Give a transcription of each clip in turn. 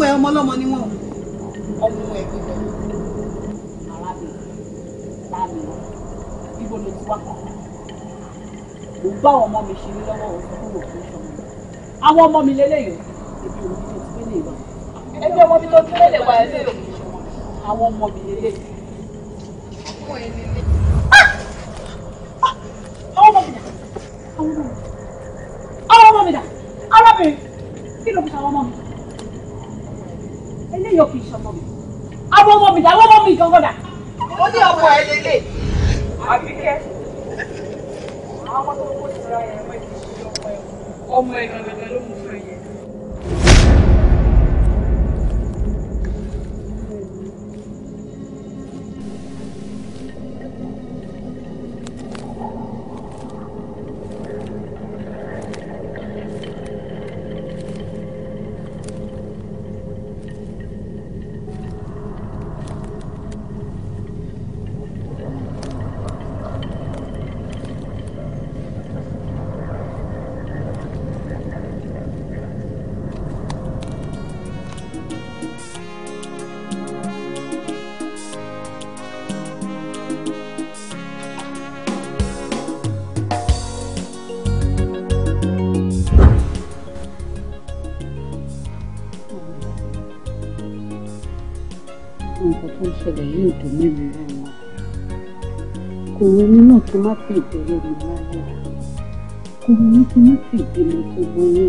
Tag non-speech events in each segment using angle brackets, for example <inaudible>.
ọmọ ẹ ọmọ ọlọ́mọ ni wọ́n ọmọ ẹ gbígbọ́ arábìnrin láàmì ibo ló ti wá kàkà mo bá ọmọ mi ṣe ní lọ́wọ́ òun kúrò fún àwọn ọmọ mi lélẹ́yìn ebi òun tó ti gbélé wa ebi ọmọ mi tó ti gbélé wa ẹ lé òun ìṣọ́mọ àwọn ọmọ mi sì dúró mi láyà kò ní kí wọ́n sì bímọ tó mọ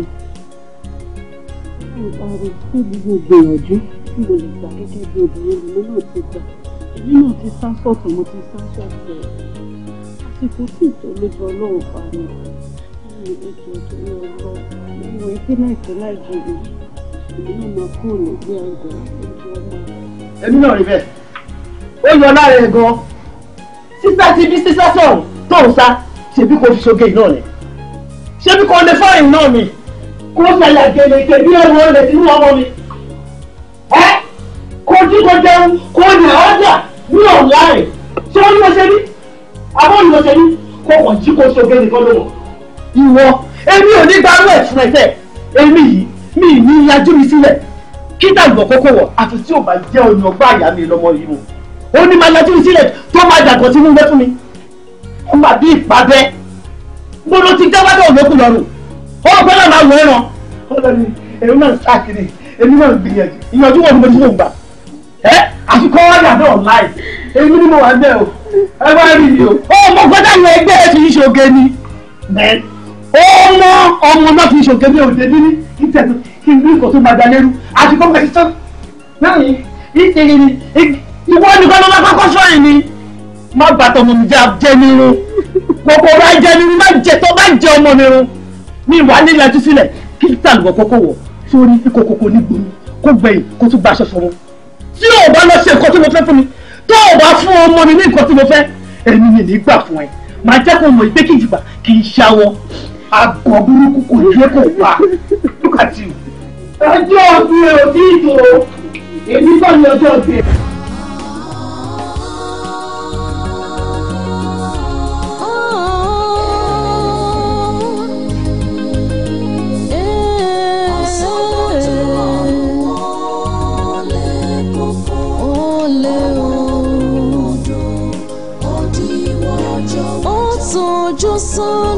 yín ọ̀rọ̀ tó gbogbo gbìyànjú tí mo lè gbà gẹ́gẹ́ bí obìnrin mi náà ti gbà náà rí bẹ́ẹ̀ ó yọ lára ẹ̀ gan-an sísá ti bí sísá sọ̀rọ̀ tó ń sá ṣebí kò fi ṣoge náà ni ṣebí kò lè fáyìn náà ni kò ṣàyà gèlèkè bí ẹrù ọ̀rẹ́ tí wọ́n mọ́ mi ẹ kò tí kò jẹun kò yà ọjà ní ọ̀la rẹ̀ ṣé wọ́n yóò ṣe ní àbọ̀ yóò ṣe ní kò wọ̀n tí kò ṣoge nìkan ló wọ̀ ìwọ èmi ò ní gbárù ẹ̀ fún ẹsẹ̀ èmi yìí mi ì ní yájú mi sílẹ̀ kí dàgbọ̀ kókó wọ̀ àfi tí ò bá jẹ́ ọ̀nà ọgbà àyà mi lọ́mọ yìí mu ó ní máa yájú mi sílẹ̀ tó máa ó mà bí ìpàbẹ́ gbọ́dọ̀ ti jẹ́ wájú òlókùn lọ́rùn ó gbẹ́ náà máa wọ ẹran ó lọ ní èmi náà ṣàkiri èmi náà gbìyànjú ìyànjú wọn ni mo ti mọ̀ gbà ẹ́ àfikọ́ wájú àbẹ́ ọ̀láì èmi ni mo wà bẹ́ẹ̀ o ẹ bá rí mi o. ó mọ gbọ́dọ̀ àwọn ẹgbẹ́ ẹ ti ń ṣoge ni ó mọ ọmọ náà fi ṣoge ní òde níní kí tẹ̀sán kí n rí nǹkan tó máa da lérú àfikọ́ mẹ́tí tán náà yìí ìwọ nìkan ló máa kọ́kọ́ sọ má bàtà ọmọ mi jẹ́ nírun kòkòrò ajẹ́ nírun má jẹ tó bá jẹ ọmọ mi run mi wà ní lajú sílẹ̀ kí tàlùbọ̀ kọ́kọ́ wọ̀ sórí kòkòkò ní gbomi kó gbẹ̀yìn kó tún bá aṣọ sọ̀rọ̀ tí o bá lọ ṣe nǹkan tí mo fẹ́ fún mi tó o bá fún ọmọ mi ní nǹkan tí mo fẹ́ èmi ni lè gbà fún ẹ màá jẹ́ kó mọ̀ ìgbé kìjìgbà kì í ṣàwọ̀ àgọ̀ burúkú kò yẹ kó wà lókàtí. ọjọ́ ọ̀gbìn ò tí ì èmi kọ́ ni ọjọ́ ọ̀gbìn. chanson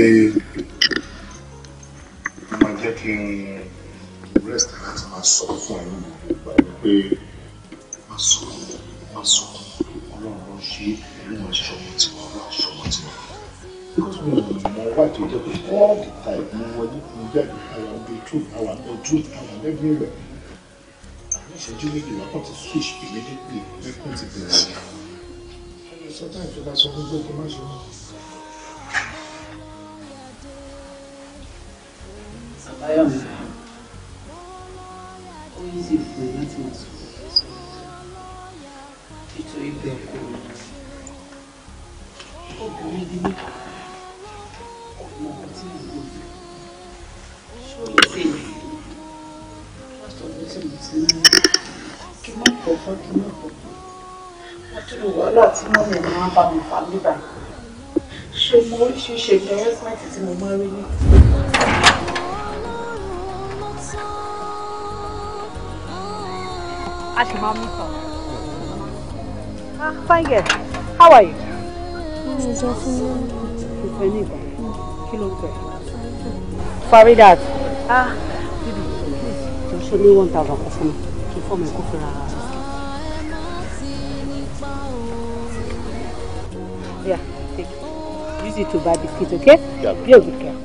say Faridat. Ah, bíbí, just show me one thousand for me before my fọ́ọ̀mù ẹ̀kọ́ fẹ́ Yeah, take Use it to buy biscuit, okay? Yeah. Be a good girl.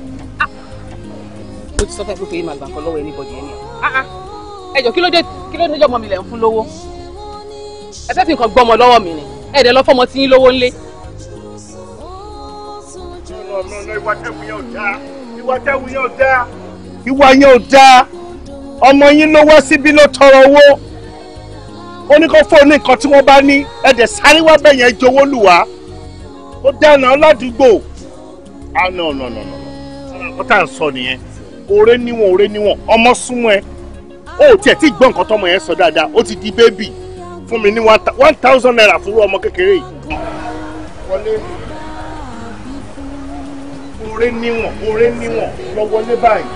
Ah, mo ti sọ fẹ́ pé kò yé màá gbà anybody ẹni Ah, ah. Hey, your kilo dé Kilo ló your mommy mi lẹ̀ ń I lówó? Ẹ fẹ́ fi nǹkan gbọ́mọ lọ́wọ́ mi ni. Ẹ dẹ̀ lọ fọmọ tí yín no. ńlé. Ọlọ́run ọ̀nà ìwà tẹ̀kùn yẹn ò ìwà tẹ́wù yẹn ò dáa. ìwà yẹn ò dáa ọmọ yín ló wá síbí ló tọrọ owó ó ní kó fóònù nǹkan tí wọ́n bá ní ẹ̀dẹ̀ sáré wá bẹ̀ yẹn jowó lù wá ó dáná ládùúgbò ah no no no no ó tà ń sọ nìyẹn oore níwọ̀n oore níwọ̀n ọmọ súnmọ́ ẹ ó tiẹ̀ tí gbọ́ nǹkan tọmọ yẹn sọ dáadáa ó ti di bébì fún mi ní one thousand naira fún irú ọmọ kékeré yìí oore níwọ̀n oore níwọ̀n lọ wọlé báyìí.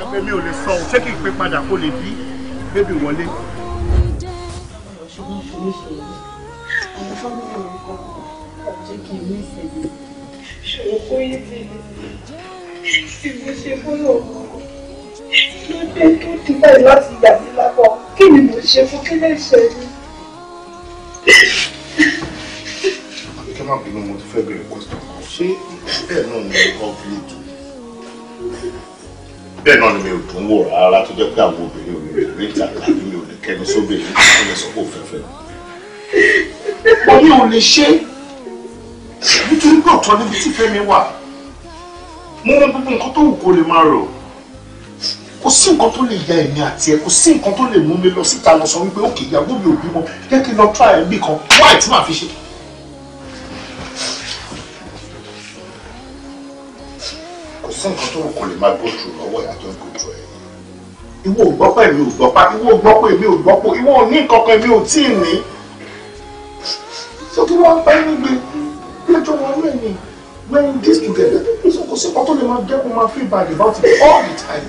ẹgbẹ́ mi ò lè sọ ṣé kí n pè padà kó lè bí bébì wọlé. ṣòro mo ṣe fọ́lọ̀ mọ́ ló dé tó ti báyìí láti yà mí lábọ̀ kí ni mo ṣe fún kí lè ṣe mí ẹjọ́ má bínú mo ti fẹ́ bẹ̀rẹ̀ question kan ṣé bẹ́ẹ̀ náà ni conflict bẹ́ẹ̀ náà ni mi ò dùn wò rárá tó jẹ́ pé àwọn obìnrin ò ní rẹ̀ rí ìtàkà àbí mi ò lè kẹ́ni sóbìnrin tó lè sọ́kò fẹ́fẹ́. mo ní o lè ṣe nítorí pé ọ̀tọ̀ níbi tí fẹ́mi wà mo mọ gbogbo nǹkan tó wù kó lè máa rò kò sí nǹkan tó lè ya èmi àti ẹ kò sí nǹkan tó lè mú mi lọ síta lọ sọ wípé òkè ìyàwó mi ò bímọ jẹ́ kí n lọ try ẹ̀ kan wáì tí fi ṣe. sí nǹkan tó kò lè máa go through lọ́wọ́ ìyá tó ń go through ẹ̀. ìwọ ò gbọ́ pé mi ò gbọ́ pa ìwọ ò gbọ́ pé mi ò gbọ́ pé ìwọ ò ní nǹkan kan mi ò tí ì ní. so kí wọ́n bá yín gbé lẹ́jọ́ wọn lé ní this together so kò sí ọtọ́ lè máa jẹ́ kó máa feel bad about it all the time.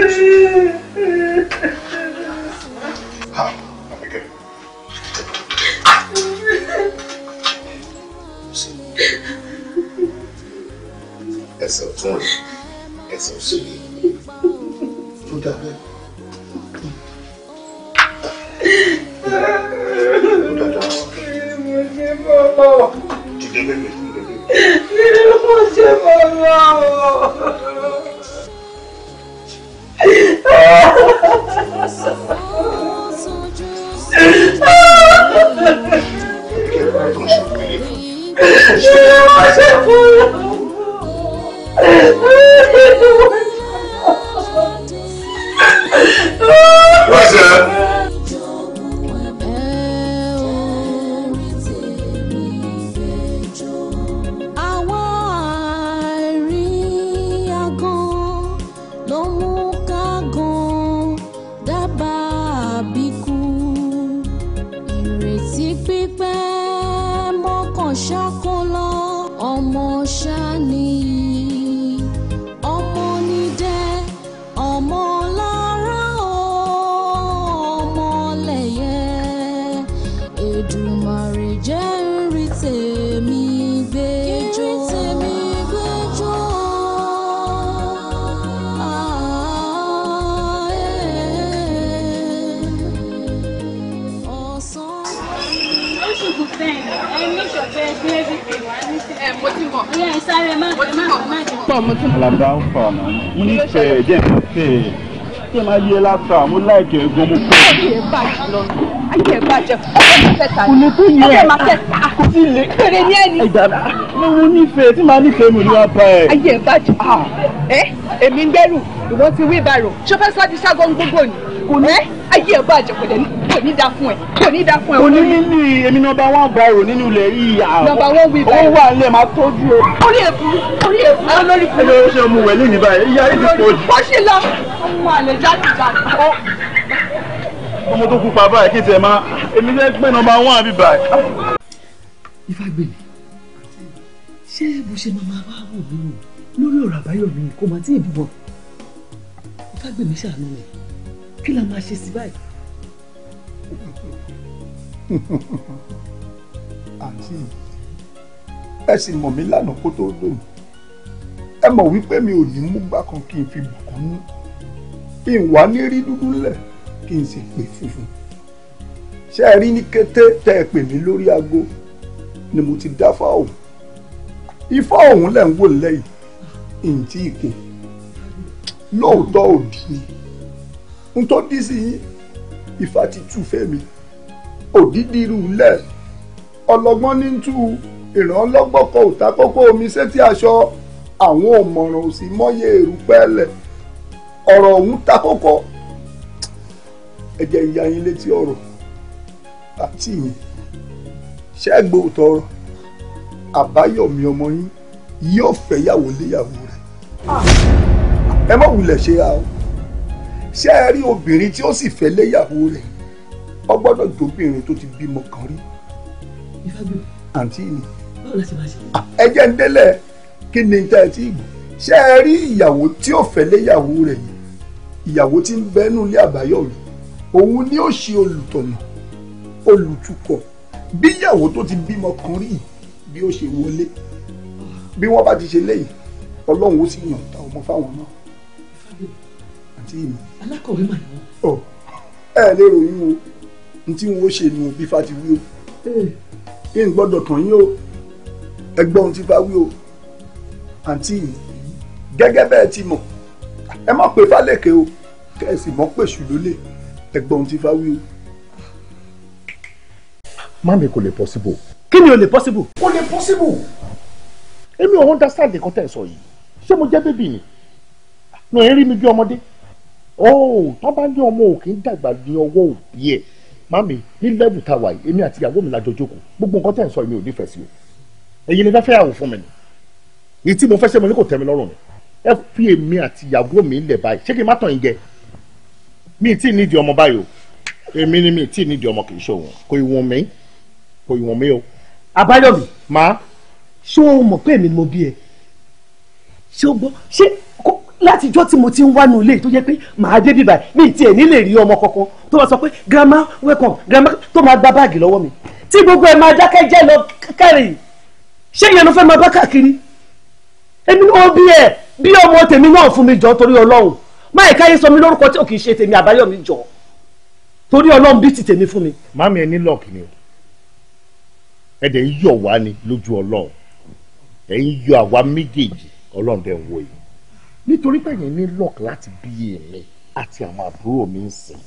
<laughs> Ha. ẹsẹ̀ ọ̀tún rẹ̀ ẹsẹ̀ òsì rẹ̀ tó dàbẹ́. Jíde bèbè fún bèbè. Jíde ló mọ̀ ṣe mọ̀ wá o. Kí ló ń tún ṣe pé? kí ni pọ̀ mo tún. alaba ń fọ àná mo ní fẹ́ ẹ̀ jẹ́ ẹ̀ fẹ́ ẹ̀ ṣé máa yé látà mo láìkẹ́ egun mo fẹ́. ayé ẹ̀ bàjẹ́ lọ ayé ẹ̀ bàjẹ́ ọ̀rẹ́ mi fẹ́ ta ni ọ̀rẹ́ mi fẹ́ ta kò sí ilé. pèrè ní ẹni. ẹ̀dá mo wo nífẹ̀ẹ́ tí màá nífẹ̀ẹ́ mi ní wá bá ẹ̀. ayé ẹ̀ bàjẹ́ ẹ èmi ń gbẹ́rù ìwọ ti wí bàrò ṣọfẹ́ sáà ti ságọ́ ń gbogbo ni kò ní ayé ẹ̀ bàjẹ́ kò dẹ̀ ní kò ní da fún ẹ kò ní da fún ẹ. òní nínú èmi nọ́mbà wọn bá èrò nínú ilẹ̀ yìí à nọ́mbà wọn wí báyìí ó wà nílẹ̀ máa tọ́jú o. orí èkú orí èkú olórí kú. ẹ ṣe mu wẹ̀lí ní báyìí ìyá yìí ti pọ̀ jù. ó ṣe lọ ọmọ àlè jáde jáde. ọmọ tó kú pa báyìí kí n tẹ̀ máa èmi fẹ́ pẹ́ nọ́mbà wọn àbí báyìí. ìfàgbélé ṣé bó ṣe máa wá wò mí nù lórí ọ̀rọ̀ àbáyọ mi kò má tí ì bímọ ìfàgbélé ṣàánú mi kí la máa ṣe sí báyìí àǹtí ẹ sì mọ̀ mí lánàá kó tóó lónìí ẹ mọ̀ wípé mi ò ní mú gbá kan kí n fi bùkún mú kí n wá ní rí dúdú lẹ̀ kí n sì pè funfun ṣé ẹ rí ní kété tẹ́ ẹ pè mí lórí aago ni mo ti dá fáwọn ifá ọ̀hún lẹ̀ ń wò lẹ́yìn ǹtí ìpè lóòótọ́ òdì ni n tó dí sí yín ifá ti tú fẹ́ òdídì irú ńlẹ̀ ọlọ́gbọ́n ní tú ìrànlọ́gbọ̀kọ̀ òtákókó omi sétí aṣọ àwọn òmọ̀ràn ò sì mọ́yé èrúpẹ́lẹ̀ ọ̀rọ̀ ọ̀hún ta kókó ẹ̀jẹ̀ ìyá yín létí ọ̀rọ̀ àti yín ṣẹ́gbó tọrọ àbáyọ̀mí ọmọ yín yóò fẹ́yàwó léyàwó rẹ̀ ẹ má wulẹ̀ ṣe ra o ṣé ẹ rí obìnrin tí ó sì fẹ́ léyàwó rẹ̀ ọ gbọ́dọ̀ jóbìnrin tó ti bímọ kan rí. àǹtí ah, ẹ jẹ́ ń délẹ̀ kí ni tá ẹ ti gbọ́ ṣé ẹ rí ìyàwó tí ò fẹ́ léyàwó rẹ̀ yìí ìyàwó tí ń bẹ́nu ilé àbáyọ̀rù òun ni ó ṣe olùtọ̀nà olùtukọ̀ bí ìyàwó tó ti bímọ kan rí bí ó ṣe wọlé bí wọ́n bá ti ṣe lẹ́yìn ọlọ́run ó sì yàn ta ọmọ fáwọn náà àǹtí mi. alákọ̀wé mà ni wọ́n. ẹ lè ròyìn o n tí n ó ṣe nu bí fa ti wí o ẹ eh. ń gbọ́dọ̀ kàn yín o ẹ gbọ́ ohun tí fa wí o àǹtí yìí gẹ́gẹ́ bẹ́ẹ̀ ti mọ̀ ẹ má pè fálẹ̀kẹ́ o kẹ́sì mọ́ pèsè lólè ẹ gbọ́ ohun tí fa wí o. mami kò lè possible. kí ni o lè possible. kò lè possible. èmi ò understand nǹkan tẹ̀ sọ yìí ṣé mo jẹ́ bébì ni nù ẹ rí mi bí ọmọdé ó oh, tọ́ bá ní ọmọ òkè ń dàgbà ní ọwọ́ òbí ẹ̀ mami ní lẹ́bù tá a wà yìí èmi àti ìyàwó mi lájọ jókòó gbogbo nǹkan tẹ̀ ń sọ èmi ò nífẹ̀ẹ́ sí o ẹ̀yin ni fẹ́fẹ́ yàwó fún mi ni ní tí mo fẹ́ ṣe mo ní kò tẹ́ mi lọ́rùn ni ẹ fi èmi àti ìyàwó mi lẹ̀ báyìí ṣé kí n má tàn yín jẹ mi ì tí ì nídìí ọmọ báyìí o èmi ni mi ì tí ì nídìí ọmọ kì í ṣe òun kò ìwọ̀n mi kò ìwọ̀n mi o. Abáyọ̀mí máa ṣé o mọ̀ pé èmi mo bí ẹ ṣé o gbọ́ ṣé láti ìjọ́ tí mo ti ń wá nu ilé tó jẹ́ pé màá dé bíbá mi ti ẹ̀ nílè rí ọmọ kankan tó máa sọ pé grandma welcome grandma tó máa gba báàgì lọ́wọ́ mi tí gbogbo ẹ̀ máa dákẹ́ jẹ́ lọ kẹ́rì ṣé ìyẹn ló fẹ́ máa bá káàkiri èmi náà bí ẹ bí ọmọ tèmi náà fún mi jọ torí ọlọ́run máa ìka yín sọ mi lórúkọ tí ò kì í ṣe tèmi àbáyọ̀mí jọ torí ọlọ́run bí ti tèmi fún mi. màmí ẹ ní lọ́ọ̀kì ni o ẹ̀dẹ̀ ń yọ̀ wá ni lójú ọlọ́run ẹ̀ ń yọ àwa méjèèjì ọlọ́run dẹ̀ ń wo yìí nítorí pé yẹn ní lọ́ọ̀kì láti bí èmi àti àwọn àbúrò mi ń sìn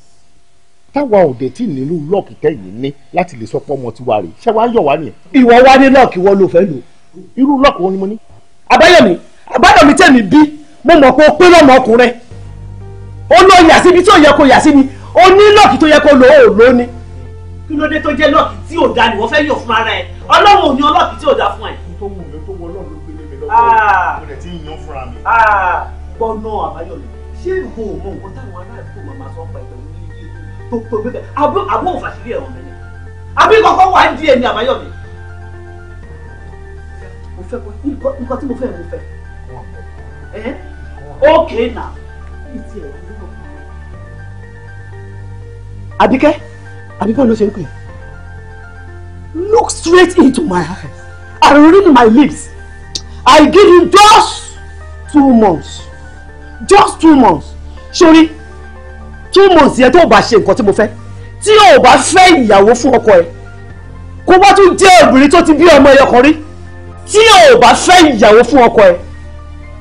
táwa ò dé tí nínú lọ́ọ̀kì tẹ̀yìn ní láti lè sọ pé ọmọ tiwa rè ṣé wàá yọ̀ wá nìyẹn. ìwọ wá ní lọ́ọ̀kì wọn ló fẹ́ lò. irú lọ́ọ̀kì wọn ni mo ní. àbáyọ̀mí àbáyọ̀mí tẹ̀mí bí mo mọ̀ pé ó pé lọ́mọ ọkùnrin ó lọ yà síbi tí ò yẹ kó yà sí ni ó ní lọ́ọ̀kì tó yẹ kó lò ó lò ó ni. kí ló dé tó jẹ́ lọ́ọ̀kì tí ò da ni wọ́n fẹ́ yọ̀ fún ara ẹ̀ ọlọ́run ò ní ọlọ́ọ̀kì tí ò da fún ẹ̀. tó wù mí tó wọ ọlọ́run ló gbélé mi lọ́wọ́ ah gbọ́nà àbáyọ lọ ṣé mo mọ nǹkan táwọn ará ìfún màmá sọ pa ìtọ́jú ní ilé tó tó bẹ́ẹ̀ àbọ̀ àbọ̀ òfàṣírí ẹ̀wọ̀n mi àbí kọ́kọ́ wà ń di ẹni àbáyọ mo fẹ́ kó nǹkan tí mo fẹ́ mo fẹ́ ẹ́ ókè nà ìtì ẹ̀ Àbíkẹ́ Àbíkẹ́ ló ṣe ń pè look straight into my eyes and read my lips I give you just two months just two months sórí two months yẹn tó o bá ṣe nǹkan tí mo fẹ́ tí o bá fẹ́ ìyàwó fún ọkọ ẹ kó bá tún jẹ́ obìnrin tó ti bí ọmọ ẹyọ kan rí tí o bá fẹ́ ìyàwó fún ọkọ ẹ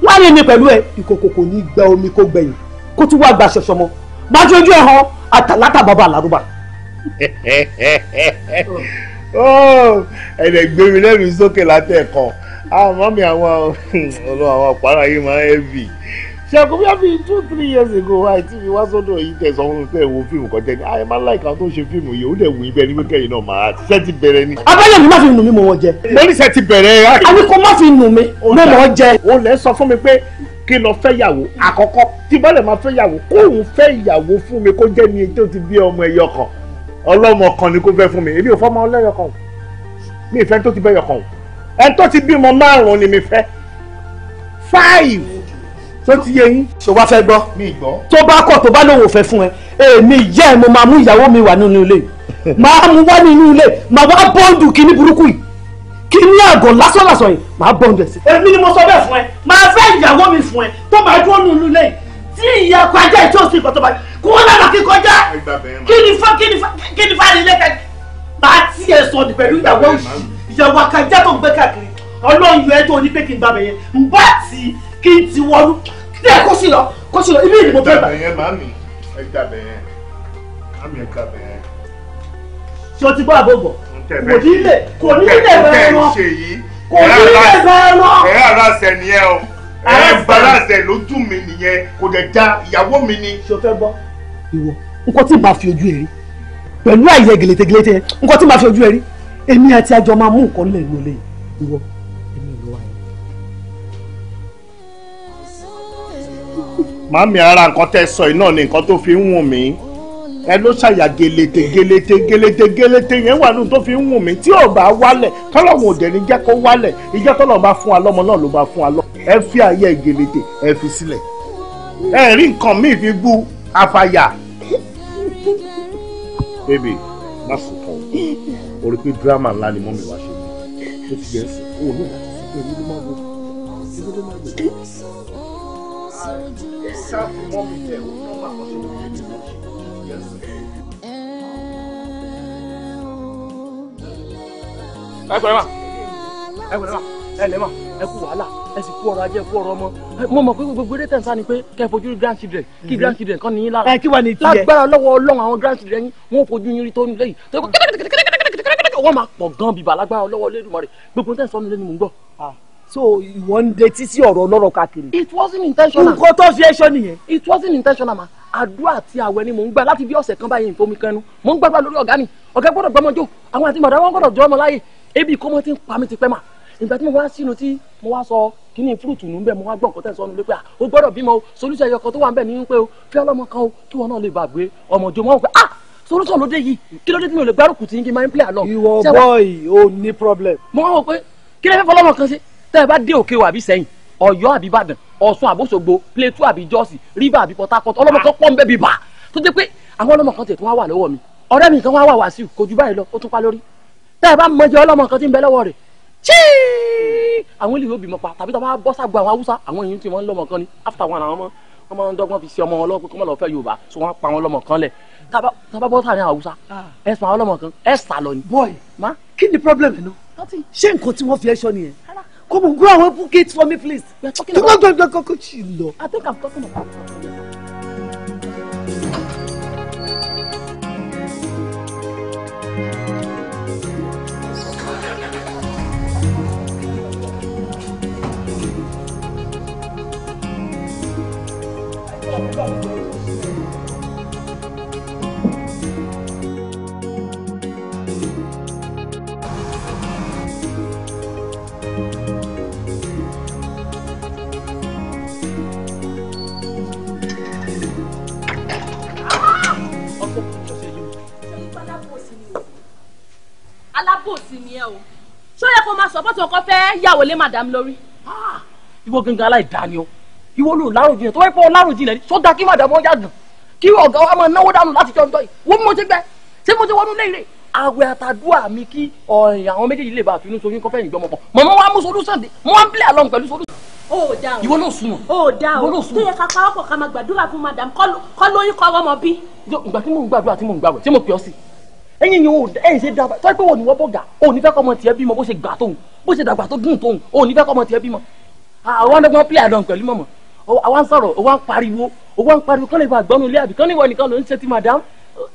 láàrin mi pẹ̀lú ẹ ìkòkò kò ní gbẹ omi kó gbẹ̀yìn kó tún wá gba ṣọṣọ mọ́ má jójú ẹ hàn àtàlátà bàbá àlárúbà. <laughs> Oh, ẹ̀ẹ́dẹ̀ gbé mi lẹ́rìí sókè látẹ̀kọ̀ àwọn ah, mọ́mí àwọn <laughs> ọlọ́run àwọn àpárá yìí máa ń heavy ṣàkóbí á fi two three years ago wá tí mi wá sọ́dọ̀ yìí tẹ̀sán ọ̀hún tẹ̀ wo fíìmù kan tẹ̀ ní àyè máa ń láìka tó ń ṣe fíìmù yìí ó dẹ̀ wù í bẹ́ẹ̀ ni pé kẹ́yìn náà máa ṣẹ́ ti bẹ̀rẹ̀ ni. abẹ́lẹ̀ mi má fi nù mí mo wọ jẹ. mo ní ṣe ti bẹ̀rẹ̀ rà. àbí kò má fi nù mí mo mọ̀ jẹ. o lè sọ fún mi pé kí lọ fẹ́ yàwó àkọ́kọ́ tí bá lè máa fẹ́ yàwó kóun fẹ́ yàwó fún mi kó jẹ́ ni tó ti bí ọmọ ẹyọ kan ọlọ́mọ kan ni kó fẹ́ fún mi èmi ò fọ́ ọmọ ọlẹ́yọ kan o mi ì fẹ́ tó ti bẹ́yọ kan o ẹni tó ti bímọ márùn-ún ni mi fẹ́ five tó ti yé yín. ṣé wàá fẹ́ gbọ́. mi gbọ́. tó bá kọ̀ tó bá lòun ò fẹ́ fún ẹ èmi ìyá ẹ mo máa mú ìyàwó mi wà nínú ilé <laughs> máa mú wá nínú ilé máa wá bọ́ǹdù kíní burúkú yìí kíní àgọ̀ lásánlàsàn yìí máa bọ́ǹdù ẹ̀ sí. èmi ni mo sọ bẹ́ẹ̀ fún ẹ máa fẹ́ ìyàwó mi fún ẹ tó máa dúró nínú ilé yìí tí ìyá kọjá ìtí òsì ìkọ̀ tó bá kó wọn lára kí kọjá kíni fá kíni fá kíni fá nílé ká máa tí ẹ sọ ní pẹ̀lú ìyàwó yìí ìyàwó àkàjá tó ń gbé káàkiri ọlọ́run yọ ẹ tó onípẹ́kì gbàgbẹ́ yẹn ń dẹ́ kó sí lọ kó sí lọ ilé ìdìbò bẹ́ẹ̀ bá. ẹ̀yẹ màmí ẹ gbà bẹ́ẹ̀ màmí ẹ gbà bẹ́ẹ̀. sọ ti bọ́ àbọ̀bọ̀ kò ní lè kò ní lè bẹ̀rẹ̀ wọn kò ní lè bẹ̀rẹ̀ wọn. ẹ̀rọ ara sẹ̀ ni ẹ o ẹ̀rọ bara sẹ̀ lójú mi nìyẹn kò dẹ̀ da ìyàwó mi ni. ṣo fẹ́ gbọ́ ìwọ nǹkan tí màá fi ojú ẹ rí pẹ̀lú àyè gèlètègèlètè nǹkan tí màá fi ojú ẹ rí èmi àti àjọ máa mú nǹkan lẹ̀ lọ́lẹ̀ ìwọ màmí ara nǹkan tẹ́ sọ yìí náà ni nǹkan tó fi ń wùn mí ẹ ló ṣàyà gelete gelete gelete gelete yẹn wà nù tó fi ń wùn mí tí ò bá wálẹ̀ tọ́lọ́hún òdẹ ní jẹ́ kó wálẹ̀ ìjẹ́ tọ́lọ́hún bá fún wa lọ́mọ náà ló bá fún wa lọ ẹ fi ayé gelete ẹ fi sílẹ̀ ẹ rí nǹkan míì fi gbú afàyà. bébì má sùkọ́ o rí pé dírámà ńlá ni mọ́mí wá ṣe ó ti yẹ ẹsẹ̀ ó ní ìdájọ́ pé èmi ló máa wọ èmi ló máa wọ serve the mom with them. No ma ẹ pẹ̀lẹ́ ma ẹ ẹ kú wàhálà ẹ sì kú ọrọ̀ ajé ẹ kú ọrọ̀ ọmọ mo mọ̀ pé gbogbo eré tẹ̀sán ni pé kẹ́ ẹ fojú rí grandchildren kí grandchildren kan nìyí lára ẹ kí wà ní ìtìyẹ lágbára lọ́wọ́ ọlọ́run àwọn grandchildren yín wọ́n fojú yín rí tó ń lẹ́yìn mm. wọ́n máa pọ̀ gan bíbà lágbára lọ́wọ́ lẹ́dùnmọ́ rẹ̀ gbogbo tẹ̀sán lẹ́nu mò gbọ́ so ìwọ ń detí sí ọ̀rọ̀ ọlọ́rọ̀ káàkiri. it wasn't intentional. nǹkan tó fi ẹṣọ nìyẹn. it wasn't intentional ma àdúrà àti àwẹ̀ ni mò ń gbà láti bí ọ̀sẹ̀ kan báyìí nǹkan omi kan nu mò ń gbàgbà lórí ọ̀gá mi ọ̀gá gbọ́dọ̀ gbọmọjò àwọn àti màdà wọn gbọ́dọ̀ jọ ọmọ láyè ebi ìkọ́mọ ti ń pa mi ti pẹ́ mà ìgbà tí mo wá sínú tí mo wá sọ kíní fúrùtù nù bẹ́ẹ̀ mo wá gbọ́ nǹkan tẹ̀ sọ́nu lépè à ah, ó gbọ́dọ̀ bímọ o solúṣẹ̀ ẹyọkan tó wà ń bẹ̀ ní pé o fẹ́ ọlọ́mọ kan o kí wọn náà lè bàgbé ọmọ òjò mọ́ pé ah solúṣọ̀ ló dé yìí kí ló dé tí mi ò lè gbárùkù tí n kì í máa ń pè àlọ́. ìwọ bọ́ọ̀ì ò ní problem. mo wá wọ pé kí lè fẹ́ fọlọ́mọ kan ṣe tẹ́ ẹ bá dé òkè wa àbí sẹ́yìn ọ̀yọ́ àbí ìbàdàn ọ̀ṣun àbóṣogbo plateau àbí jọ́ọ̀sì rivers àbí port harcourt ọlọ́mọ kan pọ́ńbẹ́ bí bá tó dé pé àwọn ọlọ́mọ kan tẹ̀ tó wá wà lọ́wọ́ mi ọ̀rẹ́ mi kan wá wà wàásù kò ju báyìí lọ ó tún pa lórí tẹ́ ẹ bá mọ jẹ ọlọ́mọ kan tí ń bẹ lọ́wọ́ rẹ̀ chíì àwọn olùyọ òbí mọ pa tàbí tó bá bọ́ sàgbọ́ àwọn haúsá àwọn èyí tí wọ́n ń lọ́mọ kan ni after one àwọn ọmọ wọn máa ń dọ́gbọ́n fi ṣe ọmọ wọn lọ́pẹ́ kọ́ mọ́ lọ́ọ́ fẹ́ yorùbá so wọ́n pa wọn lọ́mọ kan lẹ̀ tàbá bọ́ sàárín àwọn haúsá ah. ẹ sọ àwọn lọ́mọ kan ẹ sà lọ ni. boy ma kí ni problem ẹ náà ṣé nǹkan tí wọ́n fi ẹ ṣọ Come on, go and open gates for me, please. We are talking about. Go, go, go, go, go, I think I'm talking about. Thank you. alábòsí ni ẹ o ṣó yẹ kó máa sọpọ́tò ọkọ fẹ́ yàwó lé màdàm lórí. Ah, ìwọ gangan aláìdá ni o ìwọ ló láròjinlẹ̀ tó wáyé pé ó láròjinlẹ̀ ni sódà kí màdàm ọjà gàn kí ọ̀gá wa máa náwó dànù láti jọjọ yìí wọ́n mú ti gbẹ ṣé mo ti wọnú léèrè àwẹ̀ àtàdúrà mi kí àwọn méjèèjì lè bá a finú sóyún kọfẹ́ ìgbọ́mọ pọ̀ mọ̀mọ́ wa mú solúsàn dé mo wá ń bílẹ̀ àlọ́ pẹ̀lú solúsàn. ó dà o ìwọ náà sùn wọn. ó dà o tó yẹ ká pawọ́pọ̀ ká máa gbàdúrà fún madam kọ́ lóyún kọ́ ọmọ bí. ìgbà tí mò ń gbàdúrà tí mò ń gbàwẹ̀ ṣé mo pè ọ́ sí i ẹ̀yin yìí o ẹ̀yin ṣe dábàá tọ́ pé wọ́n ní wọ́n bọ̀ gà o ní fẹ́ kọ́ ọmọ tiẹ̀ bímọ bó ṣe gbà tóun bó ṣe dàgbà tó dùn tóun o ní fẹ́ kọ́ ọmọ tiẹ̀ bímọ. àwọn ọ̀dọ́gbọ́n pílẹ̀ àdán pẹ̀lú mọ̀mọ́ àwọn sọ̀rọ̀ o wá ń pariwo o wá ń pariwo kán lè bá gbọ́nu ilé àbí kán lè wọ nìkan ló ń ṣe ti madam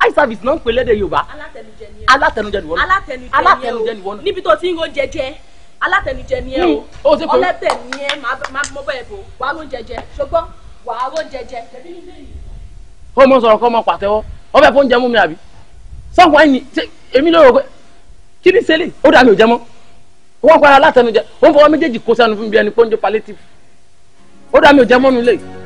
eye service náà ń pè lédè Yorùbá alátẹnujẹ ni wọn alátẹnujẹ ni wọn níbi tó ti ń ro jẹjẹ alátẹnujẹ ni ẹ o hmm, ọlẹtẹ ni ẹ máa mọ bẹ́ẹ̀ bò wàá ro jẹjẹ ṣùgbọ́n wàá ro jẹjẹ. ó mọ sọ̀rọ̀ kọ́ ọmọ pàtẹ́wọ́ ọbẹ̀ fóúnjẹ mú mi àbí sọ́ọ̀kù ẹni èmi ló rò pé kí ni sẹ́lẹ̀ ó dà mí ò jẹ́ mọ́ wọ́n para látẹnujẹ ó ń fọwọ́ méjèèjì kó sẹ́nu fún mi bí ẹni pọ́njọ́ palliative ó dà mí ò jẹ́ mọ́ mi lẹ́yìn.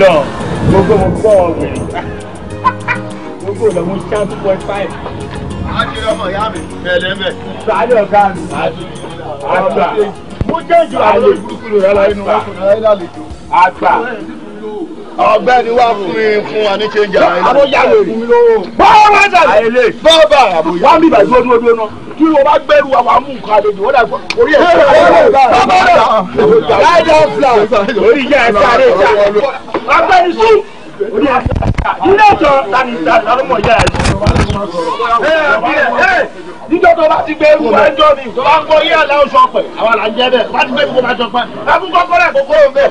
náà gbogbo mo gbọ́ ọ̀gbìn gbogbo ìlọ mo ṣá two point five. àti ọmọ ìyá mi bẹ̀rẹ̀ bẹ̀. sàlẹ̀ ọ̀gá mi àgbà mo jẹ́ ìjọba lórí burúkú rẹ̀ lọ́yìn wọn àgbà ọ̀gbẹ́ni wá fún mi fún wa ní change ara ẹni. àbójà lè rí bọ́ọ̀ wá dà lé bọ́ọ̀bà àbójà. wọ́n mi bàjẹ́ dúró dúró náà tí o bá gbẹ́rù wa wàá mú nǹkan àlejò ó dàgbọ́ orí ẹ̀ sáré bàbá rẹ̀ láìdá fúlà orí ìjà ẹ̀ sáré ọ̀gbẹ́ni sùn orí ẹ ilé ìjọ tani ìdánimọ̀ yẹ ẹ. ẹ ẹ níjọ tó bá ti gbé ewu ẹjọ́ mi tó bá ń kọ yé àlẹ́ oṣù ọ̀pẹ àwọn àlàjẹ bẹ́ẹ̀ bá ti gbé ewu kó bá jọ pẹ́ ẹ fún kọ́kọ́rẹ́ bẹ́ẹ̀.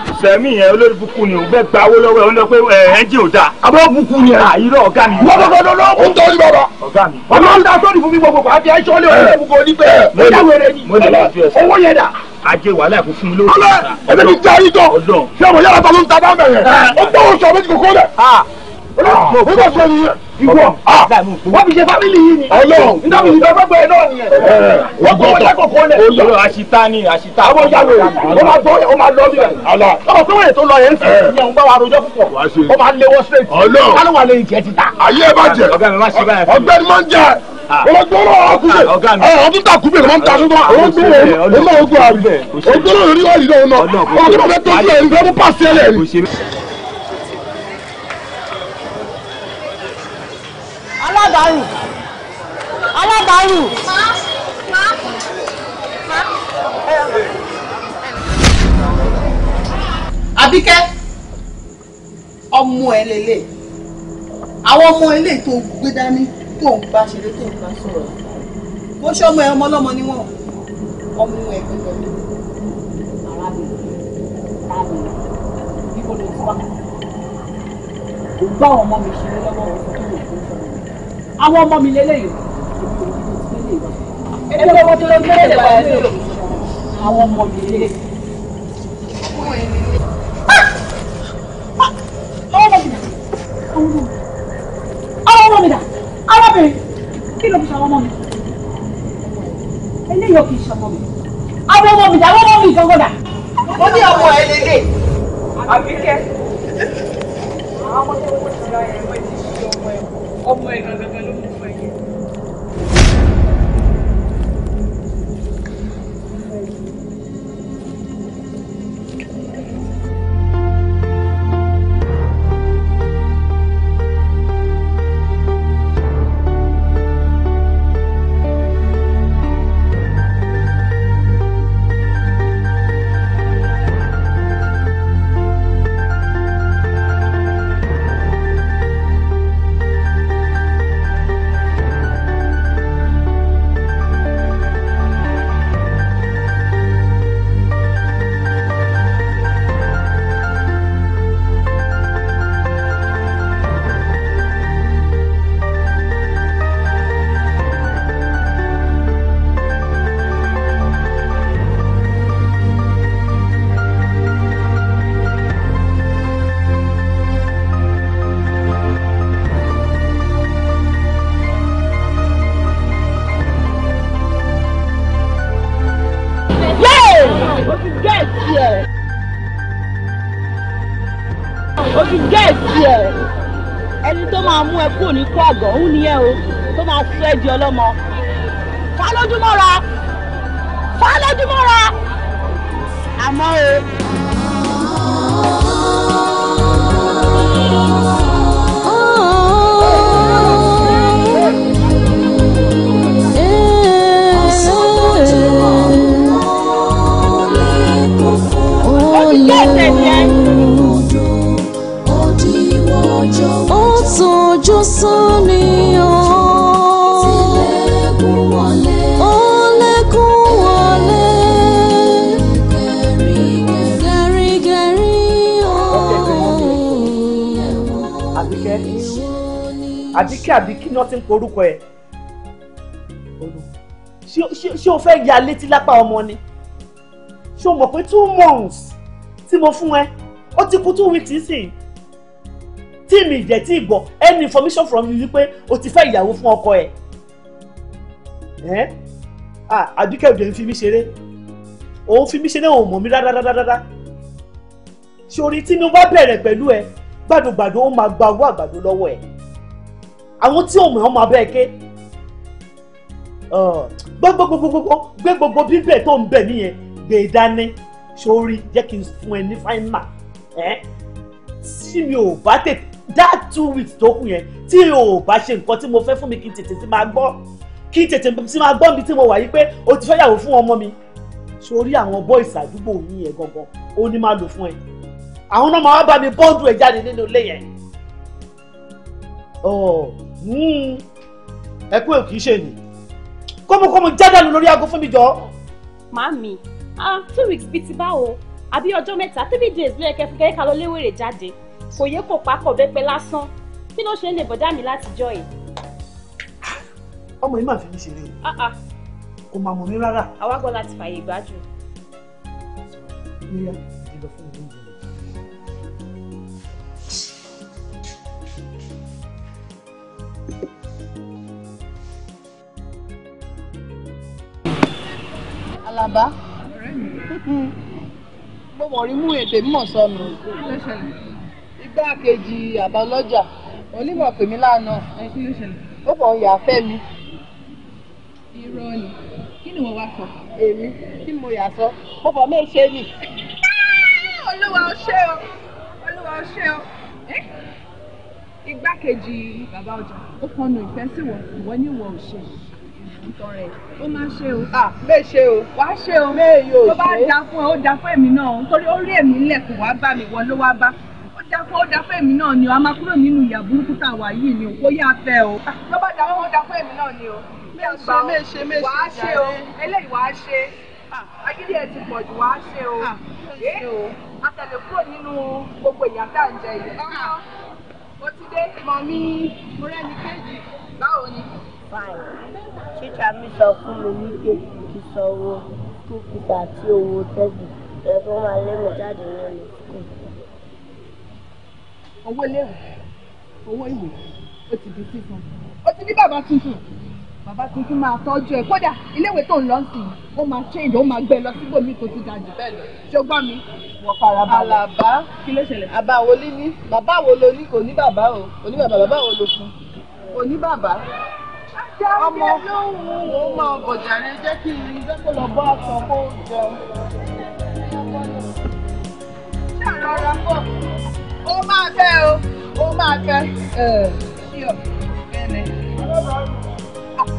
fẹ̀mí yẹn olórí bukú ni ò bẹ́ẹ̀ gba owó lọ́wọ́ ẹ̀ ó ń lọ pé ẹ̀ẹ́dì ò dáa. àbọ̀ bukú ni ẹ̀. àyírọ̀ ọ̀gá mi. wọ́n bọ̀ bọ̀ lọ́wọ́ ń tọ́jú bọ̀rọ̀. ọ̀gá mi. ọmọ ń da sóòdì fún mi gbogbo àti ẹ̀ṣọ́ lé ọ̀rẹ́ bukú ní pé mo dáwèrè ni. mo lè lọ fi ẹsẹ̀. owó yẹn dà. ajé wàhálà ẹ̀kú fún mi lórí. ọlọ́ọ̀ ẹ̀mí mi jẹ́ ayé jọ. ṣé ọmọ yàrá ta ló ń ta bá mẹ́rin. Ah. ó gbọ́ olùkọ́ sọ ni ìwọ wọ́n fi ṣe fámìlì yìí ni ọlọ́run nítorí ìgbà gbogbo ẹ̀ náà nìyẹn wọ́n kọ́ wọ́n jákòó fún ẹ̀. olùkọ́ àṣìta ni àṣìta. àwọn ìyá lò yìí máa bọ́ ó máa lọ bíbẹ̀. ọmọ tó wẹ̀ tó lọ yẹn ń ìyẹn ń bá wa rojọ́ púpọ̀ ó máa ń léwọ́ straight kálọ̀ wà lẹ́yìn kẹ́ ta. ayé ẹ bá jẹ ọgbẹ́ni máa ń jẹ olóògbóró alábàárù alábàárù. àbíkẹ́ ọmọ ẹ lélẹ̀ àwọn ọmọ ilé tó gbé dání tó ń bá ṣeré tó ń bá sọ̀rọ̀ bó ṣe ọmọ ẹ ọmọ ọlọ́mọ ni wọ́n ọmọ ẹ gbẹgbẹ. arábìnrin arábìnrin bí kò lè ọmọ mi tó lè fún mi àwọn ọmọ mi lélẹ́yìí ẹni ọmọ tó lọ gbé lè wà lóyò àwọn ọmọ mi lé. àwọn ọmọ mi dà arábìnrin kí ló fi ṣe àwọn ọmọ mi eléyìí ò kì í ṣe ọmọ mi àwọn ọmọ mi dà àwọn ọmọ mi gangan dà. ó ní ọmọ ẹ lélẹ̀ àbíkẹ́ àwọn ọmọ tó wọ́n ti ra ẹ̀rọ ẹ̀ ti ṣe ọmọ ẹ̀. Oh my god, 得了么？ti ń porúkọ ẹ̀ ṣé o fẹ́ ya létí lápá ọmọ ni ṣé o mọ̀ pé two months tí mo fún ẹ ó ti kú two weeks nísìnyí tí mi ìjẹ́ tí ì gbọ́ any information from you wípé o ti fẹ́ ìyàwó fún ọkọ ẹ̀ ẹ́ àbíkẹ́ òde ń fi mí ṣeré òun fi mí ṣeré òun mọ̀ mí rárárárá ṣorí tí mo bá bẹ̀rẹ̀ pẹ̀lú ẹ gbàdúgbàdú ó máa gba owó àgbàdo lọ́wọ́ ẹ̀ àwọn tí òun ọmọ abẹ́ ké gbogbogbogbogbò gbé gbogbo bíbẹ̀ tó ń bẹ̀ nìyẹn gbé e dání sórí jẹ́ kí n fún ẹ ní fáínà ẹ́ tí mi ò bá tètè that two weeks tó kù yẹn tí o ò bá ṣe nǹkan tí mo fẹ́ fún mi kí n tètè ti máa gbọ́ kí n tètè ti máa gbọ́ mi tí mo wà yìí pé o ti fẹ́ yàwó fún ọmọ mi sórí àwọn boys àdúgbò yín yẹn gangan ó ní máa lò fún ẹ àwọn náà máa wá bá mi bọ́ọ̀dù ẹ̀ jáde nínú ilé yẹn ẹkú ẹ kì í ṣe ni kọ́mọkọ́mọ jádàlú lórí aago fún mi jọ. màámi ah two weeks bíi ti báwo àbí ọjọ́ mẹ́ta three days ló yẹ kẹ́ fún kẹ́kẹ́ ká lọ léwèrè jáde kò yẹ kó papọ̀ bẹ́pẹ́ lásán kí ló ṣe ń lè bọ̀dá mi látijọ́ yìí. ọmọ yìí máa fi mí ṣeré ah, ah. kò máa mọ̀ mí rárá. àwa gbọ́ láti fààyè gbájú. alaba <laughs> mo mọ̀ rí mú èdè mọ̀ sọnù igbákejì àbálọ́jà onímọ̀ pèmí lánàá ó bọ̀ yà fẹ́ mi. irọ́ ni kí ni wọ́n wá sọ. èmi kí mo yà sọ mo fọ mí ṣe nì. Ah, olúwa ó ṣe o olúwa ó ṣe o igbákejì bàbá ọjà ó kọnu ìfẹ́ sí wọn ìwọ ni wọn ò ṣe ọ̀rẹ́ ó máa ṣe o. à bẹ́ẹ̀ ṣe o. wá ṣe o. bẹ́ẹ̀ yóò ṣe. tó bá da fún ẹ ó da fún èmi náà nítorí ó rí èmi nílẹ̀ kò wá bá mi wọ ló wá bá. ó da fún ó da fún èmi náà ni o a máa kúrò nínú ìyà burúkú tá a wà yìí ni o kó yá fẹ́ o. tó bá da fún ó da fún èmi náà ni o. mẹ́ẹ̀ṣe mẹ́ẹ̀ṣe mẹ́ẹ̀ṣe wàá ṣe o eléyìí wàá ṣe. agídí ẹ ti pọ̀ jù wàá ṣe o. àtẹ̀lẹ̀ kúrò nínú gbogbo ìyà tá à ń jẹ yìí. ó ti dé mọ̀ mi mo rẹ́ni kéjì báwo ni fine tíṣà mi sọ fún mi wípé kì í sọ owó two peter àti owó tẹ́bù ẹ̀fọ́ máa lé mi jáde lẹ́nu. owó léwu owó ìwé ó ti di sísun ó ti di bàbá tuntun bàbá tuntun máa tọ́jú ẹ̀ kódà iléèwé tó ń lọ sí i ó máa change ó máa gbẹ lọ síbò mi tó ti ga jù bẹ́ẹ̀ lọ ṣọgbọ́n mi. wọ́n fara balẹ̀ àlàbá kí ló ṣẹlẹ̀. bàbá wo ló ní bàbá wo ló ní kò ní bàbá o oní bàbá bàbá wo ló fún oní bàbá ọmọ òun máa bọ̀jà rẹ jẹ́ kí n jẹ́ kó lọ bá aṣọ kó jẹun. ó máa fẹ́ o ó máa fẹ́.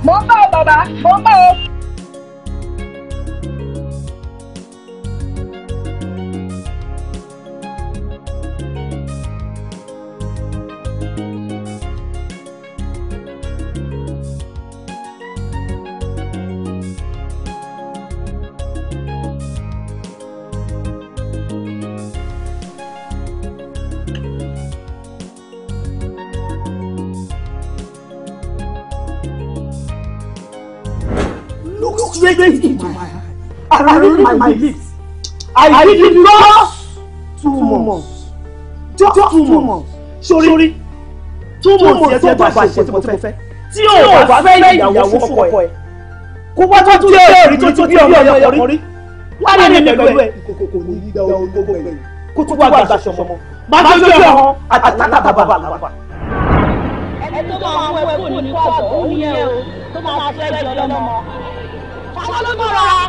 mo ń bọ̀ bàbá mo ń bọ̀ o. I read my, my lips. I, I did not two months. Just two months. Sori, two months yẹn tó bá ṣe tí mo fẹ́. Tí o bá fẹ́ ìyàwó fún ọkọ ẹ̀. Kó wá tó jẹ́ ẹ̀rí tó ti bí ọmọ ẹ̀yọkọ rí. Wá lè ní pẹ̀lú ẹ̀. Ìkòkò kò ní yíga orí gbogbo ẹ̀. Kó tó wá gbàgbà ṣọmọ. Má tó jẹ́ ọ̀hún àtàtà bàbà làbà. Ẹni tó máa ń wẹ̀ kó ní kọ́ ọ̀dọ̀ ó ní ẹ̀ o. Tó máa fẹ́ jọ lọ́mọ. Fàlọ́ ló bọ̀rọ̀.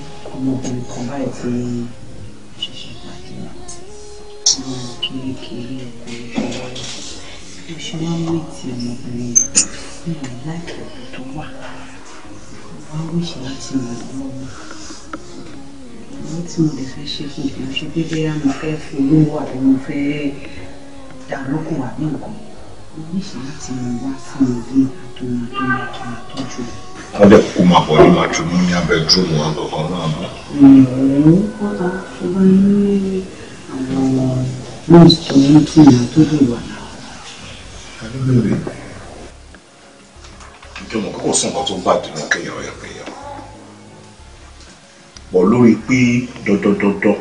báyìí tí ṣẹ̀ṣẹ̀ pàdé àwọn kirikiri ọkùnrin kan mo ṣe máa ń mìtì ọmọbìnrin mi ò láìpẹ́ tó wà wọ́n wíṣẹ́ láti mọ̀ lọ́wọ́ àwọn tí mo lè fẹ́ ṣe fún ìgbà ṣe bí bẹ́ẹ̀ mo fẹ́ fi olówó àbí mo fẹ́ dà lókun àbí nǹkan mo wíṣẹ́ láti mọ̀ wá fún ìlú àtọ́nà tó máa tó máa tọ́jú wọ́n dẹ̀ kó máa bọ̀ ní matrimonial bedroom wọn kankan náà mọ́. kọ́tà tó bá ní àwọn rooms tó ń tì yàn tó lè wà. ìjọba kókò sí nǹkan tó bá dùnú kéèyàn ọ̀yà kéèyàn bọ̀ lórí pé dandandandan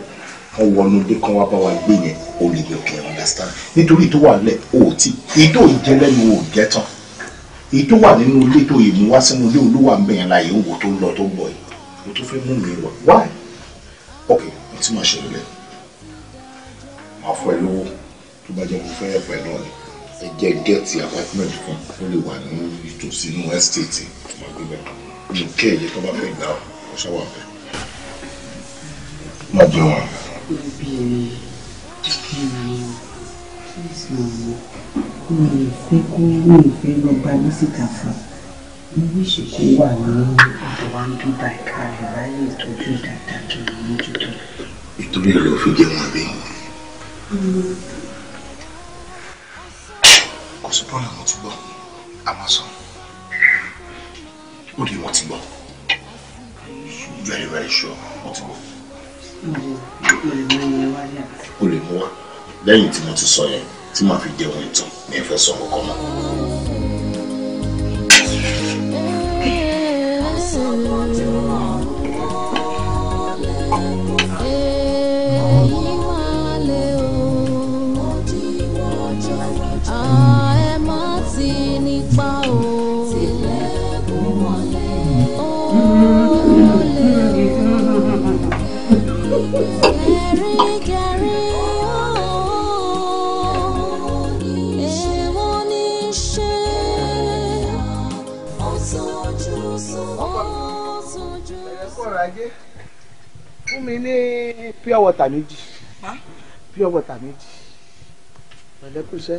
wọ́n wọnú ilé kan wá bá wa gbé yẹn ó lè lè kẹ́ understand nítorí tó wà lẹ̀ ó ti ìdó ìjẹ́lẹ́nu ò jẹ́ tán èyí tó wà nínú ilé tó yìí mú wá sínú ilé olúwa ń bẹ̀yẹn owó tó ń lọ tó ń bọ̀ yìí o tó fẹ́ mú mi wá why ok mo ti máa ṣẹlẹ̀ lẹ́nu máa fọ ẹ lówó tó bá jẹ́ mo fẹ́ ẹ̀fọ́ náà ni ẹ jẹ́ gẹ́ẹ̀tì apartment kan tó lè wà ní ìtòsí inú ẹ́stéètì tó máa gbé bẹ́ẹ̀ mi kẹ́ ẹ̀yẹ tó bá fẹ́ gbà ọ ṣáwà bẹ́ẹ̀ má jẹun mi ì fẹ́ kó mi ì fẹ́ lọ bá ní síta fún mi wíṣì kó wà ní ọ̀dọ̀ wa ń bíbá ìka rẹ̀ láyé ìtọ́jú dáadáa tó lọ mójútó. ìtorí ẹ̀ lọ fi jẹun àbí. Mm. kò sí pọ́nlẹ̀ mo ti gbọ́ a máa sọ ó lè mo ti gbọ́ very very sure mo ti gbọ́. o mm. lè mú wa lẹ́yìn tí mo ti sọ yẹn tí màá fi jẹun ìtàn ní ìfẹ́ sọ ọkọ mọ́. Thank you. ajé fún mi ní pure water méjì pure water méjì pẹ̀lẹ́kùsẹ́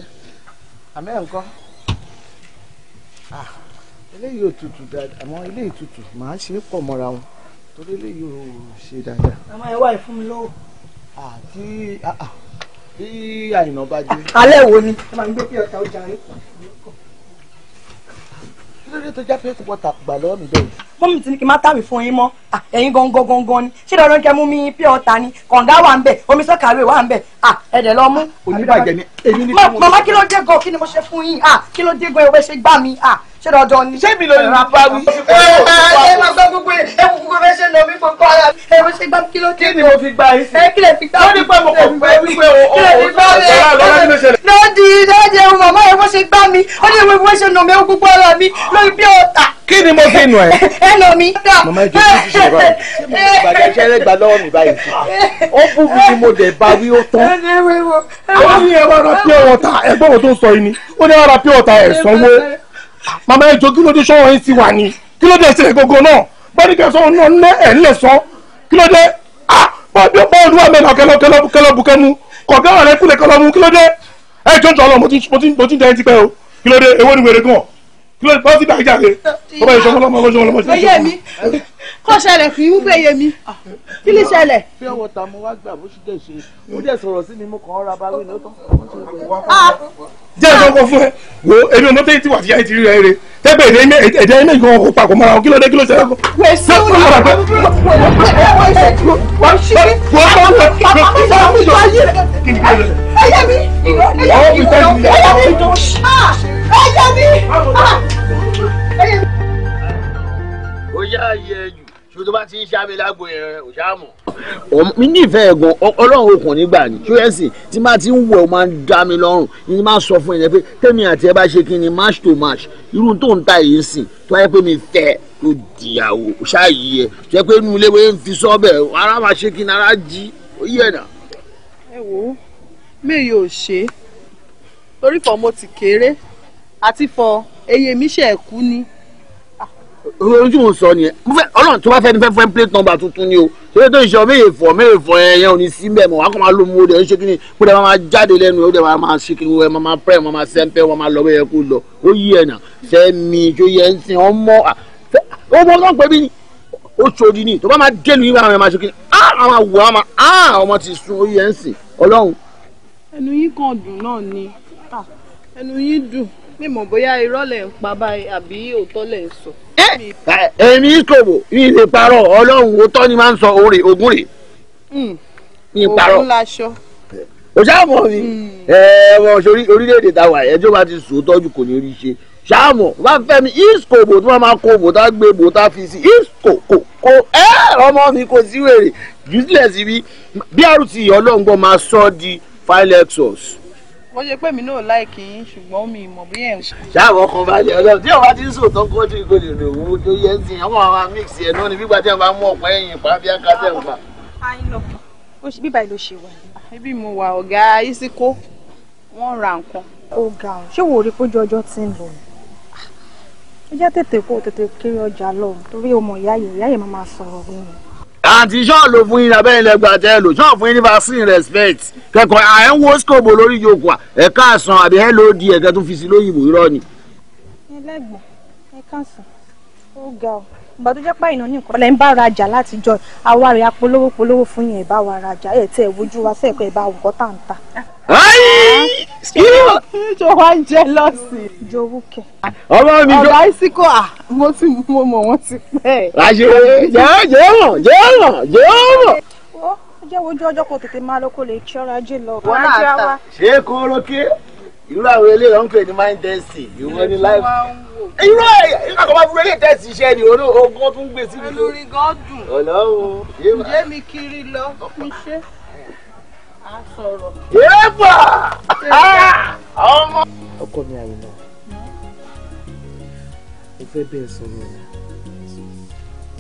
àmẹ́ nǹkan ah, eléyìí ò tutù dáadáa àmọ́ eléyìí tutù màá ṣe é pọ̀ mọ́ra wọn torí eléyìí ò ṣe dáadáa. àmọ́ ẹ wá ìfún mi lọ́wọ́. àti ah, ah, bí àìnà bá dé. alẹ́ wo ni. ẹ máa ń gbé pure water ó jàre. kí ló dé tó já pé water gbà lọ́wọ́ mi bẹ́ẹ̀ mọ́mí ti ní kí n má tàwé fún yín mọ́ ẹ̀yin gangan gangan ni ṣé dandan kẹ́ mú mi pure water ni kànga wà ń bẹ̀ omi sọ́kàwé wà ń bẹ̀ ẹ̀dẹ̀ lọ mú. oníbàjẹ́ ni èmi ni kí wọ́n. màmá kí ló dé gan kí ni mo ṣe fún yín kí ló dé gan ewé ṣe gbá mi ṣé dandan ni ṣé mi wí. ẹ ẹ máa gbọ́ gbogbo ẹ ẹ gbogbo ẹ ṣe lọ fún kọ́ mi. ẹ mo ṣe gbá kí ló dé. kí ni mo fi gba yìí ẹ kí lè fi gbá mi. wọ́n ní pé mo kò gbé wípé o o o sọ̀rọ̀ lọ́la ní ṣẹlẹ̀. lọ́ọ̀dì lọ́ọ̀dì ẹ̀rù màmá ẹ̀ mo ṣe gbá mi ó ní kí ni mo fi nù ẹ. ẹ nà mí. màmá ìjọ ti ṣe báyìí ṣé mo ti bàjẹ́ ṣẹ́rẹ́ gbà lọ́wọ́ mi báyìí ó fún mi ni mo dẹ̀ bá wí ó tán. àwọn mi ẹ wá ra pure water ẹgbọ́n mo tó sọ yìí ni ó ní wá ra pure water ẹ̀ sanwó màmá ẹjọ kí ló dé sọ ẹ sì wà ní kí ló dé ṣẹlẹ̀ gbogbo náà bọ́dí kẹsọ ọ̀nà ọ̀nà ẹ̀ ńlẹ̀ sọ kí ló dé a bọ́dí bọ́ọ̀lù wà mẹ́ta kẹlọ kẹlọ kẹlọ bùkẹ́mu kọ̀ọ̀kan rẹ kúlẹ̀ kọlọ mu kí ló dé ẹ jọ jọ lọ mo ti mo ti mo ti dẹ́yìn ti pẹ́ o kí ló dé ewé ni wèrè gan kí ló dé bọ́ọ̀sì dà ìjà rẹ ó bá yẹ sọmọlọ mọ ọgọ́sọ ọlọmọ ṣe. ẹyẹ mi kọ́ ṣẹlẹ̀ kì í wúfẹ́ yẹ mi kí ló ṣẹlẹ̀. fi ọwọ́ ta mo wá gbà bó ṣe dẹ̀ ṣe mo dẹ̀ sọ̀rọ̀ sí mi mo kàn ń ra balùwẹ̀ ní jẹ́ ẹ̀sọ́ kọ fún ẹ wo èmi ò mọ́tò yìí ti wà fìyà ìtìrí rẹ̀ rẹ̀ tẹ́gbẹ̀ ẹ̀dẹ́ ẹ̀dẹ́ ẹ̀dẹ́ yìí kò papọ̀ mọ́ra kí ló dé kí ló ṣẹlẹ̀ kọ́. Ah! Ah! ó yá yẹ ibi tó bá ti ń ṣáàmì lágbo yẹn ò ṣáàmù. mi nífẹ̀ẹ́ gan ọlọ́run okùn nígbà ni ṣúyẹ́sì tí máa ti ń wẹ̀ ó máa ń dá mi lọ́rùn ni máa sọ fún ẹ̀yẹ pé tẹ́mi àti ẹ bá ṣe kí ni match to match irú tó ń ta èyí sìn tó wáyé pé mi fẹ́ ló dìyàwó ṣáàyí ẹ tó yẹ pé inú ilé wẹ́ẹ́ ń fi sọ́ọ̀bẹ̀ ara máa ṣe kí ni ara jí ó yẹ̀ nà. ẹ wo mẹ́yìí ò ṣe torí fọ́ mo ti kéré àti fọ́ eyín mi ṣe ẹ̀kú ni ojú mo sọ nìyẹn ọlọ́run tó bá fẹ́ ni fẹ́ fẹ́ plate number tuntun ni o ṣé tó ń ṣe ọmọ èèfọ̀ ọmọ èèfọ̀ ẹ̀yẹn ò ní sí mbẹ̀ mọ̀ wá kó máa lo mu ọdẹ ń ṣe kíni kó dẹ̀ máa jáde lẹ́nu ọdẹ máa máa ṣe kíni wọ́n máa pẹ́ wọ́n máa sẹ́ńpẹ́ wọ́n máa lọ bẹ́ẹ̀ kó lọ ó yí ẹ̀nà sẹ́mi tó yẹ ń sin ọmọ ọmọ náà pẹ́ bí ni ó ṣòdi ni tó bá máa délu yín báwọn máa ṣe kíni àwọn àwò àwọn ọmọ ti sun ó yẹ ń sìn ọlọ́run. ẹnu yín kan dùn náà ni ẹnu yín dùn mi mọ̀ bóyá irọ́ lẹ̀ ń pa báyìí àbí òótọ́ lẹ̀ ń sọ. èmi ìṣòwò ní ilé parọ́ ọlọ́run òótọ́ ni máa ń sọ òrè ògùn rè ní parọ́ ògùn laṣọ. o ṣáàmọ̀ ni hmm. ẹ̀wọ̀n sórí orílẹ̀-èdè táwa ẹjọ́ bá ti sùn tọ́jú kò ní rí ṣe ṣáàmọ̀ bá fẹ́ mi ìṣòwò tí wọ́n máa kó bò tá gbé bò tá fi sí ìṣòwò kò ẹ́ ọmọ mi kò sí wèrè useless bí bí wọ́n ṣe pé mi náà láìkì yín ṣùgbọ́n mi ìmọ̀ bí yẹn. ṣáàbọ̀ kan bá lè ọlọ́run tí ọba ti ń sòótọ́ kọ́jú kò lè tó yẹ ń sìn àwọn àwọn mix ẹ̀ náà ni gbígbà tí wọ́n mú ọ̀pá ẹ̀yìn pa tẹ̀ ń pa. bíbá yìí ló ṣe wà. Ah, ibi mo wà ọ̀gá ìsìnkó wọ́n ra nǹkan. ó ga ọ ṣé wò rí pójú ọjọ́ tí ń lọ ah, ẹ jẹ́ tètè kó tètè kiri ọjà lọ torí o mọ̀ ìyá yìí ìyá máa sọ̀rọ̀ àǹtí sọ́ọ̀ ló fún yín abẹ́rẹ́ lẹ́gbàá tẹ́ lò sọ́ọ̀ fún yín ní vaccine respect kẹ́kọ̀ọ́ à ń wo scobo lórí ìjókòó à ẹ̀ káàsán àbí ẹ̀ ló di ẹ̀kẹ́ tó fi sí lóyìnbó irọ́ ni. ẹlẹ́gbọ̀n ẹ káàsán ó ga ọ́ ìgbà tó jẹ́ pé àìná ní nǹkan lẹ́ ń bá rajà látijọ́ àwa rẹ̀ apolówó polówó fún yẹn bá wa rajà ẹ̀ tẹ́ ẹ̀ wojú wa sẹ́ẹ̀kọ́ ẹ̀ bá wù kọ́ tàǹtà. jọ wá ń jẹ lọ́sìn. jowú kẹ. ọmọ mi jọ. ọ̀rọ̀ àìsíkò à ah, mo ti mo mọ̀ wọ́n ti pẹ́. àṣẹ jẹ́ jẹ́ wọ̀n jẹ́ wọ̀n jẹ́ wọ̀n jẹ́ wojú ọjọ́ kò tètè máa lọ kó lè tí ọrọ̀ ajé lọ. wọ́n irú àwọn eléyìí wọn ń pè ní mind testing ìwọ ní life irú ẹ àkọ́kọ́ fún eléyìí test iṣẹ́ ni orí ogun tún gbé síbi tó olórí gan dùn ọlọ́run ǹjẹ́ mi kiri lọ fún ṣé a sọ̀rọ̀. yéèpà ah! ọmọ. ọkọ mi àyìnbá mo fẹ́ bẹ́ẹ̀ sọ̀rọ̀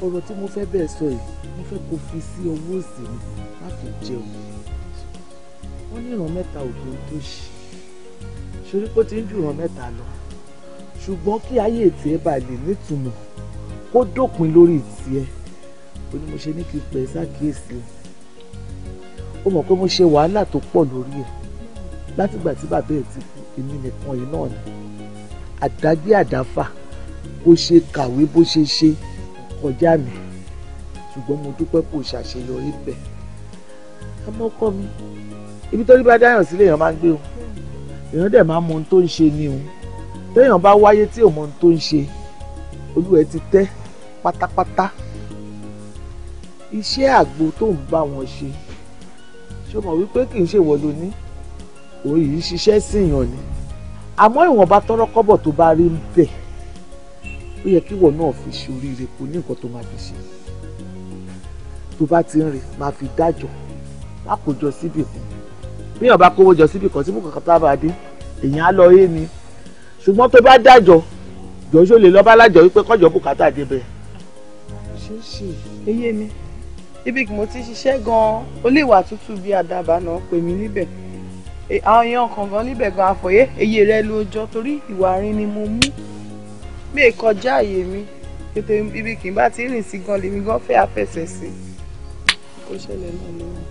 ọ̀rọ̀ tí mo fẹ́ bẹ́ẹ̀ sọ yìí mo fẹ́ kó fi sí ọwọ́ òsì mi láti jẹun wọ́n ní ìran mẹ́ta òkè tó ṣe ṣorí pé ó ti ń jùràn mẹ́ta lọ ṣùgbọ́n kí ayé tiẹ̀ bá lè nítumọ̀ kó dópin lórí tiẹ̀ ó ní mo ṣe ní kí n pẹ̀ ṣàkíyèsí ó mọ̀ pé mo ṣe wàhálà tó pọ̀ lórí ẹ̀ látìgbà tí bàbá ẹ̀ ti kú èmi nìkan yìí náà ni àdágbé àdáfà bó ṣe kàwé bó ṣe ṣe kọjá mi ṣùgbọ́n mo dúpẹ́ kò ṣàṣeyọrí bẹ̀ àmọ́ mi ibi tó rí bá dáyàn sílé èèyàn máa ń gbé o èèyàn dẹ̀ máa mọ ohun tó ń ṣe ni o téèyàn bá wáyé tí ò mọ ohun tó ń ṣe olúwẹ̀ ti tẹ́ pátápátá iṣẹ́ àgbo tó ń bá wọn ṣe ṣé o mọ̀ wípé kì í ṣe ìwọ ló ní òun yìí ṣiṣẹ́ síyàn ni àmọ́ ìwọ̀nba tọ́rọ́ kọ́bọ̀ tó bá rí ń bẹ̀ ó yẹ kí ìwọ náà fi ṣe oríire ní nǹkan tó máa fi ṣe tó bá ti ń rìn máa fi dájọ́ má kó jọ síbì kan bí èèyàn bá kówó jọ síbi kan tí mo kàn tá a bá dé èèyàn á lọ yé ni ṣùgbọ́n tó bá dájọ́ jọ́sọ́ lè lọ́ọ́ bá lájọ wípé kọ́jọ́ bùkátà débẹ̀. ṣèṣe eyé mi ibi mo ti ṣiṣẹ́ gan-an ó lè wà tútù bí àdàbà náà pè mí níbẹ̀ àwọn èèyàn kan gan níbẹ̀ gan àfọ̀yé èyí rẹ lóòjọ́ torí ìwà rin ni mo mú mi kọjá àyè mi ètò ibi kì í bá ti rìn sí gan lèmi gan fẹ́ afẹsẹ̀ sí kó ṣẹlẹ̀ náà lọ́wọ́.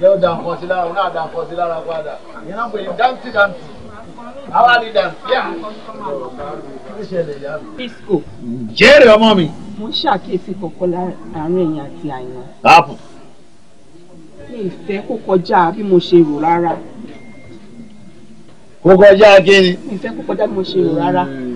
yóò da nǹkan sí lára òun náà da nǹkan sí lára padà ìyẹn náà pè é dáńtì dáńtì àwa ni dáńtì à kí ṣẹlẹ̀ yá mi. disco. jẹ́rìí ọmọ mi. mo ń ṣàkíyèsí kọ̀ọ̀kan láàárín ẹ̀yìn àti àyàn. báàpù. mi ì fẹ́ kó kọjá bí mo ṣe rò rárá. kó kọjá kí ni. mi ì fẹ́ kó kọjá bí mo ṣe rò rárá. Hmm.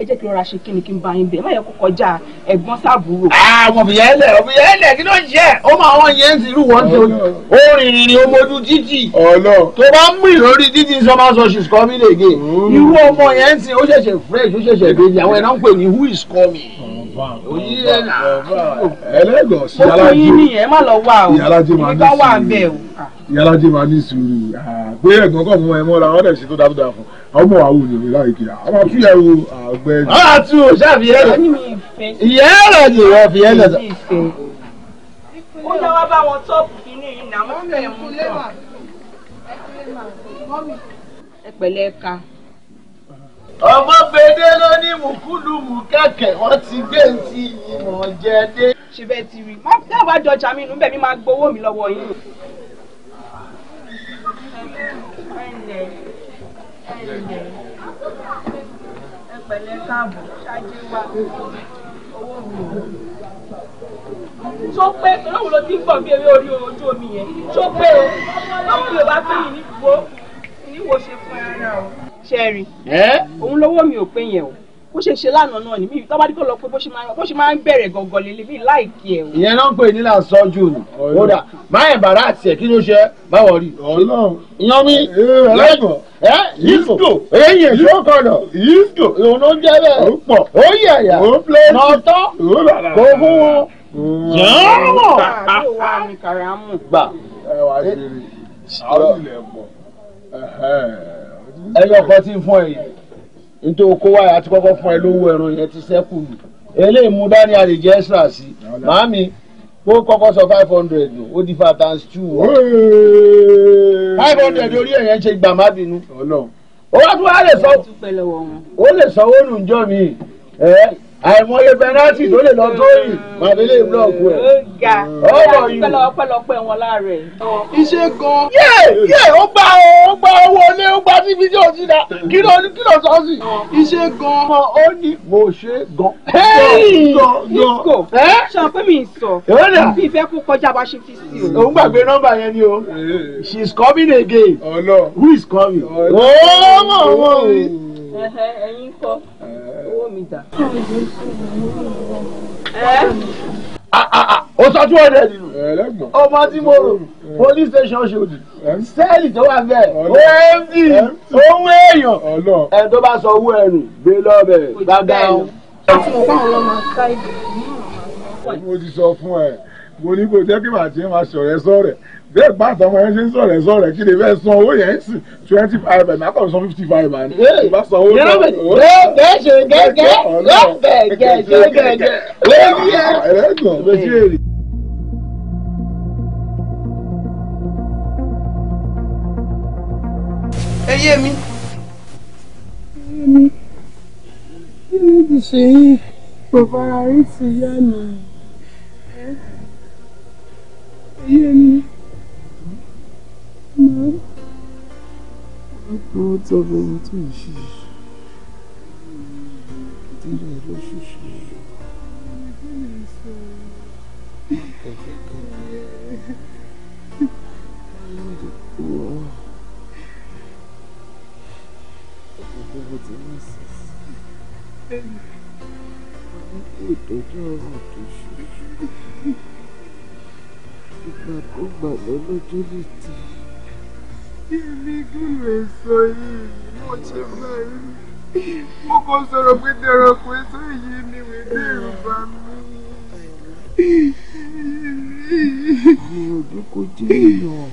ẹ jẹ́ kí n rọra ṣe kí ni kí n bá yín bẹ̀ ẹ má yẹ kó kọjá ẹ̀gbọ́n sábúrò. Ah, àwọn òbí yẹn lẹ òbí yẹn lẹ kí ló ń jẹ ó máa wọn yẹn ń sìrú wọn tó ó rìnrìn ní omojú títì tó bá ń mú ìròrí títì sọmọ sọ she's coming again mm. irú ọmọ yẹn ń sìn ó ṣẹ̀ṣẹ̀ fresh ó ṣẹ̀ṣẹ̀ baby àwọn ẹ̀ náà ń pè ní who is coming ah, ẹlẹgọsí yàlájì máa ní sùúrù yàlájì máa ní sùúrù pé ẹ̀gbọ́n kan mú ẹ mọ́ra wọ́n dẹ̀ ṣe tó dáadáa fún un ọmọ àwọn òyìnbó láìkí àwọn àtúnyàwó àgbẹ̀. wọn àtú o ṣáàfi yẹn lọ ìyá ẹ̀rọ ni ìwọ fi yẹn lọ. ó yẹ bá wọn tọ́pù kínní yìí náà wọ́n fẹ́ mú lọ. ẹ pẹ̀lẹ́ ọmọ gbèdé ló ní mùkúlùmù kẹ̀kẹ́ wọ́n ti gbé ti ìmọ̀ jẹ dé. ṣe bẹ́ẹ̀ ti rí i. má dábàá jọjà mi nù bẹ́ẹ̀ mi máa gbowó mi lọ́wọ́ yín. ẹ pẹ̀lẹ́ tó pé tọ́lọ́wọ́ ló ti ń bọ̀ bí eré orí ojú omi yẹn tó pé o lọ́wọ́ mi bá pín yìí níwò níwò ṣe fún ẹ rárá ṣẹ́ẹ̀rì òun lọ́wọ́ mi ò pé yẹn o bó ṣe ṣe lánàá náà ni mí tọ́ba dípò lọ pé bó ṣe máa ń bẹ̀rẹ̀ gọ̀gọ̀ lélẹ̀ bí láìkí ẹ̀ o. ìyẹn náà ń pè ní là ń sọ́jú ni kódà má ẹ̀ bàrà àti ẹ̀ kí ló ṣe má rí. ìyẹn mi eh, eyín èso kọ̀dọ̀ yíṣdò òun jẹ́ bẹ́ẹ̀ ó pọ̀ ó yẹ̀yà ó pléṣì nọ̀tọ́ kò fún wọn. yọ̀ọ́ gbà ẹyọ kan ti fún ẹ̀yìn nítorí kó wáyà àti kọ́kọ́ fún ẹ lówó ẹran yẹn ti sẹ́kù nù eléyìí mú dání àlejò extra sí màámi ó kọ́kọ́ sọ five hundred ó di five times two wọ́n five hundred orí ẹ̀yẹn ṣe gbà má bínú ó wá tún wá lè sọ ó lè sọ ó nù jọ́ mi ẹ̀ àìmọye pẹnátì tó lè lọ tóyìn màbílẹ̀ búlọ̀kù ẹ̀. ó ga ọ̀rọ̀ yìí ọpẹ́lọpẹ́ wọn láàrẹ. iṣẹ́ gan. yé yé ó gba ó gba owó ilé ó gba ní fídíò sí la kí ló kí ló sọ sí. iṣẹ́ gan. ọmọ ó ní. mo ṣe gan. níko ṣan pé mi sọ fi ìfẹ́ kó kọjá bá ṣe fi sí o. òun gbàgbé nọ́mbà yẹn ni o she is coming again. ọlọ who is coming. ọmọ ọmọ mi ẹ̀yin kọ́ owó mi dà. Ah, ah, ah, ó sọ two hundred nù ọmọ tí mo rò police station ṣòdì sẹ́ẹ̀lì tó wà bẹ́ẹ̀ omd ohun èèyàn ẹ̀ tó bá sọ owó ẹ̀rù gbé lọ́bẹ̀ bàbá ẹ̀. mo ti sọ fún ẹ mo ní kò jẹ́ kí màá tiẹ̀ máa sọ̀rẹ́ sọ̀rẹ́ bẹ́ẹ̀ bá àtàwọn ẹni ṣe ń sọ̀rọ̀ sọ̀rọ̀ kí ni bẹ́ẹ̀ san owó yẹn sí twenty five and akọ̀ san fifty five and ìbá san owó náà. gẹ́gẹ́ ṣe gẹ́gẹ́ gẹ́gẹ́ ṣe gẹ́gẹ́ lórí ẹ̀. Ah, ẹ̀rẹ́gàn méjì èrè. ẹ yé mi. kí ni ti ṣe yìí bàbá rí ti yá mi. ẹ yé mi. No. Ìgbà tó gbà lọ́lọ́jọ́ lè tì èmi dùnú èso yìí mo ti mọ èyí mo kàn sọ̀rọ̀ pé dẹranko èso yìí ni wèé dẹ̀rù bá mi. Gbòòdú kò jẹ́ èèyàn.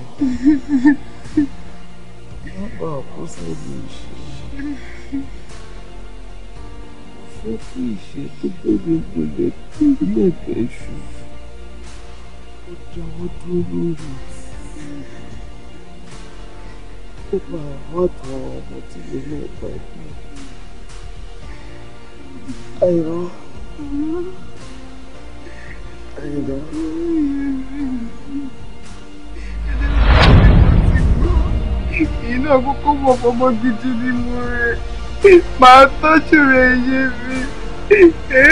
Wọ́n gba ọ̀kú sẹ́bi ìṣe. Fẹ́ kí ìṣe tó bẹ̀rẹ̀ gbolẹ̀ tó ilé ẹ̀fẹ́ ṣù. Ó jáwọ́ dúró lórí ìtì ó bá àmàtà ọmọ tí mo ní ọ̀pá ẹ̀kọ́. Àìrọ́. Àìrọ́. Iná kókó mọ̀ fọmọ gidi ni mo rẹ̀. Màá tọ́jú rẹ̀ yé mi. Yé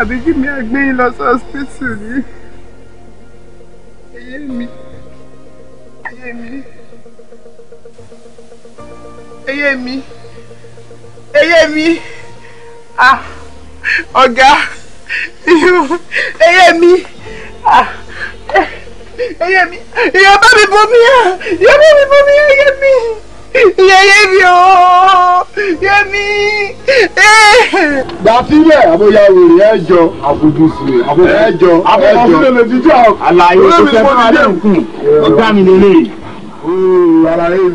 Àbí kí mi àgbé lọ sí hospital yìí ayé mi ayé mi ayé mi ayé mi ah ọ̀gá ayé mi ah ayé mi ìyá bá mi bomi ah ìyá bá mi bomi ayé mi yẹyẹmi o yẹmi. gba sílẹ̀ àbóyá òrì ẹ jọ àfojúsùn rẹ̀ àbóyá ẹ jọ ẹ jọ àbóyá lè fi jọ àlàyé tó fẹ́ fún adé nkùn ọgbà mi lélẹ̀.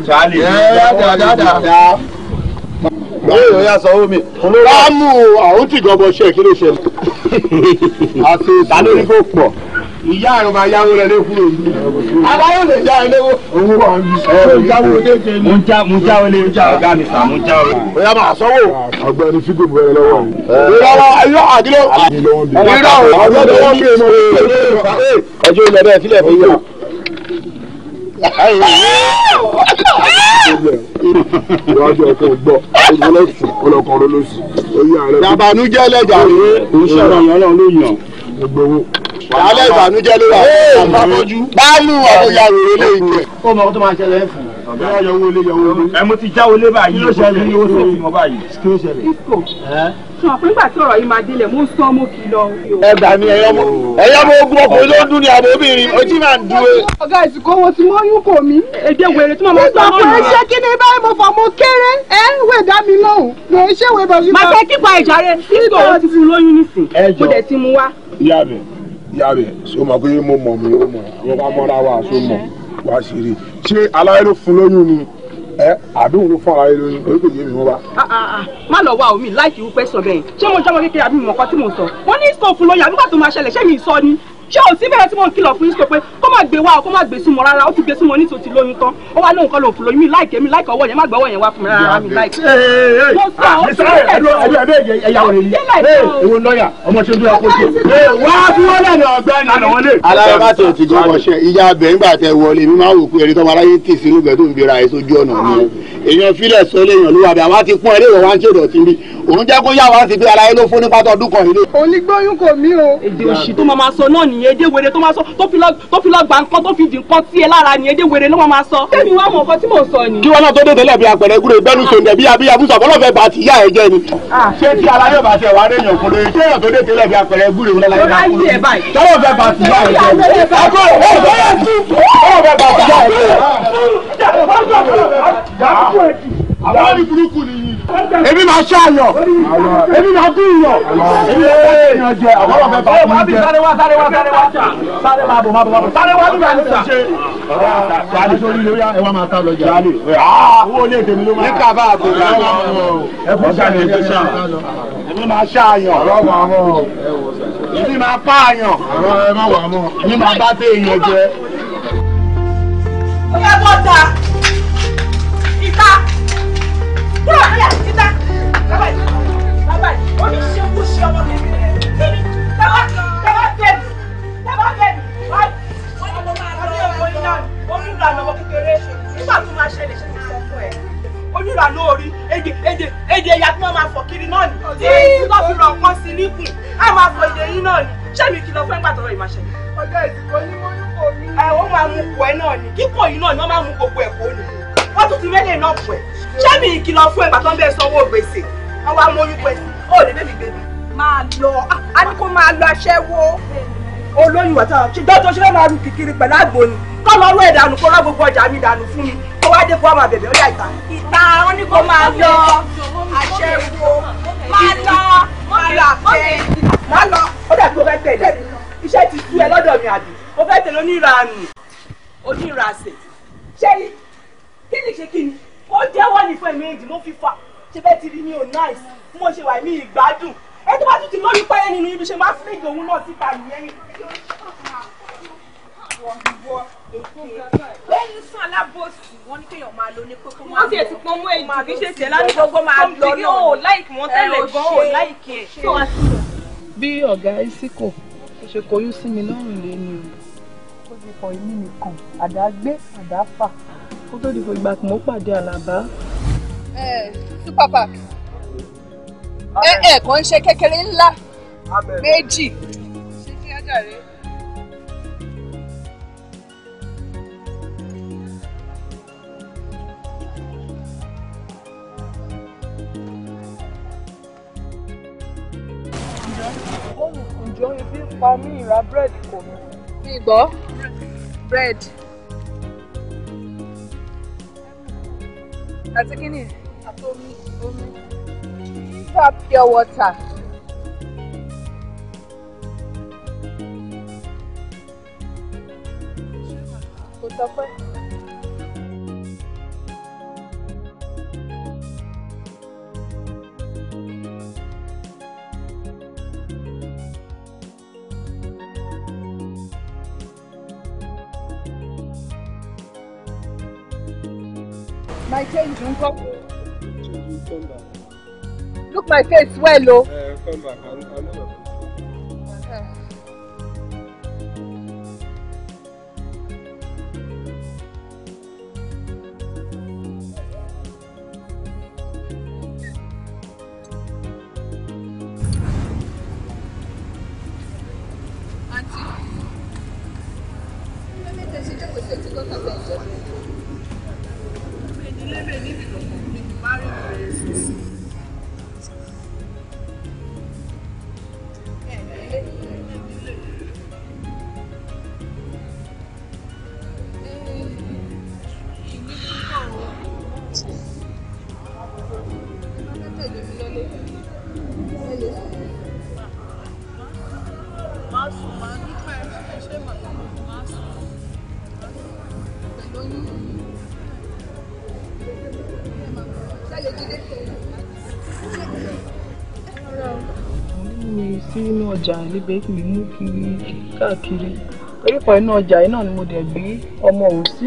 ṣáàlì ẹ dáadáa. báyọ̀ ya sọ omi. láàmú àwọn tí gbọ́bọ̀ ṣe kí ló ṣe. <laughs> àti ìtàlórí kò pọ̀ ìyá àrùn máa yáwó rẹ lé kúrò yìí aláwọ̀ lè yá ẹ léwó. owó wa ń bí ẹ ẹ jáwó o jẹ ní. mo ń já mo ń jáwó lé ọgá mi sà mo ń o lé. bóyá máa sanwó. ọ̀gbẹ́ni fígò bọ ẹ lọ́wọ́ mi. ìrọ̀lọ́ ayọ́ àdúró. ìrọ̀lọ́ ọ̀gbẹ́ni wọ́n fi èèmọ̀ rẹ̀. ẹjọ́ ilẹ̀ bẹ́ẹ̀ sílẹ̀ fún yà. Ìwádìí ọkọ̀ gbọ́, ọlọ́sùn, ọlọ́kọ̀ ọlọ́sùn, oyún ààrẹ. Yàbànújẹ́ lẹ́jà rẹ̀. Òun ṣẹ̀rọ̀ yẹn lọ́ọ́ ló yàn gbogbo wàhálà ìbànújẹ́ ló wà báàmù àbóyá rèé lè jẹ. ó mọ tó máa ṣẹlẹ̀ fún un bẹ́ẹ̀ yọ owó lé yọ owó lé. ẹ mo ti já owó lé báyìí ló ṣẹlẹ̀ owó tó fi mọ báyìí. kí ló ṣẹlẹ̀. sọ pé nígbà yìí máa délẹ̀ mò ń sọ mo kì í oh. ogun ọkùnrin ló dún ní àbò ojú máa ń dúró. ọ̀gá ìsìnkú owó tí mo yún kò mí èdè wèrè tí mo máa ń sọ mọ́. ṣé kí ni báyìí mo fọ mo kéré dá mi lóhùn mo ń ṣèwé bọ̀jú. màá fẹ́ kíkọ ìjàre kíkọ ó ti fún un lóyún nísìn mo dẹ̀ ti mú wá. ìyá mi ìyá mi ṣé o mọ̀ pé mo mọ̀ mi ó mọ̀ àwọn bá mọ́ra wa ṣó mọ̀ wá sí rí ṣé aláyé ló fún lóyún ni ẹ àbí òun ló fún aláyé lóyún orí kò yé mi wọ́n bá. Ah, ah, ah. má lọ wá omi láìkí wípé sọ bẹ́ẹ̀ ṣé mo jọmọ kékeré àbí mọ̀kọ́ tí mo sọ wọ́n ní sọ fún lóyún àbí ṣé o sí bẹ́ẹ̀ tí mo kìlọ̀ fún yín pé kó má gbé wá o kó má gbé súnmọ́ rárá ó ti gbé súnmọ́ nítorí ti lóyún tán ó wá lóhùn kan lòun fún lóyún mi láìkẹ́ mi láìkẹ́ ọwọ́ yẹn má gbọ́ ọwọ́ yẹn wá fún mi rárá mi láìkẹ́. mo sọ ó ti lẹ̀ tó ẹ̀dùn ẹ̀dùn ẹ̀dùn ẹ̀yà wọ̀nyí ẹ̀ èwo lọ́ọ̀yà ọmọ ṣe ń dúró ọkọ̀ ṣe. wá bí wọ́n lẹ̀ ní ọ̀gbẹ́ni àná wọlé. alábàtì ò ti gbọ́ ọṣẹ ìyá abẹ ńgbà tẹ wọlé mi máa ń wò pé ẹni tó máa ráyé tì sínú ibẹ̀ tó ń gbéra ẹ̀ sójú ọ̀nà mi. èèyàn fílẹ̀ sọ léèyàn ló wà bẹ́ẹ̀ àwa ti pọ́n ẹ léèwọ̀ wá ń ṣèdọ̀tí mi òun jẹ́ kó yà wá sí pé ara yín ló fún ní pátá ọdún kan ilé. onígbóyún kò mí o. èdè òṣì tó máa ma sọ náà nìyẹn èdè wèrè tó máa sọ tó fi lọ gbà nǹkan tó fi dì nǹkan tí ẹ lára ni èdè wèrè ló máa ma sọ. tèmi wá mọ nǹkan tí mò ń sọ ni. kí wọn náà tó dé tẹ́lẹ̀ bí apẹ̀rẹ̀ gúre bẹ́ẹ̀ ló so ní ẹ̀bí abíyá fún sọ bọ́lọ́fẹ́ bá ti yá ẹ jẹ́ ni. ṣé tí ara yóò bá ṣe wà lẹ́yìn òkúlé ṣé èèyàn tó dé tẹ́lẹ̀ bí apẹ̀rẹ̀ gúre wọn láyé náà kúrò. tọ́lọ́fẹ́ bá ti yá ẹ jẹ́. tọ́lọ́fẹ́ bá ti yá ẹ jẹ́ àwọn ní burúkú nìyí. èmi máa ṣe ayọ̀ èmi máa gún iyọ̀ èmi máa bá ènìyàn jẹ àwọn ọ̀fẹ́ bá wọn jẹ. sáré wá sáré wá sáré wá sáré máa bọ̀ máa bọ̀ máa bọ̀ sáré wá nígbà nígbà. sáré sórí ilé ẹ wá máa ta lọ jà. owó ilé èdè mi ló máa. ní kaba àbò rẹ ẹkún sáré ẹgbẹ sá. èmi máa ṣe ayọ̀ èmi máa pa ayọ̀ èmi máa bá bẹ́ẹ̀ jẹ. ó yẹ kó ta kúrò ní àtìtá bàbá yìí bàbá yìí ó ní ṣe kú ṣe ọmọ mi kí ni bàbá bàbá bẹ̀mí bàbá bẹ̀mí wá ọmọ máa lọ ọmọ iná onírànà ọmọ kékeré nígbà tó máa ṣẹlẹ̀ ṣe ti sọ fún ẹ onírànà orí èdè èdè èdè ẹ̀yà tí wọ́n máa fọ̀ kiri náà ni tí tó fi rọ̀ nǹkan sí níkùn á máa fọ èdè yín náà ni ṣé mi kìlọ̀ fún ẹgbà tọrọ ìmáṣẹ́lẹ̀. ọjọ́ ìsìnkú ni mo ní kò ní. ẹ ó máa mú kò ẹ náà ni kíkọ yìí náà ni wọ́n máa mú gbogbo ẹ̀kọ́ ni wọ́n tún ti rẹ́lẹ̀ náà pọ̀ ẹ̀ ṣé mi ìkìlọ̀ fún ẹ̀gbà tó ń bẹ̀ sanwó gbèsè àwọn amóyúkọ ẹ̀sìn ó lè bẹ́ẹ̀ mi gbèbí. máa lọ a ní kó máa lọ aṣẹ́wó olóyún wọ̀tá ṣùgbọ́n tó ṣe fẹ́ máa rú kìkiri pẹ̀lú àgbo ni kọ́ lọ rú ẹ̀dànù kó rọ́ gbogbo ọjà mi dànù fún mi kó wá dé kó wá máa bẹ̀bẹ̀ ó yà ìta. ìta wọn ní kó máa lọ aṣẹ́wó máa lọ máa lọ àfẹ́ máa lọ ó dàbí ó fẹ́ tẹ̀lé iṣẹ́ ti tú ẹ lọ́dọ̀ mi àbí ó fẹ́ tẹ̀lé onírànù oníràṣẹ̀ ṣé kí ni ṣe kí ni ó jẹ́wọ́ ní fún ẹ̀mí èjì ló fi fà ṣe bẹ́ẹ̀ ti rí mi ò mo ṣe wà ní ìgbádùn ẹ tó bá tún ti lórí pẹ́yẹ nínú ibi ṣe máa fi léèjì òun náà síta nìyẹn. lẹ́yìn sún alábòsí wọ́n ní kéèyàn máa lo ní kókó máa lọ. wọ́n ti ètò pọ́n mú èjì kì ṣe tẹ̀ lánàá gbogbo máa lọ bí ọ̀gá isiko ṣe koyún sí mi lọ́rùn lé ni o ó ti kọ àdá gbé àdá fà kó tó di fún ìgbà tí mo pàdé àlàbá. ẹ super park ẹ ẹ kàn ń ṣe kékeré ńlá méjì ṣe kí ajá rẹ. ǹjọ́ ibi pa mí ìra búrẹ́dì kò mí. mi gbọ́ búrẹ́dì. àti kíni àti omi omi nípa pure water. kò sọ My change ń kọ́. Look my face well o. Oh. Uh, come back. I'm, I'm ọjà níbẹ̀ kì í mú kiri káàkiri orí kan inú ọjà yìí náà ni mo dẹ̀ gbé ọmọ òun sí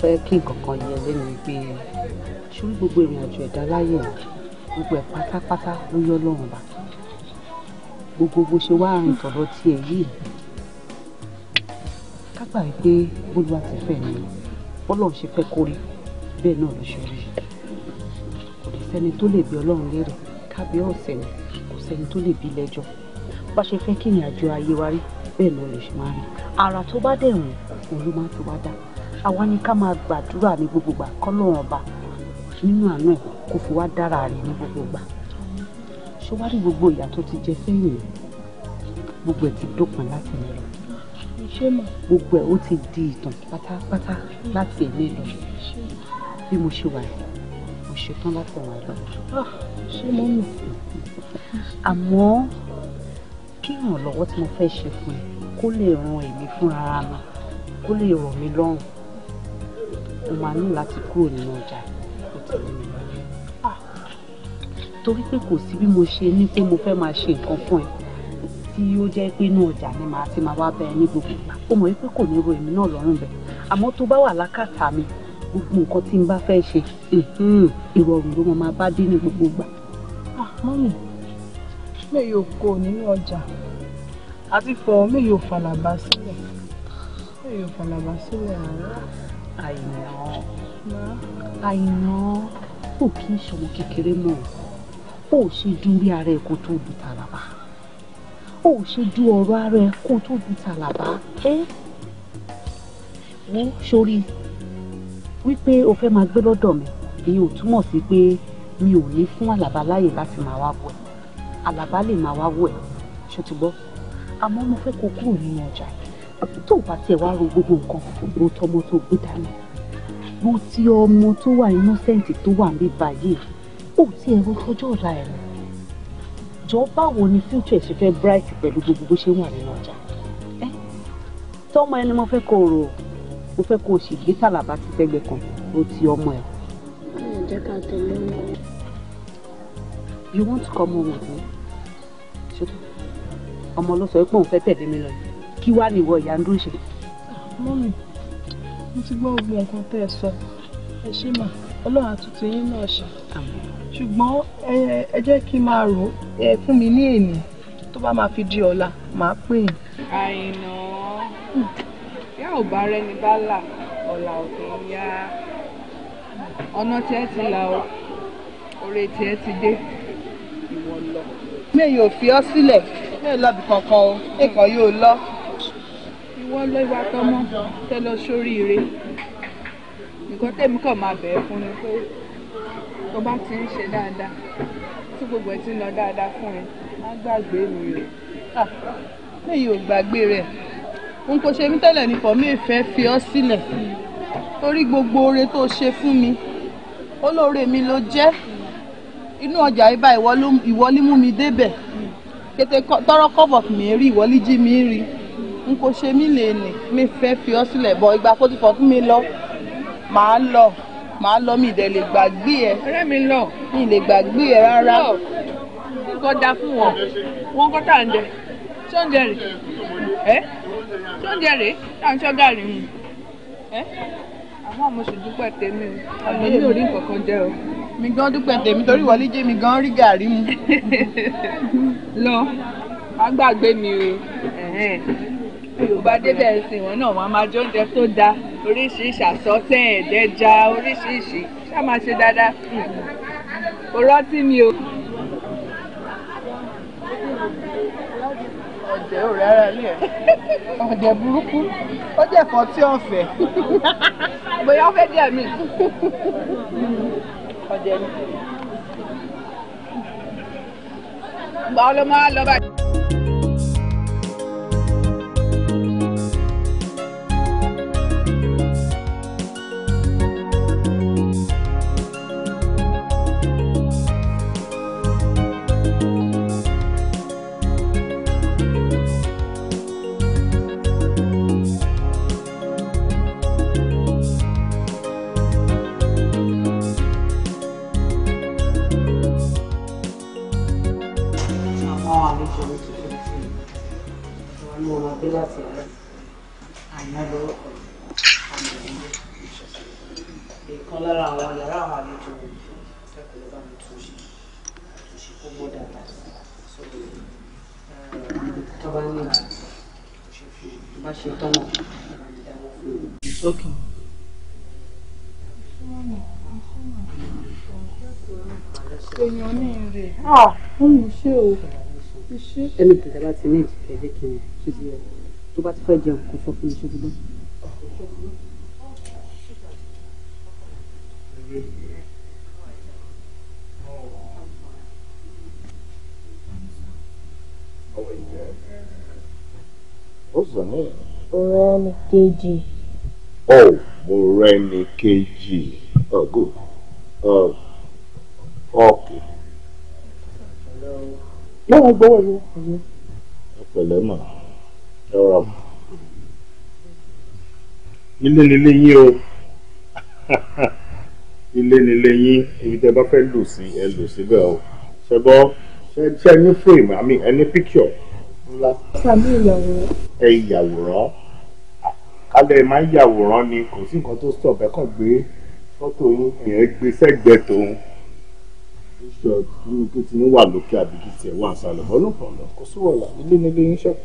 fẹ́ kí nǹkan kan yẹ lẹ́nu pé ṣùgbọ́n gbogbo ìrìn àjò ẹ̀dá láyè gbogbo ẹ̀ pátápátá ló yọ lọ́rùn bá gbogbo bó ṣe wá rìn tọ̀dọ̀ tiẹ̀ yìí kágbà pé bólúwa ti fẹ́ mi bọ́lọ́run ṣe fẹ́ kórè bẹ́ẹ̀ náà ló ṣe rí kò lè sẹ́ni tó lè bi ọlọ́run lérè kábíọ́ ọ̀sẹ̀ ni kò sẹ́ni tó lè bi lẹ́jọ́ bá ṣe fẹ́ kí ìrìn àjò ayé wa rí bẹ́ẹ̀ náà ló ṣe máa rìn ara tó bá dẹ̀ wọ̀n òun ló máa ti wá dá àwa ni ká máa gbàdúrà ní gbogbo gbà kọ́lọ́run ọba nínú àánú ẹ̀ kó fi wá dára rẹ̀ ní gbogbo gbà wá rí gbogbo ìyà tó ti jẹ sẹ́yìn gbogbo ẹ̀ ti dópin láti ní lọ gbogbo ẹ̀ ó ti di ìtàn pátápátá láti ẹ̀mí lọ bí mo ṣe wà yìí mo ṣetán láti wà lọ. Ah, ṣé mo mọ̀? àmọ́ kí ìrànlọ́wọ́ tí mo fẹ́ ṣe fún ẹ kó lè ran èmi fúnra mi kó lè rọ̀ mí lọ́rùn o máa ní láti kúrò nínú ọjà ah, torí pé kò sí bí mo ṣe ní pé mo fẹ́ máa ṣe nǹkan fún ẹ tí ó jẹ́ pé inú ọjà ni màá ti máa wá bẹ ẹ ní gbogbo ìgbà ó mọ̀ wípé kò ní ro èmi náà lọ́rùn bẹ́ẹ̀ àmọ́ tó bá wà lákàtà mi gbogbo nǹkan tí n bá fẹ́ ṣe ìrọ̀rùn ló máa bá dé ní gbogbo ìgbà. Ah, mọ́mì mi yóò kó nínú ọjà àti fọ mi yóò falàbà sílẹ̀ mi yóò falàbà sílẹ̀ rárá àìná àìná ò kí ń ṣọmọ kékeré mọ́ ò ṣe ju orí ara ẹ kó tó bu tàlàbà ò ṣe ju ọ̀rọ̀ ara ẹ kó tó bu tàlàbà ẹ wọ́n sórí wípé o fẹ́ máa gbé lọ́dọ̀ mi èyí ò túmọ̀ sí pé mi ò ní fún àlàbá láàyè láti máa wá wọ̀ ẹ́ àlàbá lè máa wá wọ̀ ẹ́ ṣùtúgbọ́ àmọ́ mo fẹ́ kó kúrò nínú ọjà yìí tó bá tiẹ̀ wá ro gbogbo nǹkan ro tọmọ tó gbé dání ro ti ọmọ tó wà innocent tó wà ní báyìí ó tiẹ̀ ro tọjọ́ ọ̀la ẹ̀ jọ báwo ni future ṣe fẹ́ bright pẹ̀lú gbogbo bó ṣe wà nínú ọjà tọmọ ẹni mo fẹ́ kó o rò mo fẹ́ kó o sì gbé tàlàbà ti tẹ́gbẹ́ kan ro ti ọmọ ẹ̀. you want to come home with me? ọmọ ló sọ pé òun fẹ́ tẹ̀lé mi lọ yìí kí wá nìwọ ìyá ń dúró ṣe. mọ́mì mo ti gbọ́ gbogbo nǹkan tẹ́ ẹ sọ ẹ ṣé mà ọlọ́run àtúntò yín náà ṣe ṣùgbọ́n ẹ jẹ́ kí n máa rò ẹ fún mi ní èní tó bá máa fi di ọ̀la màá pè yín. àìnà yá ò bá rẹni bá là ọ̀la ò kì í yá ọ̀nà tí ẹ ti là o oore tí ẹ ti dé ìwọ lọ. mi ò fi ọ́ sílẹ̀ mi ò lọ bì kankan o èkó yóò lọ wọ́n lọ́wọ́ tọmọ tẹ lọ sóríire nǹkan tẹ̀mí kàn máa bẹ̀ ẹ́ fún ni pé tó bá ti ń ṣe dáadáa tí gbogbo ẹ ti ń lọ dáadáa fún ẹ á gbàgbé mi rẹ̀ lẹ́yìn ò gbàgbé rẹ̀ n kò ṣe mí tẹ́lẹ̀ nìkan mi ìfẹ́ fi ọ́ sílẹ̀ torí gbogbo oore tó ṣe fún mi olóore mi ló jẹ́ inú ọjà ibà ìwọ ló mú mi débẹ̀ kété tọrọ kọ́bọ̀ mi rí ìwọ jí mi rí n kò ṣe mí lè nì mi fẹ́ fi ọ́ sílẹ̀ bọ̀ ìgbà kó ti fọ́ fún mi lọ màá lọ màá lọ mi ìdẹ̀ lè gbàgbé ẹ. ọ̀rẹ́ mi lọ. mi lè gbàgbé ẹ rárá. nǹkan da fún wọn wọn kọ́ tà ń jẹ ṣé oúnjẹ rè é ṣé oúnjẹ rè é tà ń ṣọ́gà rè mí àmọ́ mo sì dúpẹ́ tèmi o àmọ́ mi ò rí nǹkan kan jẹ o. mi gan dúpẹ́ tèmi torí wọlé jẹ́ mi gan rí gàrí mu. <laughs> lọ má mi o tí yorùbá débẹ̀ ẹ̀sìn wọn náà wọn máa jọ oúnjẹ tó dáa oríṣiríṣi àsọtẹ́ ẹ̀ẹ́dẹ́ja oríṣiríṣi ṣá máa ṣe dáadáa kò rántí mi o. ọ̀jẹ̀ ò rárá lé ẹ̀ ọ̀jẹ̀ burúkú ó jẹ́ kan tí ó fẹ́. bóyá ó fẹ́ díẹ̀ mi. ọ̀jẹ̀ mi. gbà ló máa lọ báyìí. àti àárọ̀ àná lórúkọ àmì ìlú ìkan lára àwọn yàrá àwọn àlejò ẹkùn lọ́ba mi tó ṣe tó ṣe kó mọ́ dáadáa so tọ́ba ní bá ṣe tọ́nà Okay. èèyàn ní ire ah ó mú iṣẹ́ o iṣẹ́. ẹnì kìí ta bá ti ní ìdílé kí n ṣe ti yẹ tó bá ti fẹ́ jẹun kò sọ fún mi ṣùgbọ́n. Ọ̀rẹ́ni kejì. Ọ̀ ọ̀rẹ́ni kejì. Oh, good. Oh, okay. Hello. Wọ́n á gbọ́wọ́ yẹn. Ẹ pẹ̀lẹ́ ilé nílé yín o ilé nílé yín ibi tẹ́ bá fẹ́ lò sí ẹ lò síbẹ̀ o ṣe bọ́ ṣe ní fíìmù àmì ẹni píkíọ̀ ńlá. sàmì ìyàwòrán. ẹ yàwòrán kálẹ̀ máa ń yàwòrán ni kò sí nǹkan tó stop ẹ kàn gbé fọ́tò yín ìyẹn gbé sẹ́gbẹ̀ẹ́ tòun sọ kí ni kí ti ń wà lókè àbí kí tiẹ̀ wà sálẹ̀ bọ́ọ̀lù pọ̀ lọ kó sí wọ̀lá ilé nílé yín ṣẹ́kù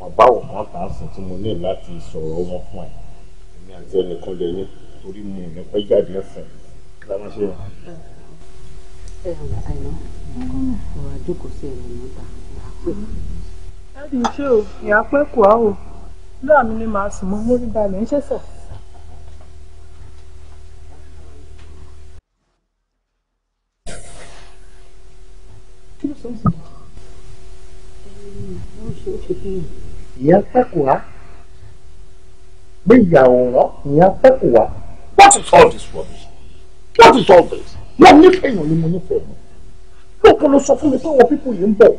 mọ̀ báwo kan tà sùn tí mo ní láti sọ̀rọ̀ wọn fún ẹ èmi àti ẹnìkan lè ní torí mi ò jáde ẹ̀sìn láwọn ṣe. ẹ ẹ àìná ọ̀rọ̀ àjókòó o ìyá pẹ́ kù á o lọ́wọ́ mi ni màá sùn mọ́ mórí balẹ̀ ń ṣẹ̀ṣẹ̀. Thank you ó ṣe fún mi. ìyá pẹ́kùwá gbé ìyàwòrán ìyá pẹ́kùwá what is all this rubbish what is all this mo nífẹ̀ẹ́ èèyàn ni mo nífẹ̀ẹ́ mi lóko ló sọ fún mi pé àwọn pípò yìí ń bọ̀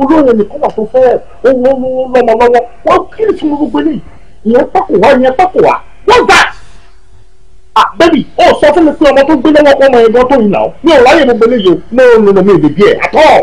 olóyè nìkan wà tó fẹ́ owó lọ́mọ lọ́wọ́ wọ́n kí ni tí mo gbogbo eléyìí ìyẹn pẹ́kùwá ìyẹn pẹ́kùwá what's that bẹ́ẹ̀ni ó sọ fún mi pé ọmọ tó gbé lọ́wọ́ ọmọ ẹ̀gbọ́n tó yìí náà mi ò láyè gbogbo eléyìí o no no no mi ò lè bí ẹ̀ at all.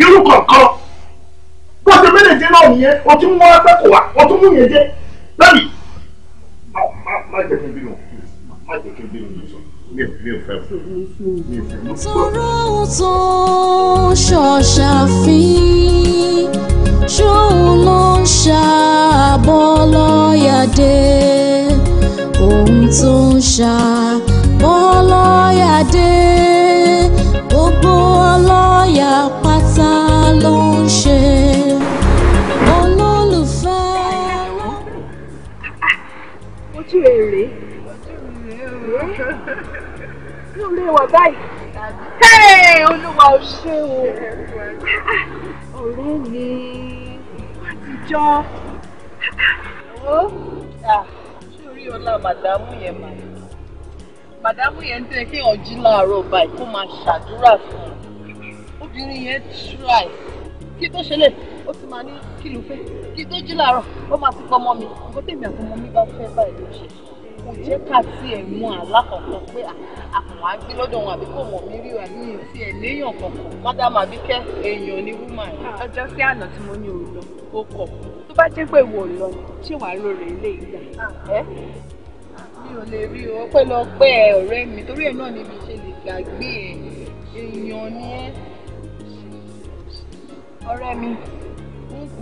irú kọ̀ọ̀kan bó ṣe méjèèjì náà nìyẹn o tún mú ẹgbẹ́ kò o tún mú yẹn lẹ́yìn. má jẹ́ kí n bínú má jẹ́ kí n bínú mi ò fẹ́ fún. tọrọ tó ṣọṣàfin ṣóun ló ń ṣàbọ̀ lọ́yàdé ohun tó ń ṣàbọ̀ lọ́yàdé. ojú èrè ló lè wà báyìí olúwa ò ṣe o ọ̀rẹ́ mi àtijọ́ ó ṣé orí ọlá màdámù yẹn mà màdámù yẹn ń tẹ kéèyàn jí láàárọ̀ báyìí kó máa ṣàdúrà fún un obìnrin yẹn try kí tó ṣe lè ó ti máa ní kí ló fẹ́ kí tó jí làárọ̀ ó máa ti pọmọ mi nǹkan tèmi àti ọmọ mi bá fẹ́ báyìí ló ṣe kò jẹ́ ká tí ẹ̀ alákọ̀ọ́kọ́ pé àkànwá gbé lọ́dọ̀ wọn àbí kò mọ̀ mí rí wa ní ìsí ẹ̀ léèyàn kankan mádàmú àbíkẹ́ èèyàn ní wúmà ẹ̀. ọjọ́ sí àná tí mo ní òun lọ ó kọ̀ tó bá jẹ́ pé ìwọ lọ ni ṣé wàá lóore ilé ìgbà. mi ò lè rí o pẹ́lọpẹ́ ọ̀rẹ́ mi torí ẹ̀ náà níbi ṣe gbàgbé èèyàn ni ẹ́ ọ̀rẹ́ mi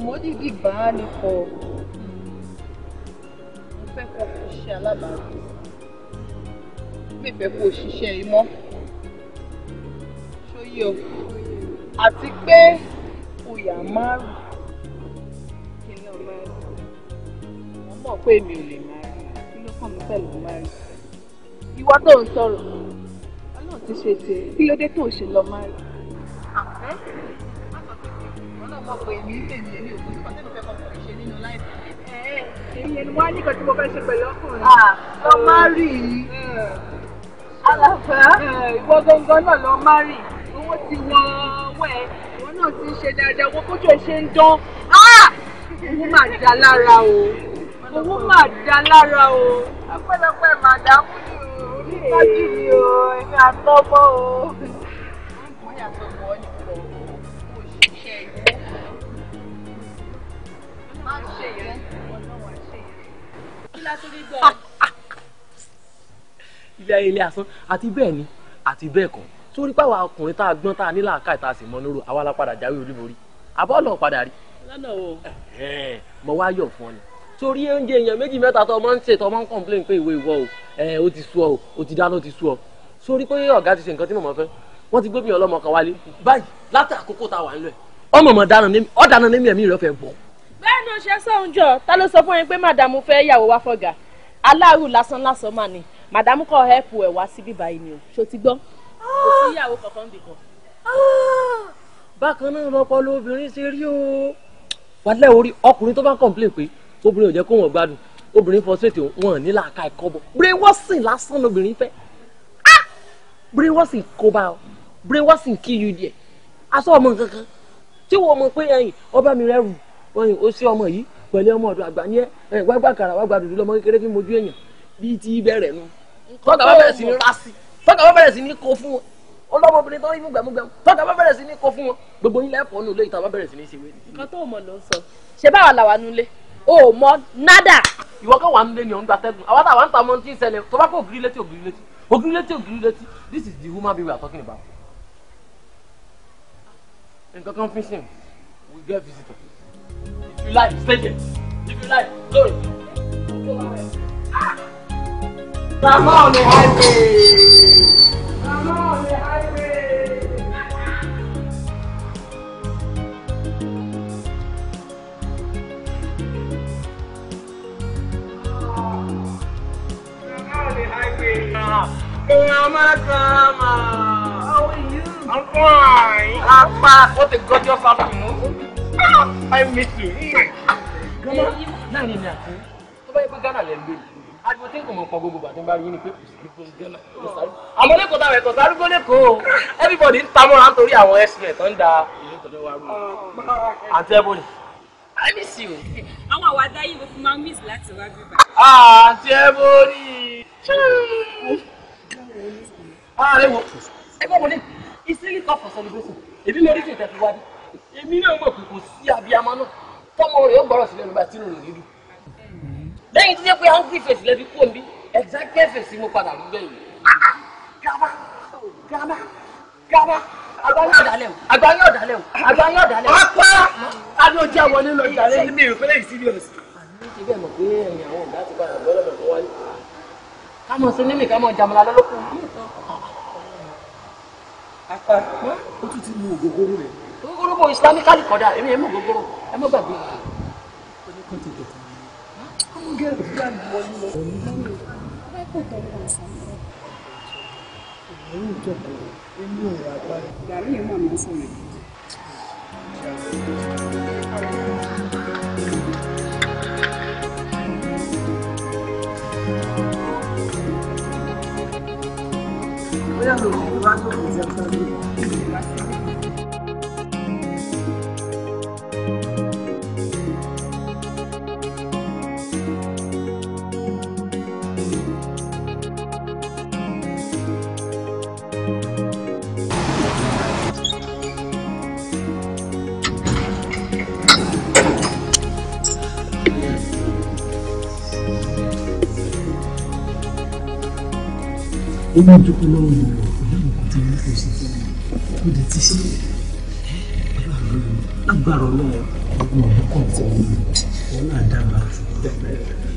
mo dìdí bá a ní kọ mo fẹ́ kó o ṣiṣẹ́ alábàárò mi fẹ́ kó o ṣiṣẹ́ imọ́ ṣóyè o àti pé oyà máa rù kí n náà máa rù mo mọ̀ pé mi ò lè máa rù kí ló kàn mí pẹ̀lú máa rù ìwọ tó ń sọ̀rọ̀ ọlọ́run ti ṣe tiẹ̀ kí ló dé tó ṣe lọ máa rù ọ̀pọ̀ èmi ń tèmi èmi ò kó sí kọ́tẹ́mi fẹ́ kọ́kọ́ ṣe nínú láìpẹ́. èyí ni wọ́n á ní kan tí mo fẹ́ ṣe pẹ̀lú ọkùnrin. Ah, lọ má àlàfà ìwọ gangan náà lọ má owó ti wọ ẹ ìwọ náà ti ń ṣe dáadáa owó kójú ẹ ṣe ń dán ah! owó mà dá lára o owó mà dá lára o. ọpẹ́lọpẹ́ màdámù ni o onítọ́jú mi o èmi àtọ́gbọ́ o. ilé ayé ilé asán àti bẹ́ẹ̀ ni àti bẹ́ẹ̀ kọ́ sórí pàwọ́ ọkùnrin tá a gbọ́n tá a nílà ká ìta sì mọ́ nírò àwa la padà jáwé olúborí àbọ̀lọ̀ padà rí. lọ́nà o. mo wá yọ̀ fún ọ ni torí oúnjẹ èèyàn méjì mẹ́ta tó ọmọ ń ṣe tó ọmọ ń complain pé ìwé ìwọ o ẹ o ti sú ọ o o ti dáná o ti sú ọ sórí pé ọ̀gá ti ṣe nǹkan tí mọ̀mọ́ fẹ́ wọ́n ti gbé mi ọlọ́mọ kan wálé báyìí látà lẹ́nu ṣe sóun jọ ta ló sọ fún yín pé màdàmú fẹ́ yàwó wá fọ̀gà aláàrù lásán lásán mà ni màdàmú kọ́ ẹ̀pù ẹ̀ wá síbí báyìí ni o ṣó ti gbọ́ ah! kò sí ìyàwó kankan bì kan. Ah! bákan náà lọ́pọ̀ lóbìnrin ṣe rí o wàlẹ́ orí ọkùnrin tó bá kọ̀ǹpilẹ̀ pé obìnrin ò jẹ́ kó wọ́n gbádùn obìnrin fọ́sẹ̀tì wọn ní làákà ẹ̀kọ́ bọ̀ brainwashing lásán lobìnrin fẹ́ ah! brainwashing kó bá ọ brainwashing kí yú díẹ̀ aṣọ ọmọ kankan tí wọ́n mọ̀ pé ẹ̀yìn ọba mi rẹ̀ rù oyin ó sí ọmọ yìí pẹ̀lú ọmọ ọ̀dọ̀ àgbà yẹn ẹ̀ wá gbà kàrà wá gbà dùdú lọ́mọ kékeré fi mojú èèyàn bíi ti bẹ̀rẹ̀ nu tọ́ka bá bẹ̀rẹ̀ sí ní rásì tọ́ka bá bẹ̀rẹ̀ sí ní kó fún wọn ọlọ́mọbìnrin tó ń mú gbẹmúgbẹmú tọ́ka bá bẹ̀rẹ̀ sí ní kó fún wọn gbogbo yín lẹ́fọ̀ọ́ nù lẹ́yìn tá a sí ní ṣe wé. nǹkan tó ló ń sọ ṣé báwa làwa nulẹ̀ o mọ nádà. ìwọ kan wà nílé ni ò ń gba tẹ́gùn àwa táwa ń ta ọmọ this is the human we are talking about. nǹkan kan fi we get visitor you like, spend it. If you like, sorry. Come on the highway. Come on the highway. Come on the highway. Mama, Mama. How are you? I'm fine. Apa, what a gorgeous afternoon. <laughs> I miss you. Gánà láàrin mi àti tó bá yẹ pé Gánà lẹ ń gbé ariwo tí kò mọ̀ kan gbogbo àti báyìí ni pé kò sí pé Gánà ló sáré. Àmọ́ lẹ́kọ̀ọ́ táwọn ẹ̀kọ́ sáré gbọ́ lẹ́kọ̀ọ́ everybody ń ta mọ́ra nítorí àwọn ẹ̀sìn ẹ̀ tó ń da ìlú tọ́jọ́ wa rú. Àti ẹ̀ bọ́lì. I miss you. Àwọn àwàdá yìí mo fi máa ń miss láti wá bíbá. Àti ẹ̀ bọ́lì. Ààrẹ wo? Ẹ gbọ́ wọlé, it's really tough for celebration. Èmi lórí kìí tẹ̀ fi wá bí èmi náà mọ̀ pé kò sí abiyamọ náà tọmọ rẹ̀ ó gbọ́rọ̀ sílẹ̀ nígbà tí ìròyìn rẹ̀ dùn. lẹ́yìn tí ó jẹ́ pé hungry face lẹ́bi kú òǹbí exactly face mo padà rí bẹ́ẹ̀ yìí. gaba gaba gaba agbáyé ọ̀dàlẹ̀ o agbáyé ọ̀dàlẹ̀ o agbáyé ọ̀dàlẹ̀ o. apá adó jẹ́ wọlé lọ ìdàlẹ́ yìí. mi ò fẹ́lẹ́ yìí serious. àti bẹ́ẹ̀ mọ̀ pé ẹ̀yìn àwọn ọ̀gá ti padà bọ́ lọ́dọ̀ tó wáyé. ká mọ̀ sí mímì ká mọ̀ jàmọ̀lá lọ́lọ́kùnrin. apá o tún ti mú ògógóró rẹ̀ gbogbo islamically kọ́dà èmi ẹ̀ mọ̀ gbogbo ẹ mọ̀ gbàgbé. Voy a lo que va a èmi dúpẹ́ lọ́wọ́ mi ọlọ́run kò tí ń kò sí fún mi kò dé ti ṣe agbára ọlọ́run ọgbọ́n ọdún kan tí wọ́n ń lò wọ́n náà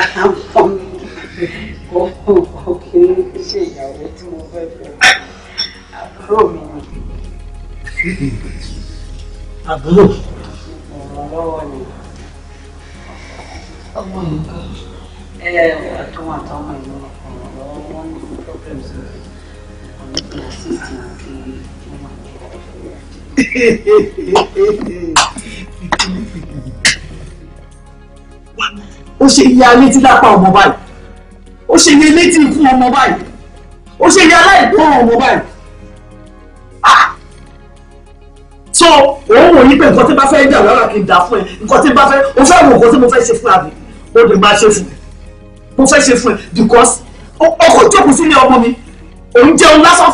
ọmọ mi ọkùnrin ṣe ìyàwó tí mo fẹ́ fẹ́ àbúrò mi ni. àbúrò. ìrànlọ́wọ́ ni ọmọ mi kan ẹ àtọmọ àtọmọ ìlú ọ̀rọ̀ wọn ní problems ọ̀nà ìgbà sísè àti ọmọ <laughs> ó ṣe ya létí lápá ọmọ báyìí ó ṣe ya létí ikú ọmọ báyìí ó ṣe ya aláìgbọràn ọmọ báyìí ah so òun wò yí pé nǹkan tí bá fẹ́ dà lára kì í dà fún ẹ nǹkan tí bá fẹ́ o fẹ́ wo nǹkan tí mo fẹ́ ṣe fún àbí o lè máa ṣe fún ẹ mo fẹ́ ṣe fún ẹ because ọkọ̀ jókòó sílé ọmọ mi òun jẹun lásán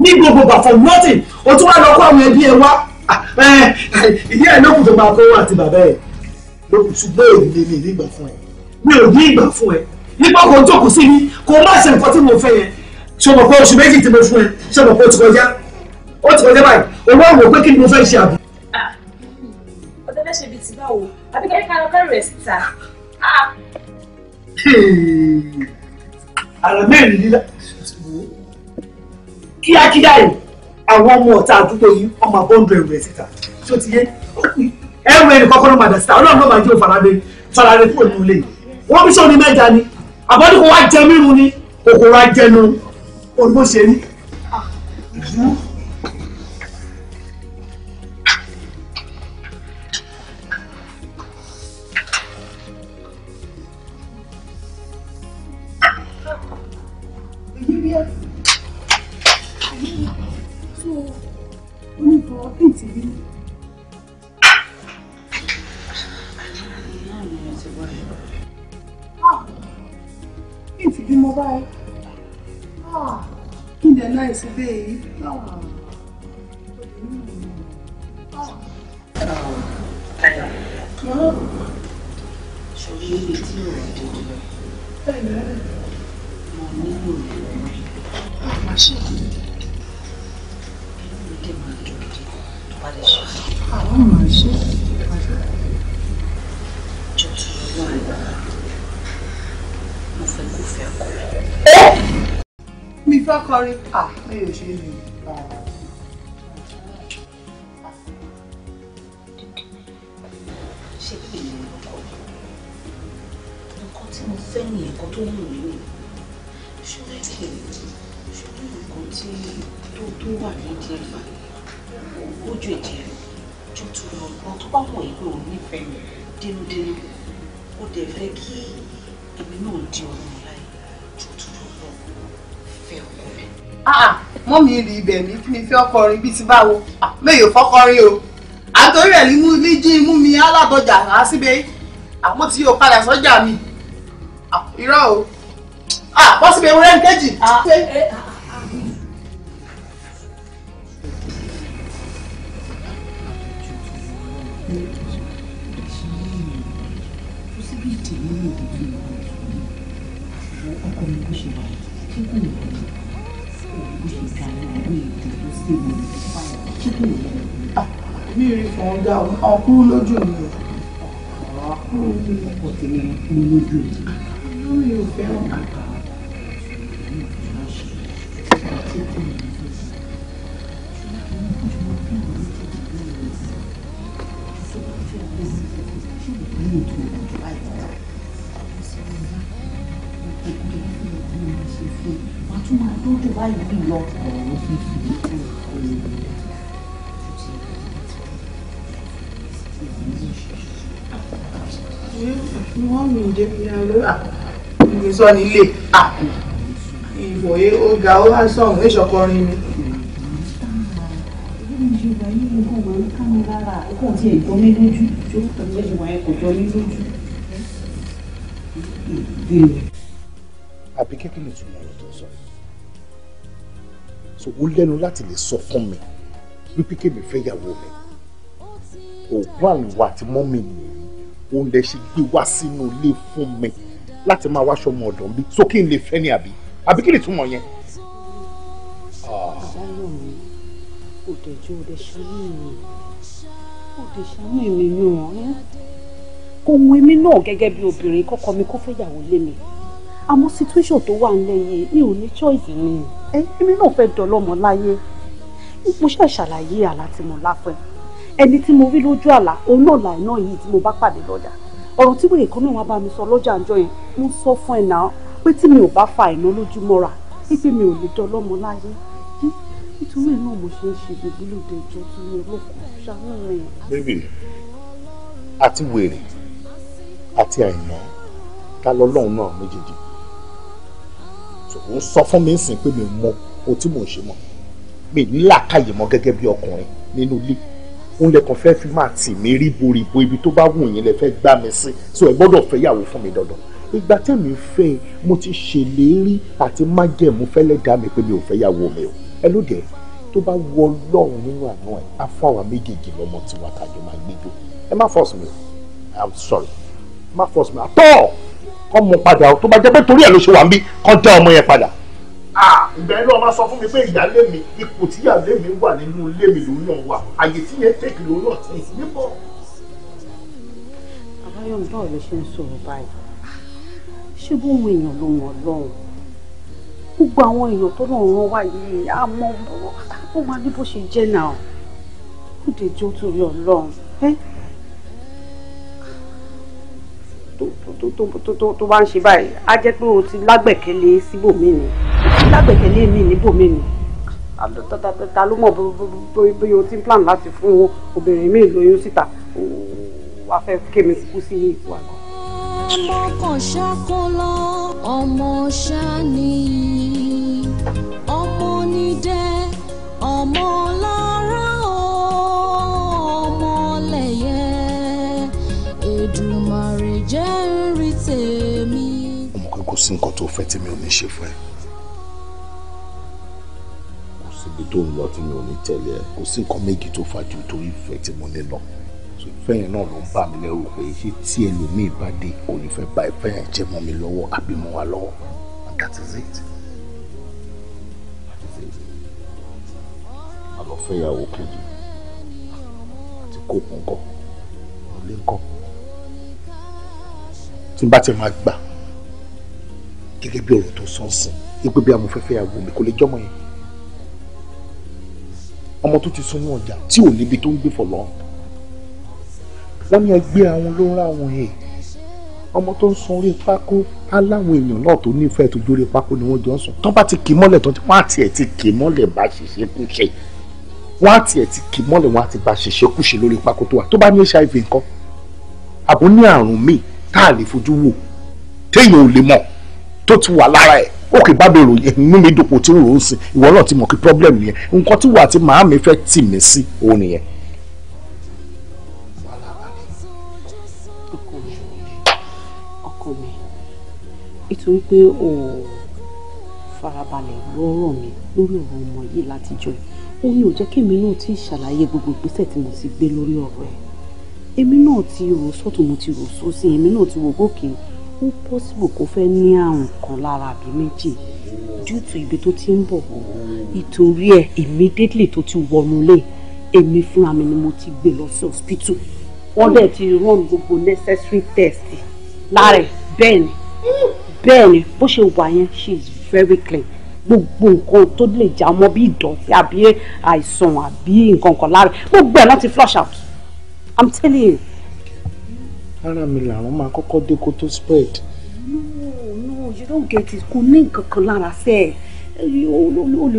ní gbogbo gbàfọ̀ nothing o tún wá lọ kó àwọn ẹbí ẹ wá ah, eh, ìyá ẹ lókùn tó máa kó àti bàbá ẹ lókùn ṣùgbọ́n èmi ni ìgbà fún ẹ mi ò ní ìgbà fún ẹ nípa kò jókòó sí mi kò má ṣe nǹkan tí mo fẹ́ yẹn ṣe mọ̀ pé oṣù méjì tí mo fún ẹ ṣe mọ̀ pé ó ti kọjá ó ti kọjá báyìí owó àwọ̀ pé kí ni mo fẹ́ ṣe àbí. Ah, ọ̀dọ́ fẹ́ ṣe bíi ti báwo àbí kẹ́kẹ́ kan lọ́kọ́ rẹ̀ síta. Ah. àrà mẹ́rin líla kíákíá yìí àwọn ọmọ ọ̀tá àdúgbò yìí ọmọ àbọ̀ǹdù ẹ̀rù rẹ̀ síta ṣó ti yé ẹ̀rù ẹ̀rù kọ́kọ́ ló máa dà síta ọlọ́run ló máa jẹ́ òfaradé faradé kúrò nínú ilé yìí wọ́n bí sóni mẹ́ja ni àbọ̀dún kò wá jẹ mírun ni kòkòrò ajẹnu olùkó ṣe rí. Ah. be bá kọrin Ah, mi ò ṣe lè tiẹ̀ ní kí mi fi ọkọrin bíi ti báwo ah, mẹ́yìn fọkọrin o àtòrí ẹ̀ ní jí mú mi alábọ̀jà á síbẹ̀ àmọ́ tí yóò padà sọ́jà mi ah, irọ́ o ah, bọ́sibẹ̀ wúrẹ́ ń kéjì. ga ọkùn lójú mi o lójú mi mi ò fẹ́ràn kàkà Wọ́n tún máa dúdú báyìí lọ. wọ́n mi débi aló àkùnkùn sọ nílé ìwòye ó ga ó wá sọ̀rùn èṣọ̀kọrin mi. ìjọba yìí ń kàn wọ́n ká mi lára ẹ̀kọ́ tí èkó mi lójú tó tẹ̀lé ìwà ẹ̀kọ́ jọ mi lójú. àbí kékeré ìtumọ̀ ọ̀rọ̀ tó sọ so ó lẹ́nu láti lè sọ fún mi wípé kémi fẹ́ yàwó mi òògùn àlùwà àti mọ́mì nìyẹn òun lè ṣe gbé wá sínú ilé fún mi láti máa wáṣọ ọmọ ọ̀dọ̀ mi so kí n lè fẹ́ ní àbí àbí kí ni túmọ̀ yẹn. sáyọ̀ ah. mi kò dẹ̀jọ́ òde ṣàánú mi òde ṣàánú mi kò wù mí náà gẹ́gẹ́ bí obìnrin kọ́kọ́ mi kó fẹ́yàwó lé mi àmọ́ situation tó wà nílẹ̀ mi ò ní choice ni èmi náà fẹ́ dọ́lọ́mọ láyé mo ṣe ṣàlàyé àlá tí ẹni tí mo rí lójú àlá òun náà làì náà yìí tí mo bá pàdé lọ́jà ọ̀rọ̀ tí wèrè kan náà wá bá mi sọ lọ́jà ńjọ́ yẹn mo sọ fún ẹ náà pé tí mi ò bá fa ìná lójú mọ́ra wípé mi ò lè dán lọ́mọ láyé nítorí náà mo ṣe ń ṣe gbogbolóde ìjọ tí mo lókun ṣáná rẹ. bébì àti wèrè àti àìmọ́ ká lọ́lọ́run náà méjèèjì òun sọ fún mi sìn pé mi mọ ohun tí mò ń ṣe mọ́ mi ní làákàyè mọ́ gẹ́gẹ́ bí ọkùnrin nínú ilé òun lẹ kàn fẹ́ fi máa tì mí ríboríbo ibi tó bá wù yín lẹ fẹ́ gbá mi sí so ẹ gbọ́dọ̀ fẹ́ yàwó fún mi dandan ìgbà tẹ̀mí fẹ́ mo ti ṣèlérí àti májẹ̀mú fẹ́lẹ́ dá mi pé mi ò fẹ́ yàwó mi o ẹ ló dẹ̀ tó bá wọ ọlọ́run nínú àná ẹ̀ á fún àwa méjèèjì lọ́mọ tí wàá tàjọ máa gbẹjọ ẹ má force mi o i'm sorry má force mi àtọ́ kọ́ mu padà o tó bá jẹ́ pé torí ẹ̀ ló ṣe wà ń bí kọ́ dá ọmọ yẹn padà ìgbà yẹn lọ́wọ́ máa sọ fún mi pé ìyáálé mi ipò tíyáálé mi wà nínú ilé mi lòun náà wà àyè tí yẹn tèkì lòun náà tì í níbọ̀. àbáyọ̀ báwo ló ṣe ń sọ̀rọ̀ báyìí ṣé bóun èèyàn ló mọ̀ lọ́hùn gbogbo àwọn èèyàn tó lọ́ọ̀ rán wá yìí á mọ ó máa ní bó ṣe jẹ́ náà ó torí ọlọ́run tó bá ń ṣe báyìí á jẹ́ pé o ti lágbẹ̀kẹ̀lé síbòmí ni lágbẹ̀kẹ̀lé mi níbòmí ni ta ló mọ̀ bóyá o ti ń plan láti fún obìnrin mi lóyún síta wàá fẹ́ kémi kú sí ìwà ọmọ kan ṣàkólọ ọmọ ṣàní ọmọ nídẹ ọmọ lára ọmọ lẹyẹ èdùn jẹ́ ń rí tèmi. mo mọ̀ sí nǹkan tó fẹ́ tí mi ò ní ṣe fún ẹ kò síbi tó ń lọ tí mi ò ní tẹ̀lé ẹ kò sí nǹkan méjì tó fa ju torí ìfẹ́ tí mo ní lọ ìfẹ́ yẹn náà ló ń bà mí lẹ́rù pé ṣé tí ẹlòmíì bá dé kò ní fẹ́ bà ìfẹ́ yẹn jẹ́ mọ́ mi lọ́wọ́ àbí mọ́ wa lọ́wọ́ and that is it. àlọ́ fẹ́ kejì àti kóòpù ńkọ́ ọ̀lẹ́ tí n bá ti máa gbà gẹ́gẹ́ bí ọ̀rọ̀ tó sọ ń sìn wípé bí amọ̀ fẹ́fẹ́ àwọ̀ mi kò lè jọ́mọ yẹn ọmọ tó ti súnmọ́ ọjà tí ò níbi tó ń gbé fọ̀lọ́ wọ́n ní ẹgbẹ́ àwọn ló ń ráwọn ẹ̀ ọmọ tó ń sun orí pákó aláwọn èèyàn náà tó nífẹ̀ẹ́ tó dórí pákó ni wọ́n jọ ń sùn tán bá ti kì í mọ́lẹ̀ tán tí wọ́n á tiẹ̀ ti kì í mọ́lẹ̀ bá ṣiṣẹ́ kú ṣe wọ́n á tiẹ̀ ti kì í mọ́lẹ̀ wọ́n á ti bá ṣiṣẹ́ kú ṣe lórí pákó tó wà tó bá ní hiv nǹkan àbó ní àrùn míì tá a lè fojú wò téèyàn ò lè mọ̀ tó ti wà lára ẹ̀ òkè bábẹ̀ ròyìn inú mi dòpò tí rò ó sìn ìwọ náà ti mọ̀ kí problem nìyẹn nǹkan tí wà á ti màá mi fẹ́ tì mí sí òun nìyẹn. ọkọ mi nítorí pé o farabalẹ̀ rọrọ̀ mi lórí ọ̀rọ̀ ọmọ yìí látijọ́ ó ní ò jẹ́ kí èmi náà ti ṣàlàyé gbogbo ìgbésẹ̀ tí mo ti gbé lórí ọ̀rọ̀ ẹ̀ èmi náà ti rò sọ́tún mo ti rò sósì èmi náà ti wò gòkè ó possible kó fẹ́ ní àrùn kan lára àbí méjì due to ibi tó ti ń bọ̀ ìtòrí ẹ̀ immediately tó ti wọnú lé èmi fúnra mi ni mo ti gbé lọ sí hospital wọ́n dẹ̀ ti run gbogbo necessary test lára ẹ̀ bẹ́ẹ̀ ni bẹ́ẹ̀ ni bó ṣe wà yẹn she is very clean gbogbo nǹkan tó lè jà mọ́ bí ìdọ̀tí àbí àìsàn àbí nǹkan kan lára gbogbo ẹ̀ náà ti flush out. I'm telling you. ara mi làwọn máa kọ́kọ́ dé kó tó spread. no no you don't get it kò ní nǹkan kan lára sẹ́ẹ̀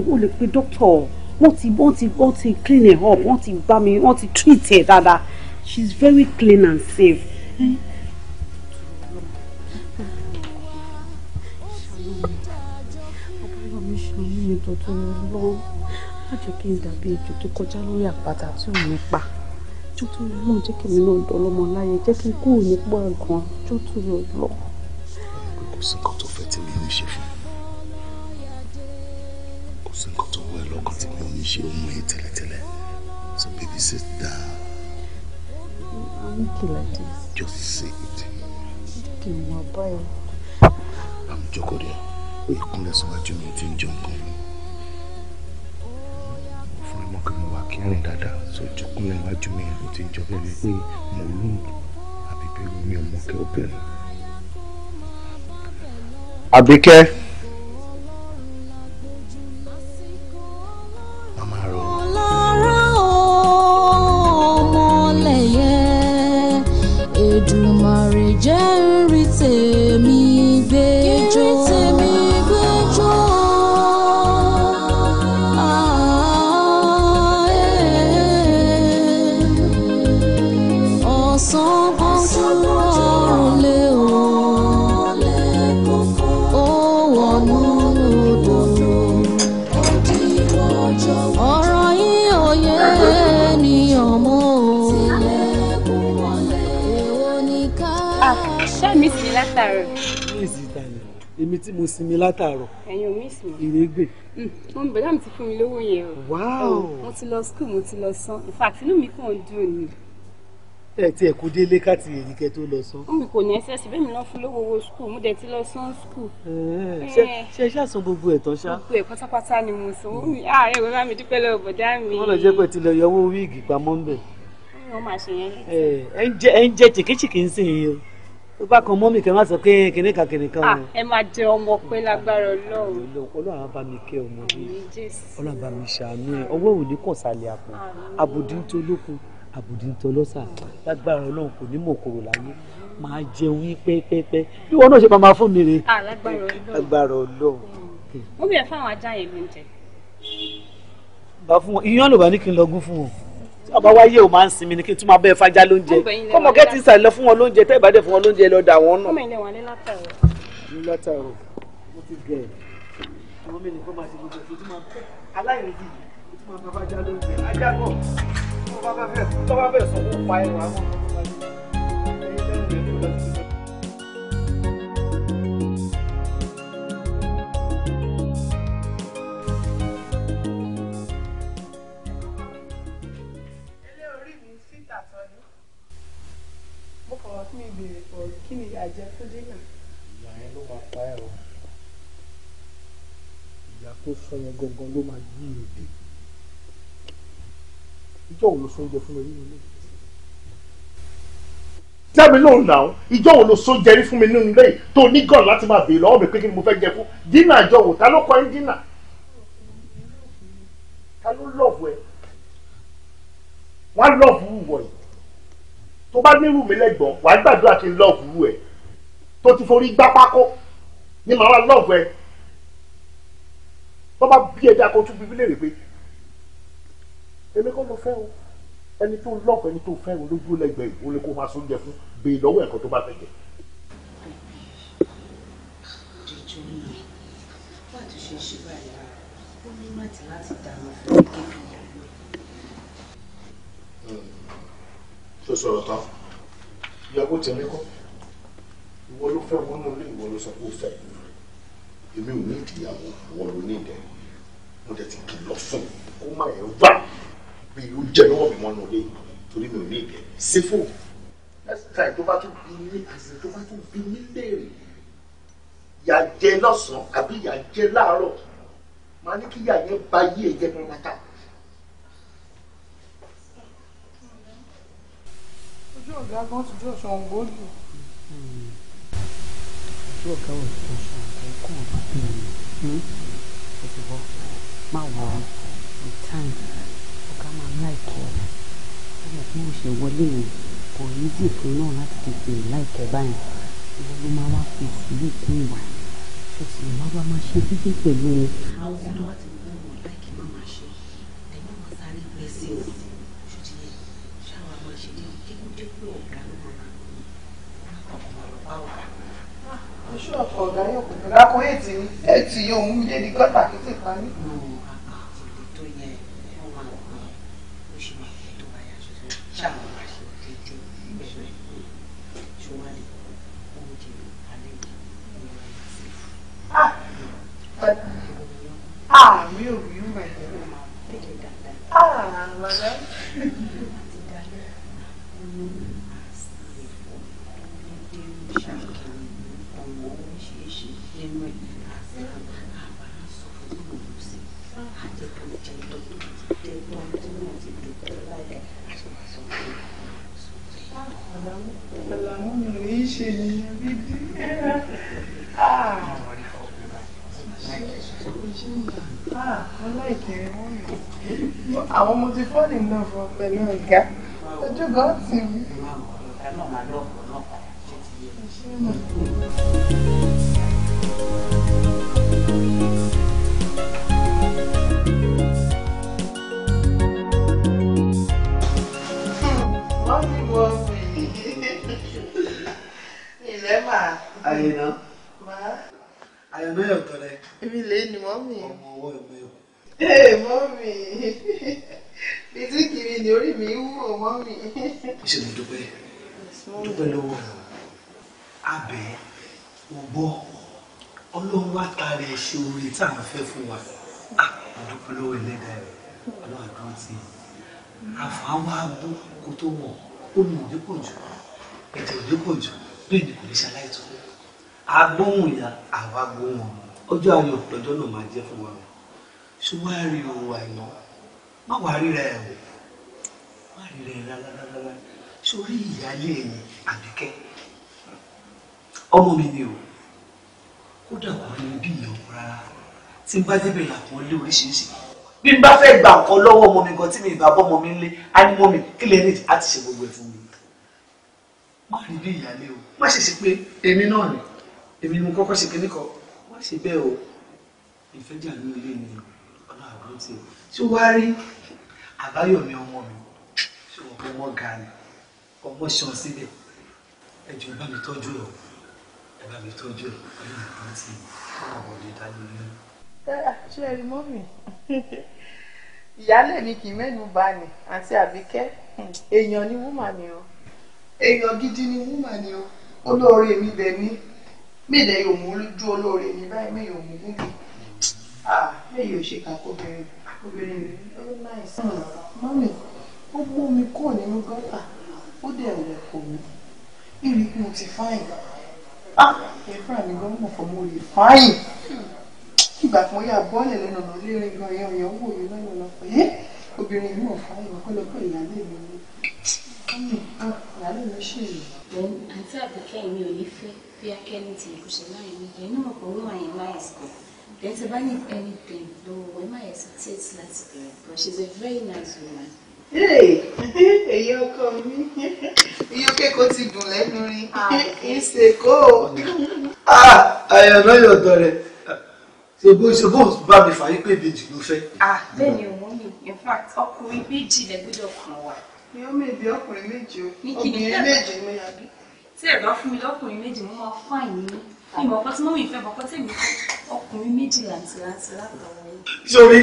o lè pe doctor wọ́n ti wọ́n ti wọ́n ti clean it up wọ́n ti bá mi wọ́n ti treat it. dáadáa She's very clean and safe. Má kí n dàbí ejò tó kọjá lórí àpáta tí ò ní pa jótúrú náà jẹ́ kí mi náà dọ́lọ́mọ láyé jẹ́ kí n kú nípò àgàn jótúrú lọ. kò sí nǹkan tó fẹ́ tí mi ò ní ṣe fún kò sí nǹkan tó wẹ̀ lọ́kàn tí mi ò ní ṣe ohun ẹ̀ tẹ́lẹ̀tẹ́lẹ̀ so baby sit down. I'm like this. just sit. kì í wà báyìí. àmì jókòó rẹ̀ ó yẹ kúnlẹ̀ sọ́wájú mi tí ń jẹun kan mọ̀ pé mo wà kẹrin dáadáa sójú kúnlẹ̀ iwájú mi ló ti jọ bẹ́ẹ̀ pé mo lóyún àbí bẹ́ẹ̀ mi ò mọ̀ obìnrin. àbíkẹ́. Èdùmàrè jẹ́ ń rí gbẹjọ́. níbi tí mo sinmi látàárọ̀. ẹ̀yin ò mí sùn. ìrégbè. Mm, mo ń bẹ̀rẹ̀ àmì ti fún mi lówó yẹn o. wáò. Oh, mo ti lọ school mo ti lọ san in fact inú mi kàn ń dùn ni. ẹ ti ẹ kó délé káàtì èyí kẹ tó lọ san. n oh, kò ní ẹsẹ síbẹ̀ mi náà fún lówó owó school mo dẹ̀ ti lọ san school. ṣe ṣe ṣàṣàn gbogbo ẹ̀ tán ṣá. gbogbo ẹ̀ pátápátá ni mo san ó mi àárẹ̀ ah, ìwé bá mi dúpẹ́ lọ́wọ́ bọ̀dá mi. wọ́n lọ jẹ́ pẹ̀ tilẹ̀ yọwọ́ wíìgì pamọ́ ń bẹ̀. Eh, ẹ ń jẹ́ tìkítìkí tó bá kan mọ́mì kẹ́ máa sọ pé kìnìún kan kìnìún kan ah, o. ẹ máa jẹ ọmọ pé lágbára Ọlọ́run. Ọlọ́run á bá mi kẹ́ ọmọ yìí Ọlọ́run á bá mi ṣàánú ẹ ọwọ́ òní kàn sálẹ̀ àpò àbùdí ń tó lókun àbùdí ń tó lọ́sà lágbára Ọlọ́run kò ní mọ̀kòrò láyé máa jẹun yín pẹ́ẹ́pẹ́ẹ́pẹ́ bí wọn náà ṣe máa fún mi rè. Ah, lágbára Ọlọ́run. mo bẹ̀rẹ̀ fáwọn ajá yẹn lóúnjẹ. bá fún wọn iyán ló bá ní kí n lọ gún fún wọn tí ọba wáyé o máa ń sinmi ni kí n tún máa bẹ́ẹ̀ fajá lóúnjẹ kọ́mọ gẹ́tì ìsàlẹ̀ lọ fún wọn lóúnjẹ tẹ́ ìbàdàn fún wọn lóúnjẹ lọ dà wọ́n nù. aláìní yìí ó tún máa fẹ́ fajá lóúnjẹ ajá náà tó jẹ dínà. ìyá yẹn ló máa pa ẹ́ o ìyá tó sọ yẹn gangan ló máa yí èdè ìjọ wo ló sọ fún mi nínú ilé jẹ́mi lóhùn náà ìjọ wo ló sọ rí fún mi nínú ilé tó nígàn láti máa béèrè lọ́wọ́ mi pé kí ni mo fẹ́ jẹ fún dínà ìjọ wò ta ló kọ́ ẹ́ dínà ta ló lọ́ọ̀bù ẹ̀ wọ́n á lọ́ọ̀bù wù wọ̀nyí tó bá nírú mi lẹ́gbọ̀n wàá gbàdúrà kí n lọ́ọ̀bù wù ẹ̀ tó ti forí gbá pákó ni màá wá lọ́ọ̀bù ẹ wọ́n bá bí ẹja kó tún bíbí léèrè pé èmi kò lọ fẹ́ o ẹni tó lọ́ọ̀bù ẹni tó fẹ́ o lójú lẹ́gbẹ̀ẹ́ o lè kó máa sóúnjẹ fún bèè lọ́wọ́ ẹ̀kọ́ tó bá fẹ́ jẹ. láti hmm. sọ̀rọ̀ tán ìyàwó tèmi kọ́ ìwọ ló fẹ́ wọnú ilé ìwọ ló sọ pé ó fẹ́ èmi ò ní ìdíyàwó ìwọ ló ní ìdẹ mo dẹ̀ ti kìlọ̀ fún kó má ẹ̀ wá bí irú jẹ́ lọ́wọ́ mi mọ́nú ilé torí mi ò ní ìdẹ sífò next time tó bá tún bí ní àṣẹ tó bá tún bí ní léèrè ìyà jẹ lọ́sàn-án àbí ìyà jẹ láàárọ̀ màá ní kí ìyà yẹn ba yí ẹ̀jẹ̀ pátá. ojú ọ̀gá gan ti jọ́ ṣọ̀ǹgbó lù tí ọ̀gá ò sọ ṣàǹkó kó o bá bẹ̀rẹ̀ mi ó ti bọ́ má wọ ọ́ ní time ọ̀gá máa láìkẹ́ ẹ̀ ó mọ̀ bí mo ṣe wọlé yẹn kò easy fún náà láti tètè láìkẹ́ báyìí ìwọ ló máa wá fi sùúrù kún ìwà ṣòṣì ìwà ẹ̀rákùn ètì ni ètì yóò mú mi lé ní gọ́tà kété pa mí. Ah, but ah, Ah, Àlàmú mi rí ṣe ni bí díẹ̀. Àwọn ọmọ ti fọ́ ní náà fún pẹ̀lú ọ̀gá. Ojú gan ti wí. ma. Àyìnà. Ma. Àyìnà yóò tọrẹ. Èmi lè ní mọ́mì. Ọmọ ọwọ́ ìwé o. Ee mọ́mì. Bìtí kiri ni orí mi wú o oh, mọ́mì. Ṣé mo dúpẹ́? Dúpẹ́ lọ́wọ́ rẹ̀. Abẹ́ ò gbọ́. Ọlọ́run wá tara ẹ̀ ṣe oore tá à ń fẹ́ fún wa. Dúpẹ́ lọ́wọ́ ẹlẹ́dàá rẹ̀. Ọlọ́run àdúrà ti. Àfàwọn abú kò tó wọ̀. Ó ní òdìpọ̀ jù. Ẹ̀jẹ̀ òdìpọ̀ jù bẹ́ẹ̀ ni kò ní ṣaláì tó agbóhùn ìyá àwa gbóhùn ọmọ ọjọ́ ayọ̀ lọ́jọ́ náà máa jẹ́ fún wa o ṣé wàá rí ohun àìná má wàá ríra ẹ̀ o má ríra ẹ̀ rárá sórí ìyáálé mi àbíkẹ́ ọmọ mi ni o kódà kò ní bí ìyàwó rárá tí n bá débẹ̀ làkàn lé oríṣiríṣi bí n bá fẹ́ gba nǹkan lọ́wọ́ ọmọ mi gan tí mi ìbá bọ́ ọmọ mi ń lé á ní mọ́ mi kí lè ní àti ṣe gbogbo ẹ̀ fún mi má rí bí ìyáálé o má ṣe sí pé èmi náà ni èmi ni mo kọ́kọ́ ṣe kíní kan má ṣe bẹ́ẹ̀ o ìfẹ́jà ní ilé ni ọ̀nà àbúrò tí o tí o wá rí àbáyọ̀mí ọmọ mi tí o ọmọ ga ni ọmọ ṣan síbẹ̀ ẹ jọ bá mi tọ́jú ọ ẹ bá mi tọ́jú ọ ọ̀nà àbúrò tí ọmọ ò lè dá lórí. ṣé ẹ rí mọ́mì <laughs> ìyáálé mi kì í mẹ́nu bà ni àti àbíkẹ́ èèyàn ni wúmà mi o èèyàn gidi ni wúmà ni o olóore mi bẹ̀ mí mi lè yòó mú ojú olóore mi báyìí mi yòó mú gún mi ah èyí ò ṣe kàkó bẹ̀rẹ̀ obìnrin hmm. mi ó náìsí mọ́mì ó gbó mi kúrò nínú gọ́tà ó dẹ̀ rẹ̀ kò mí ìrì pé mo ti fáyìn ah ẹ̀fọ́ mi gan mọ̀ fọ́ mo lè fáyìn hmm. ìgbà tí mo yà bọ́ọ̀lẹ̀ lẹ́nu ọ̀nà lérin gan yẹn ọ̀yàn wò mí lọ́nà lọ́pọ̀ yé obìnrin mi ò fáyìn ọ̀pọ̀lọpọ̀ ìyáálé mi ni àlọ́ mi ṣì rí. àǹtí àbíkẹ́ mi ò ní fẹ́ bí akẹ́ni ti kò ṣe láì ní ìyẹn náà kò wíwọ̀n yẹn máa ẹ̀sìn then tí bá ní anything lọ́wọ́ wọ́n máa ẹ̀sìn tí ètí láti bẹ̀rẹ̀ but she is a very nice woman. èyí ọkọ mi iye kéko ti dùn lẹ́nu rí ah, ìṣèkó. àyànná ah, yọ̀dọ̀ rẹ̀ ṣègbó ṣègbó bá mi fàyè pé ìbejì ló fẹ́. Ah, bẹ́ẹ̀ ni òun mi in fact ọkùnrin méjì lẹ́gbẹ́dọ̀ kan wà mi ó mèbí ọkùnrin méje o obìnrin méje mo yà bí. tí ẹ bá fún mi lọkùnrin méje mo máa fún àyè yín ìmọ̀ ọkọ tí mọ́mí ìfẹ́ bọ̀kọ́ tèmi ọkùnrin méjì làǹtì làǹtì látọ̀wọ́ yín. sori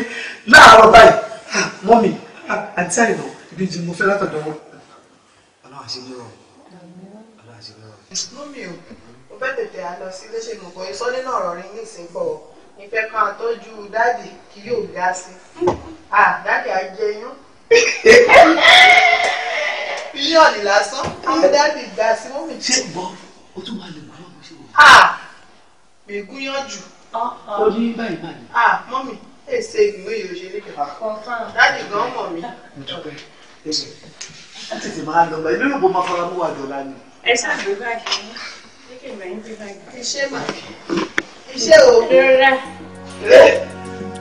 láàárọ̀ báyìí mọ́mí àǹtí àìlọ́ ibi tí mo fẹ́ látọ̀dọ̀ wọn. ọlọ́run àṣírí rọ̀ ọlọ́run àṣírí rọ̀. mọ́mí o mo fẹ́ tètè à lọ sí léṣe nǹkan yìí sọ nínú ọ̀rọ̀ rí nísìnyí bọ̀ ìfẹ́ kan àtọ́jú dáàdì kí yóò ga sí i. Hmm. Ah, dáàdì á jẹ yún yíyàn lásán àwọn dáàbì gbà sí wọn mi. ṣé ìbọn o tún wà lè mú ọmọ ṣe wò. a ah! mi gúnyànjú. Uh-huh. o ní báyìí báyìí. a mọ mi èsè ìgbìmọ̀ èyí ò ṣe lè kẹ́kọ̀ọ́. kọ̀ọ̀kan dáàbì gan mọ̀ mi. ǹjọba ẹsẹ ẹ tètè máa lọ bá ẹbí rògbò máa fara mú wa dọ̀la ni. ẹ ṣàgbé báyìí ní kí n bá yín gbé báyìí. iṣẹ́ màá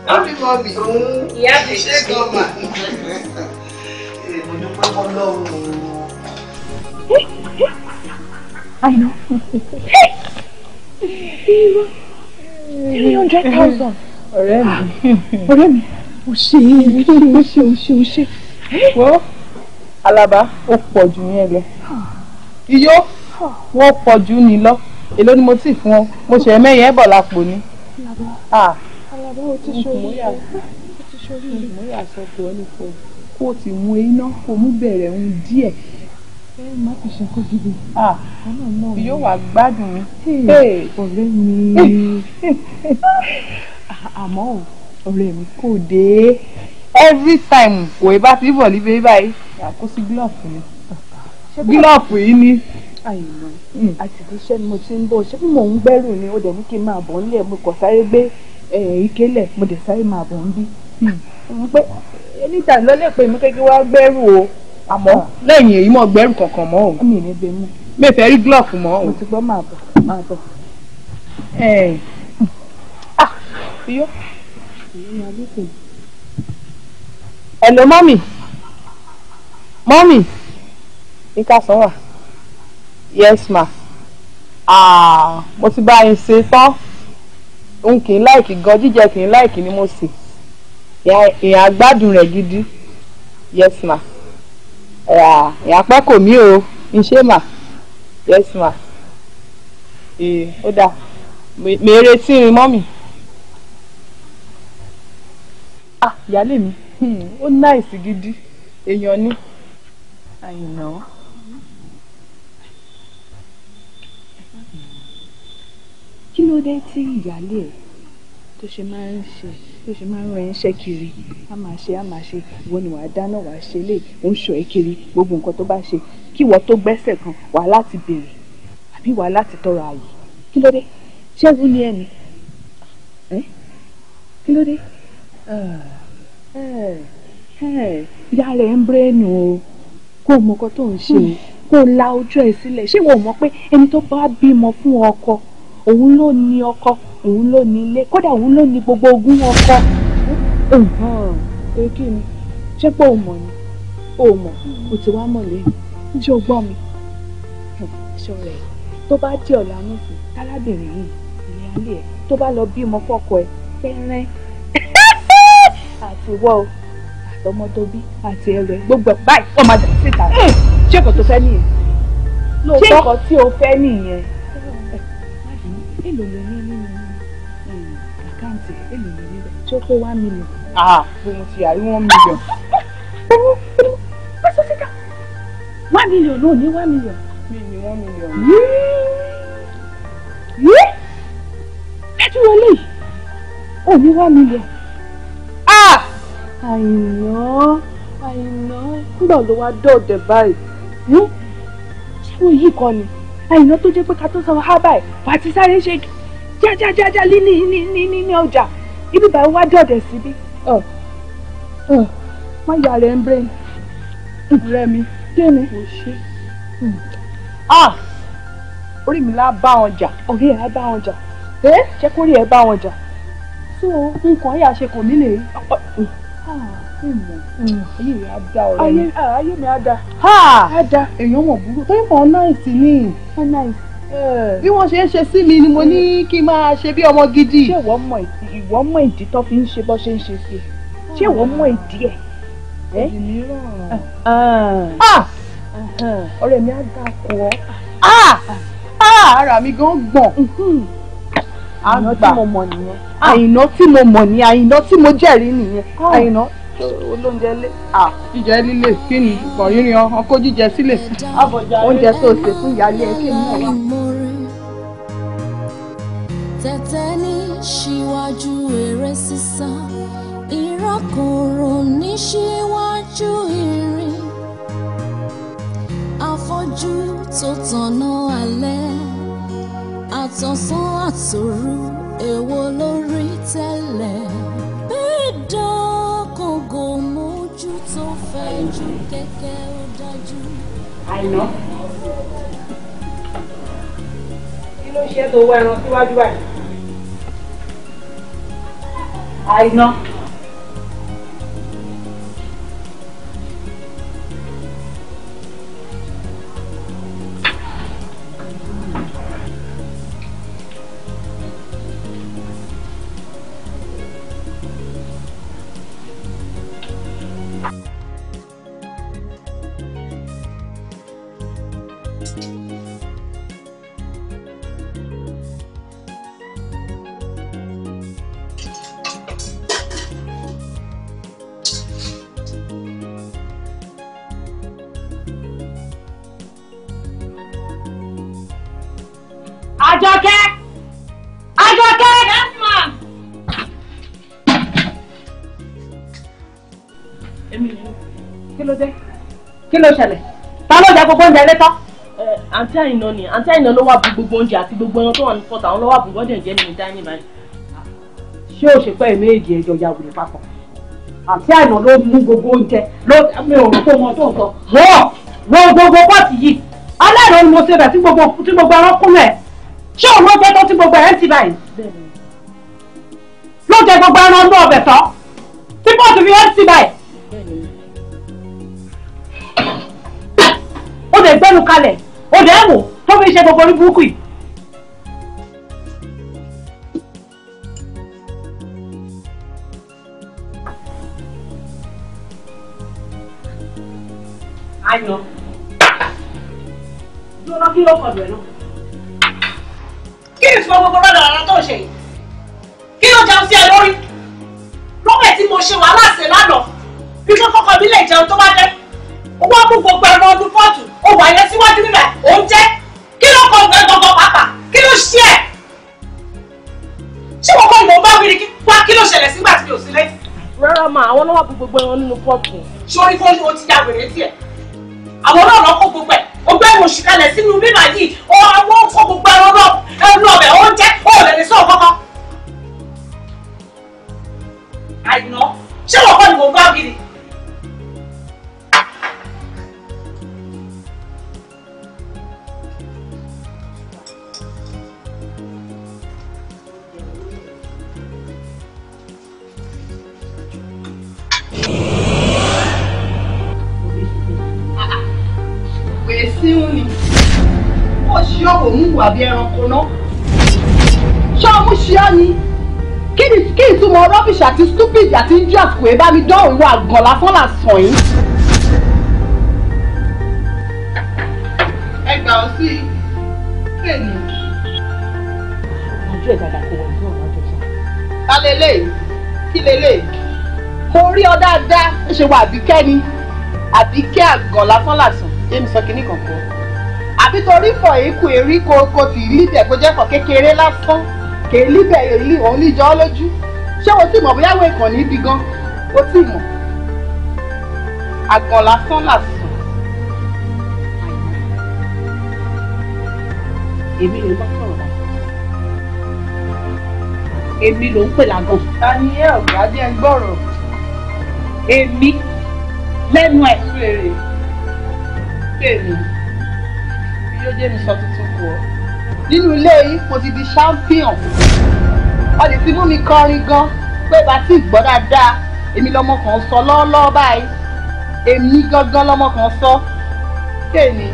everybody òun ṣe gọ́mà èèmọ̀ ló pẹ́ kọ́ lọ́rùn. àìná three hundred thousand. ọ̀rẹ́ mi ọ̀rẹ́ mi o ṣe o ṣe o ṣe o ṣe. wọ́n alaba ó pọ̀ jù yẹn lọ iyó wọ́n pọ̀ jù ní lọ èló ni mo ti fún ọ mo ṣe mẹ́yẹn bọ̀ lápò ni alaba o ti ṣoríire kó ti mú iná kó mú bẹ̀rẹ̀ ohun díẹ̀. ẹ má fi ṣe kó gidi. yóò wá gbádùn mi. ọ̀rẹ́ mi <laughs> àmọ́ ọ̀rẹ́ mi kò dé every time kò ẹ bá ti bọ̀ níbi báyìí kó sí gílọ̀fù mi gílọ̀fù yìí ni àìmọ̀ hmm. àti iṣẹ́ mo ti ń bọ̀ ṣé bí mò ń gbẹ́rù ni ó dẹ̀ ní kí n máa bọ̀ nílẹ̀ mo kọ̀ sáré gbé ìkélẹ̀ mo dẹ̀ sáré máa bọ̀ ń bí hmm. pé níta ló lè pè mí kékeré wá gbẹ́rù o àmọ́ lẹ́yìn èyí mọ̀ gbẹ́rù kankan mọ́ o ah, mi ní bẹ mú mi fẹ́ rí glove mọ́ o mo ti gbọ́ máa bọ̀ máa bọ̀ fiyó. Ah, hello mọ́mì mọ́mì ìkàsán wà yes ma ah, mo ti bá yín ṣe tán òun kì í láìkì gan jíjẹ kì í láìkì ni mo sè èèyàn agbádùn rẹ̀ gidi yes ma èèyàn apá kò mí o n ṣe mà yes ma ó dà mèé retí rin mọ́ mi ah ìyáálé mi hmm, ó náìsí gidi èèyàn ní àyìnà. kí ló dé tí ìyáálé ẹ tó ṣe máa ń ṣe tó ṣe máa ń rẹ ń kiri a máa ṣe a máa ṣe ìwọ ni wàá dáná wàá ṣe lè ń ṣọ ẹ kiri gbogbo nǹkan tó bá ṣe kí ìwọ tó gbẹ́sẹ̀ kan wàá láti béèrè àbí wàá láti tọrọ ààyè kí ló dé ṣé ni ẹni kí ló dé ìyá rẹ̀ ń brẹ́nu o kó o mọ ọkọ tó ń ṣe o kó o la ojú ẹ sílẹ̀ ṣé ìwọ mọ̀ pé ẹni tó bá bímọ fún ọkọ òun ló ní ọkọ òun ló ní ilé kódà òun ló ní gbogbo ogún ọkọ pé kí ni ṣé pé o mọ̀ ni o mọ̀ o ti wá mọ̀ lẹ́yìn ṣé o gbọ́ mi ṣọ̀rẹ́ tó bá jẹ́ ọ̀la nùfẹ́ tálábìnrin yìí ìyá ilé ẹ̀ tó bá lọ bímọ fọ́kọ ẹ̀ pẹ́rẹ́ <laughs> àti wọ́ o àtọmọ tó bí àti ẹrù ẹ̀ gbogbo ẹ̀ báyìí ọmọ àti síta ṣé kò tó fẹ́ nìyẹn ṣé kò tí o fẹ́ nìyẹn èlò ló ní nínú eh, àkáǹtì èlò ló ní bẹ́ẹ̀ tí ó pé one million. ah bí mo ti àrí one million. owó owó one million náà ní one million. mi ni one million. yé dájú wọlé ò ní one million. ah àìná àìná nígbà ló wá dọ̀dẹ̀ báyìí hm? ṣé wọ́n yìí kọ́ ni àìná tó jẹ́ pé ká tó san hábà ẹ̀ wà á ti sáré ṣe jájájájá ní ní ní ní ní ọjà ibi báyìí wá dọ̀dẹ̀ síbí. má yà rẹ̀ ń brain rẹ̀ mi dé mi. kò ṣe hmm. orí mi lá bá wọn jà orí ẹ̀ á bá wọn jà jẹ́ kórìí ẹ̀ bá wọn jà so nǹkan yà ṣe kò ní lè ìmọ̀ mm. ayé mi á da ah, ọ̀rẹ́ èèyàn mọ̀ burú. torí kan náìsì ni. náìsì. Eh. bí wọ́n ṣe ń ṣe sí mi ni mo ní mm. kí n máa ṣe bí ọmọ gidi. ṣé ìwọ mọ ìdí ìwọ mọ ìdí tó fi ń ṣe bó ṣe ń ṣe sí i ṣé ìwọ mọ ìdí ẹ. èyí eh? mi rọrùn. Ah, ah. ọ̀rẹ́ mi á da kù ara mi gan gbọ̀n mm-hmm. àgbà àyìnà tí mo mọ̀ nìyẹn àyìnà tí mo jẹ́rìí nìyẹn àyìnà olóúnjẹ lé à jíjẹ líle kí ni kọ̀yìnrín ọkàn kó jíjẹ sílẹ̀ oúnjẹ tó ṣe fún ìyáálé ẹ kí ni ọ̀la. tẹ̀tẹ̀ ní ṣíwájú eré sísá ìrọ́kòrò ní ṣíwájú ìrìn afọ́jú tó tọ̀nà alẹ́ àtọ̀sán àtòru èwo lórí tẹ́lẹ̀ dídán kògò mójú tó fẹ́ ju kẹ̀kẹ́ ó dájú. àìná kí ló ṣe àìná. ṣẹlẹ̀ ta ló jẹ gbogbo oúnjẹ ilé tán. àǹtí àyìnà ni àǹtí àyìnà ló wà bù gbogbo oúnjẹ àti gbogbo ẹran tó wà ní pọ̀tà àwọn ló wà bù jẹ́ nínú dání báyìí. ṣé o ṣe pé èmi èjì ẹjọ ya wùlé papọ̀ àǹtí àyìnà ló mú gbogbo oúnjẹ ló mi ò rò pé wọn tó ń sọ wọ́ọ̀ wo gbogbo pọ́ọ̀tì yìí aláìrọ ni mo ṣe bẹ̀ tí gbogbo ẹran kúnlẹ̀ ṣé òun ló gbé tó tí gbogbo ẹ̀ ń ti báyìí ló jẹ gbogbo ẹran ọdún ọbẹ̀ tán tí pọ́ọ̀tì fi ẹ̀ ń ti báyìí gbẹ́rù kalẹ̀ ó dẹ́ wò tó fi ṣe gbogbo orí burúkú yìí. Ayọ̀ dúró kí ló kọ̀dọ̀ ẹ̀ kí ni gbogbo rẹ̀ lọ́la tó ṣe kí ló jẹun sí ẹ lórí lọ́pẹ̀ tí mo ṣe wàhálà sí lánàá bí kókó kan mi lè jẹun tó bá dé owó mú gbogbo ọdún pọ́ọ̀tù ó wà màmá àwọn lọ́wọ́ bu gbogbo ẹran nínú pọ́ọ̀pù. sórí fóònù o ti dàgbére tiẹ̀ àwọn ọlọ́run kó gbogbo ẹ̀ ó gbé ìwòsàn kalẹ̀ sínú bíbá yìí ó àwọn kó gbogbo ẹran náà ẹnu ọbẹ̀ ó jẹ́ ó lè ní sọ́ọ̀ kọ́kọ́. wà bí ẹranko náà. ṣọ́ọ̀mù ṣíọ́ ni kí ni kí ìtumọ̀ rubbish àti stupid àti idiot kò é bá mi dán òun àgàn lásán làsàn yìí. ẹ gbà ọ sí fèèní. ojú ẹ̀ dàgbà kò wọ̀ ní ọ̀rọ̀ ọjọ́ sọ. ta lélẹ̀ kí lélẹ̀. mo rí ọ dáadáa ń ṣe wà àbíkẹ́ ni àbíkẹ́ àgàn lásán làsàn jẹ́mi sọ kínní kankan àbí torí fọ̀ ikú erí ko ko tì í líbẹ̀ kó jẹ́ fọ̀ kékeré lásán kè é líbẹ̀ èyí òun níjọ́ lójú ṣé o ti mọ̀ bóyá wo ìkàn níbi gan o ti mọ̀ àgàn lásán lásán. èmi ló bá sọ̀rọ̀ lásán èmi ló ń pè lágàn. ta ni ẹ ọ̀gá jẹ́ ń gbọ́rọ̀. èmi lẹ́nu ẹ̀. fèrè fèrè ló jẹ́ mi sọ tuntun kù ọ́ nínú ilé yìí mo ti di champion ó lè ti mú mi kọrin gan pé bá gbọ́ dáadáa èmi lọmọ kan sọ lọ́ọ́lọ́ọ́ báyìí èmi gangan lọmọ kan sọ kéènì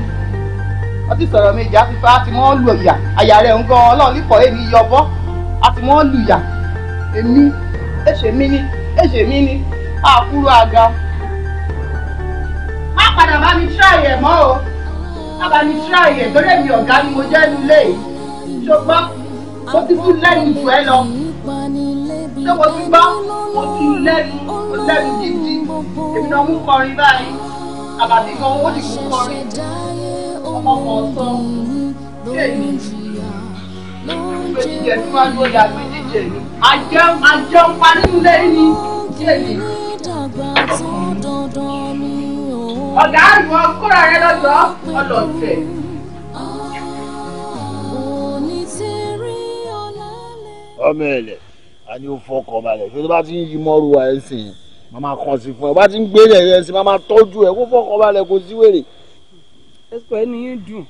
wọ́n sọ̀rọ̀ méjì á ti fa mọ́ lu ìyà àyà rẹ̀ ń gan ọlọ́run nípọ̀ èmi yọbọ́ á mọ́ lu ìyà èmi èṣè mi ni èṣè mi ni àkúrò àga. má padà bá mi tíráyẹ̀ mọ́ o abàmì tíráì ẹ̀ lórí èmi ọ̀gá ni mo jẹ́ nílé yìí ṣùgbọ́n mo ti tún lẹ́nu jù ẹ lọ ṣé mo ti gbọ́ mo ti lẹ́nu mo lẹ́nu gidi èmi náà mú kọrin báyìí àbàmì gan owó ti kú kọrin ọmọ kan sọ ṣé èmi ìgbé jíjẹ tí wọ́n á gbé ọjà gbé jíjẹ ni àjẹun àjẹun parí nílé ṣé èmi ọ̀gá àrùn ọkọ́ra rẹ lọ́jọ́ ọlọ́ọ̀tẹ̀. ọmọ ẹlẹ a ní o fọkàn balẹ̀ ṣé tó bá ti ń yí mọ́rù wa ẹ̀ sìn yẹn máa máa kàn sí fún ẹ bá ti ń gbé ẹ̀ ẹ̀ sìn máa máa tọ́jú ẹ kó fọkàn balẹ̀ kó sí wèrè. ẹsùn ẹnu yín dùn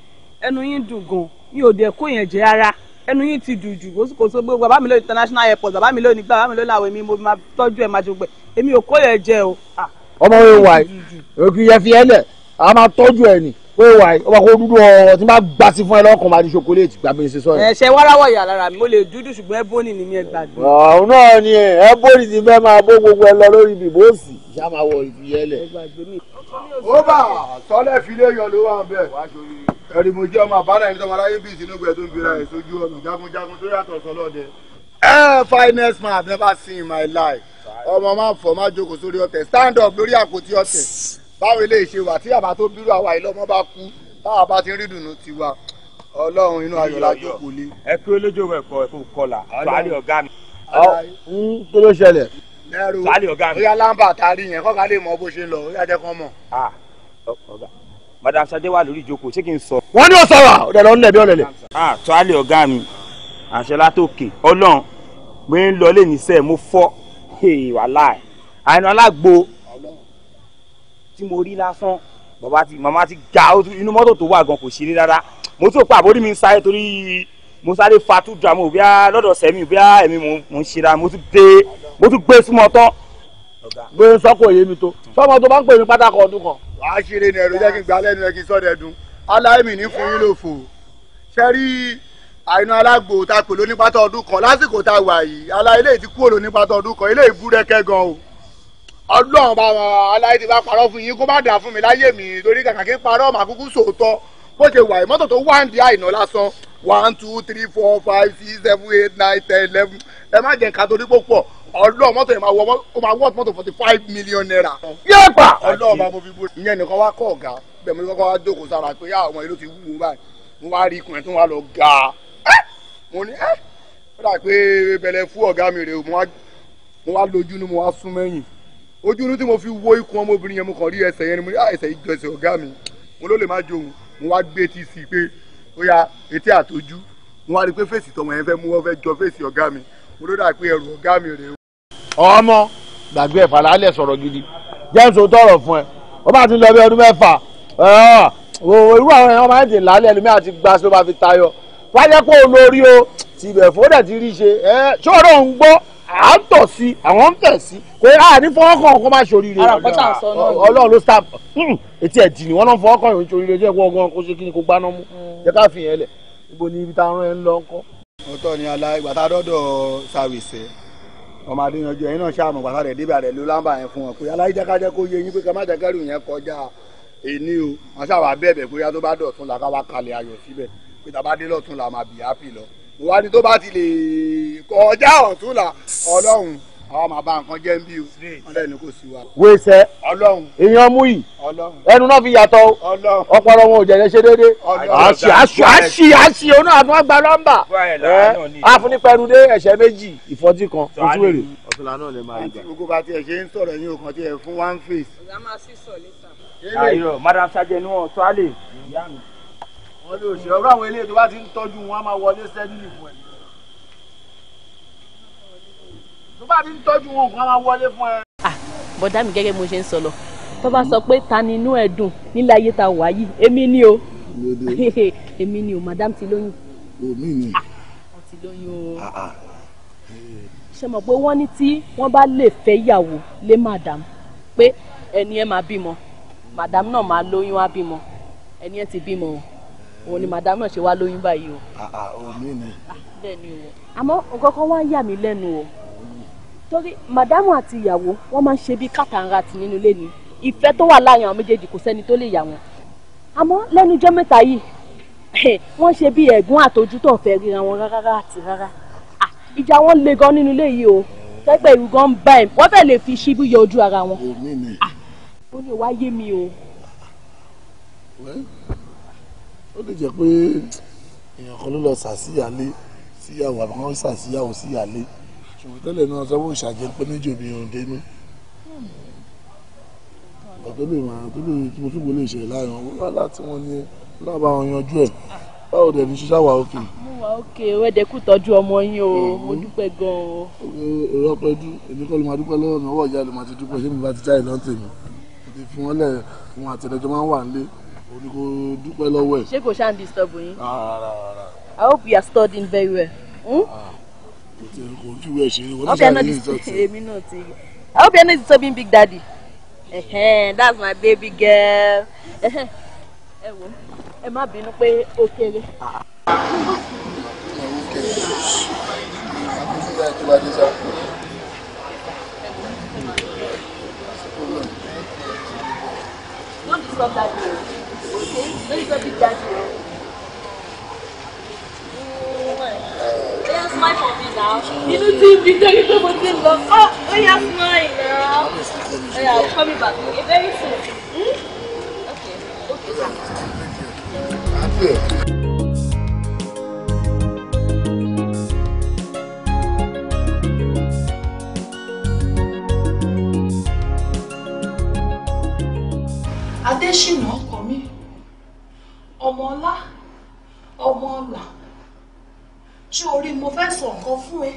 ẹnu yín dùn gan yín ò dé kó yẹn jẹ ara ẹnu yín ti dùn jù kò sí kò sí gbogbo bàbá mi ló international airport bàbá mi ló nígbà bàbá mi ló láwọn èmi mo máa tọ́jú ẹ̀ máa jogbe èmi ò kó yẹn jẹ o. Ah ọmọ wo wà yìí òkè yẹ fi ẹlẹ a máa tọ́jú ẹ nì wo wà yìí ọmọ kò dúdú ọ̀rọ̀ tí n bá gbà sí fún ẹ lọ́kàn máa di ṣokoléètì gbà bí n ṣe sọ yìí. ẹsẹ wàràwọ ìyá lára mi mo lè dúdú ṣùgbọ́n ẹbóni ni mi ẹ gbàgbé. ọ̀hún náà ni ẹ ẹbóni ti fẹ́ máa bó gbogbo ẹ lọ lórí ibìbò òsì ìyá máa wọ ìfìyẹ́lẹ̀. ó bà sọlẹ̀ filé yọ ló wà bẹ́ẹ̀ ẹ̀rí mo jẹ́ ọmọ àbára ẹni tọmọ aráyé bíi sínú ìgbẹ́ tó ń bira ẹ̀ sójú ọ̀nà jagunjagun tó yàtọ̀ sọlọ́ọ̀dẹ. ẹ finest man I've never seen in my life ọmọ máa fọ máa jókòó sórí ọ̀tẹ̀ stand up lórí àpótí ọ̀tẹ̀ báwo lè ṣe wà tí àbá tó bírú àwa yìí lọ́mọ bá kú táwa bá ti rí dùnú tiwa ọlọ́run inú ayọ̀ la jókòó lé. ẹ kí olójó ẹ̀kọ́ ẹ̀kọ́ kọlà sàárì ọ̀gá mi. kí ló ṣẹlẹ̀. sàárì ọ̀gá mi. ó yá tari yẹn kọ́ka lè mọ bó ṣe lọ ó yá jẹ́ kán mọ̀. madam sade wà lórí ìjókòó ṣé kí n sọ. wọ́n ní ọ̀sọ̀rọ̀ ọ̀dẹ̀ lọ́nà ẹ̀bí ọ̀lẹ̀lẹ̀. sàárì ọ̀gá mi àṣẹ látòkè ọlọ́run pé ń lọ lé níṣẹ́ mo fọ́ Hey, wàhálà àìní alágbo tí mo rí lásán bàbá ti màmá ti ga inú mọ́tò tó wà gan kò ṣeré rárá mo tún pa àbórí mi ń sáré torí mo sáré fa two drama òbí lọ́dọ̀ sẹ́mi òbí ẹ̀mí mo ń ṣera mo tún dé mo tún gbé súnmọ́ tán. gbé sọ́kò yé mi tó sọ́mọ tó bá ń pè mí pátákó ọdún kan. wàá ṣeré ni ẹ̀rọ jẹ́ kí n gbà lẹ́nu ẹ̀ kí n sọ́dẹ̀ dùn aláìmì ní fún yín lófo ṣẹ́rí àìná alágbò tá a pè lónípàtọ́ ọdún kan lásìkò tá a wà yìí aláìlè ti kúrò lónípàtọ́ ọdún kan ilé ìbúrẹ́kẹ́ gan o ọlọ́run bá wọn aláì ti bá parọ́ fún yín kó má dà fún mi láyé mi torí kàkà kí parọ́ mà kúkú sòótọ́ bó ṣe wà mọ́tò tó wá ń di àìná lásán one two three four five six seven eight nine ten eleven ẹ má jẹ́ nǹkan torí púpọ̀ ọlọ́run mọ́tò yẹn máa wọ ó máa wọ́ọ̀tì forty five million naira. yé pa ọlọ́run bá mo fi bó ìyẹn nìkan wá kọ́ ọ̀gá bẹ́ẹ̀ mo mo ní ẹ́ ó dà pé bẹ̀rẹ̀ fún ọ̀gá mi rè o mo wá lójúnú mo wá sún mẹ́yìn ojúnú tí mo fi wo ikùn ọmọbìnrin yẹn mo kàn rí ẹsẹ̀ yẹn ni mo ní ah, ẹsẹ̀ ìjọ ẹsẹ̀ ọ̀gá mi mo ló lè má jòun mo wá gbé etí sí i pé ó yá etí àtọ́jú mo wá rí i pé fèsì tọmọ yẹn fẹ́ mú wọn fẹ́ jọ fèsì ọ̀gá mi mo ló dà pé ẹrù ọ̀gá mi rè o. ọmọ gbàgbé ẹ̀fà lálẹ́ sọ̀rọ̀ gidi jẹ́ǹsì o tọrọ fún ẹ ó bá ti lọ bí ọdún mẹ́fà irú àwọn ẹ̀yàn máa ń tè lálẹ́ ẹlòmíà ti gbá sí ló bá fi tayọ wájẹ́ kó o lórí o tìbẹ̀ fódà ti rí ṣe ẹ ṣọ́ọ̀rọ̀ ń gbọ́ à ń tọ̀ sí àwọn ń tẹ̀ sí pé a ní fọwọ́ kàn kó má ṣoríire ọlọ́run ló sá hmm, etí ẹ̀ dì ní wọ́n náà fọwọ́ kàn yóò ṣoríire jẹ́ ìwọ gan kó ṣe kí ni kó gbaná mú hmm. jẹ́ ká fi yẹn lẹ̀ níbo ni ibi tá a rán ẹ ń lọ ńkọ́. ọ̀tọ̀ ni ala ìgbà tá a dọ́dọ̀ sàwìsẹ́ ọmọ adéyanjú ẹ̀yin náà ṣàmù gbàtà rẹ̀ débi àrẹ̀ ló lámbà yẹn fún wọn pé aláìjákájá kó yé pé tàbá dé lọ́tún la máa bì happy lọ ìwà ni tó bá ti lè kọjá ọ̀tún la ọlọ́run àwọn máa bá nǹkan jẹ́ ń bí o ọlọ́run ni kò sí wa. wẹsẹ ọlọ́run èèyàn mú yìí ẹnu náà fi yàtọ̀ o ọpọlọ wọn ò jẹjẹ ṣe déédé àṣì àṣì àṣì àṣì oní àtún àgbà nọ́mbà àfúnipẹrudé ẹsẹ̀ méjì ìfọ̀tí kan ojú èrè. ọ̀túnla náà lè máa rí gbà. àti gbogbo àti ẹ̀ṣẹ̀ ń sọ̀rọ̀ yín òkan tí ẹ fún one face. ọ̀gá máa sí sọ̀ ayọ̀ madam sajẹ́ ni wọ́n ìyá mi wọn lè ṣe ọ̀rọ̀ àwọn eléyìí tó bá ti ń tọ́jú wọn á máa wọlé sẹ́dílì fún ẹ tó bá ti ń tọ́jú wọn nǹkan á máa wọlé fún ẹ. Ah, bọ̀dá mi gẹ́gẹ́ bí mo ṣe ń sọ lọ tó bá sọ pé ta ni inú ẹ dùn nílẹ̀ ayé ta wà yìí èmi ni o èmi ni o <laughs> madam ti lóyún. omi ni. Ah, wọ́n ti lóyún o. Ah, ṣe mọ̀ pé wọ́n ní tí wọ́n bá lè fẹ́ yàwó lé madam pé ẹni ẹ máa bímọ madam náà máa lóyún á bímọ ẹni ẹ ti bímọ o òun ni màdàmú ṣe wá lóyún báyìí o. Ah, ah, omi oh, ni. Ah, bẹ́ẹ̀ ni o àmọ́ nǹkan kan wá ń yà mí lẹ́nu o torí màdàmú àti ìyàwó wọ́n máa ń ṣe bí kàtàǹrà tì nínú ilé ni ìfẹ́ tó wà láàrin àwọn méjèèjì kò sẹ́ni tó lè yà wọ́n àmọ́ lẹ́nu jẹ́ mẹ́ta yìí <laughs> wọ́n ṣe bí ẹ̀gbọ́n àtọ́jú tó fẹ́ ríra wọn rárá àti rárá ìjà wọn le gan nínú ilé yìí o fẹ́pẹ́ ìrù gan ń bá ẹ̀ wọ́n fẹ́ lè fi ṣíbí yọ ojú ara wọn. Oh, ó ní wá mi o ó lè jẹ́ pé èèyàn kan ló lọ sàṣìyàlé síyàwó àbí kan sàṣìyàwó síyàlé ṣùgbọ́n tẹ́lẹ̀ náà sọ́wọ́ ìṣàjẹ́ pé méjì obìnrin dénú ọ̀tọ́ lè máa tó lè tí mo tún gbọ́ lè ṣe láàrin wọn wọ́n tí wọ́n ní lábá wọn yanjú ẹ̀ báwo dẹ̀ ní ṣiṣẹ́ wà òkè. mo wà òkè wẹ́dẹ̀ kù tọ́jú ọmọ yín o mo dúpẹ́ gan-an o. ìrọ́pẹ́ dú èmi kọ́ ló máa dúpẹ́ lọ́wọ́ náà wọ̀ ìyá ló máa ti dúpẹ́ ṣé mi bá ti jáde lọ́tẹ̀ mi mo ti fi wọ́n lẹ̀ fún àtẹnudọ́ máa ni kò dúpẹ́ lọ́wọ́ ẹ̀. ṣé kò ṣáà ń disturb yín. I hope you are studying very well. Hmm? Ah, kò ju ẹ̀ ṣe wọ́n ṣáà ní ìtọ́sí. <laughs> èmi náà ti I hope you are not disturbing big daddy. Uh-huh, that's my baby girl. ẹ wo ẹ má bínú pé ó kéré. Ah. Don't disturb that girl. Very good big me now. Inú ti ń bi torí pé mo ti ń lọ. Ó I'll call me back okay, very soon. Hmm? Okay, okay. Happy. Adésínà ọmọ ọlá ọmọ ọlà ṣé orí mo fẹ́ sọ nǹkan fún ẹ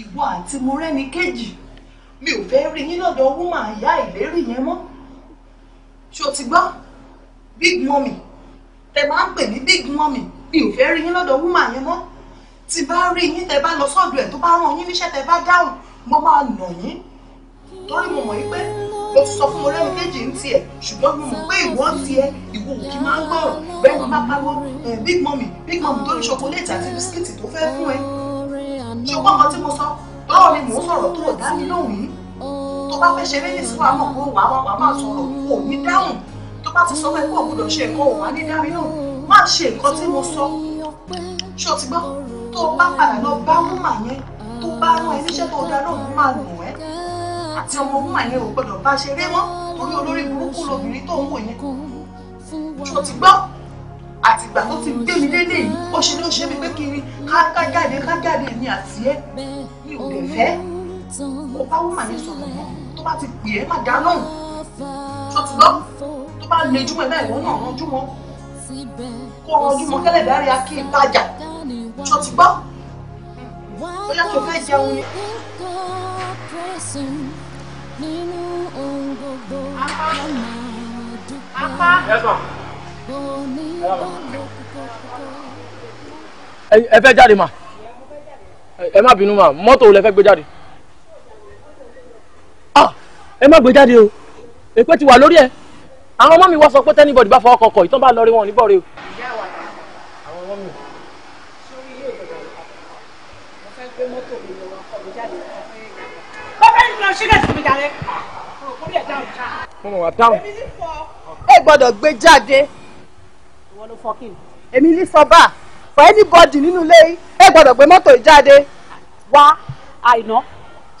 ìwọ àti mo rẹ́ni kejì mi ò fẹ́ rí yín lọ́dọ̀ wúmà ìyá ìlérí yẹn mọ́ ṣé o ti gbọ́ big mommy. tẹ máa ń pè ní big mommy. mi ò fẹ́ rí yín lọ́dọ̀ wúmà yẹn mọ́ tí bá rí yín tẹ bá lọ sọ́dọ̀ ẹ̀ tó bá rán yín níṣẹ́ tẹ bá dáhùn mo máa nà yín torí mo mọ̀ yín pé mo sọ fún ọ̀rẹ́ mi méjì ń tiẹ̀ ṣùgbọ́n mo mọ̀ pé ìwọ ń tiẹ̀ ìwọ ò kí máa ń gbọ́rọ̀ bẹ́ẹ̀ wọ́n bá pariwo big mommy big mommy tó ní ṣokoléètì àti bisikíìtì tó fẹ́ fún ẹ ṣùgbọ́n kan tí mo sọ lọ́rọ̀ ni mò ń sọ̀rọ̀ tó dá mi lóhùn yìí tó bá fẹ́ ṣeré nìsí wàá mọ̀ pé wàá wàá máa sọ̀rọ̀ kò ní dáhùn tó bá ti sọ pé kò gbọdọ̀ ṣe nǹkan òun á dá mi lóhùn má ṣe nǹkan tí mo sọ ṣó ti gbọ́ tó bá padà lọ bá wúmà yẹn tó bá rán ẹ níṣẹ́ tó dá lóhùn máa lù àti ọmọ ọmọ àyẹn ò gbọdọ̀ bá ṣeré mọ́ torí olórí burúkú lobìnrin tó ń wò yẹn ṣó ti gbọ́ àtìgbà tó ti gbé mi dédé yìí ó ṣe ló ṣe mi pé kiri ká jáde ká jáde mi àti ẹ mi ò lè fẹ́ kó bá wọ́n mà ní sọ̀rọ̀ mọ́ tó bá ti pè é má dá lóhùn ṣó ti gbọ́ tó bá lejú mọ́ ẹ báyìí wọ́n náà ranjú mọ́ kó ranjú mọ́ kẹ́lẹ̀ dárí akí ìbàjà ṣó ti gbọ́ bóyá tó fẹ́ jẹun ni nínú ohun gbogbo ká máa dúpẹ́ bó ní olùkókó. ẹ fẹ́ jáde mà ẹ má bínú ma mọ́tò lẹ fẹ́ gbé jáde ah! ẹ má gbé jáde o èpè ti wà lórí ẹ àwọn ọmọ mi wá sọ pé tẹ́nibọ̀dì bá fọwọ́ kọkọ ìtàn bá lọ rí wọn ò ní bọ̀ rí o. mo mọ̀ wá dáhùn. ẹ gbọ́dọ̀ gbé jáde èmi ní sọ́bà for anybody nínú ilé yìí ẹ gbọ́dọ̀ gbé mọ́tò jáde. wá àìná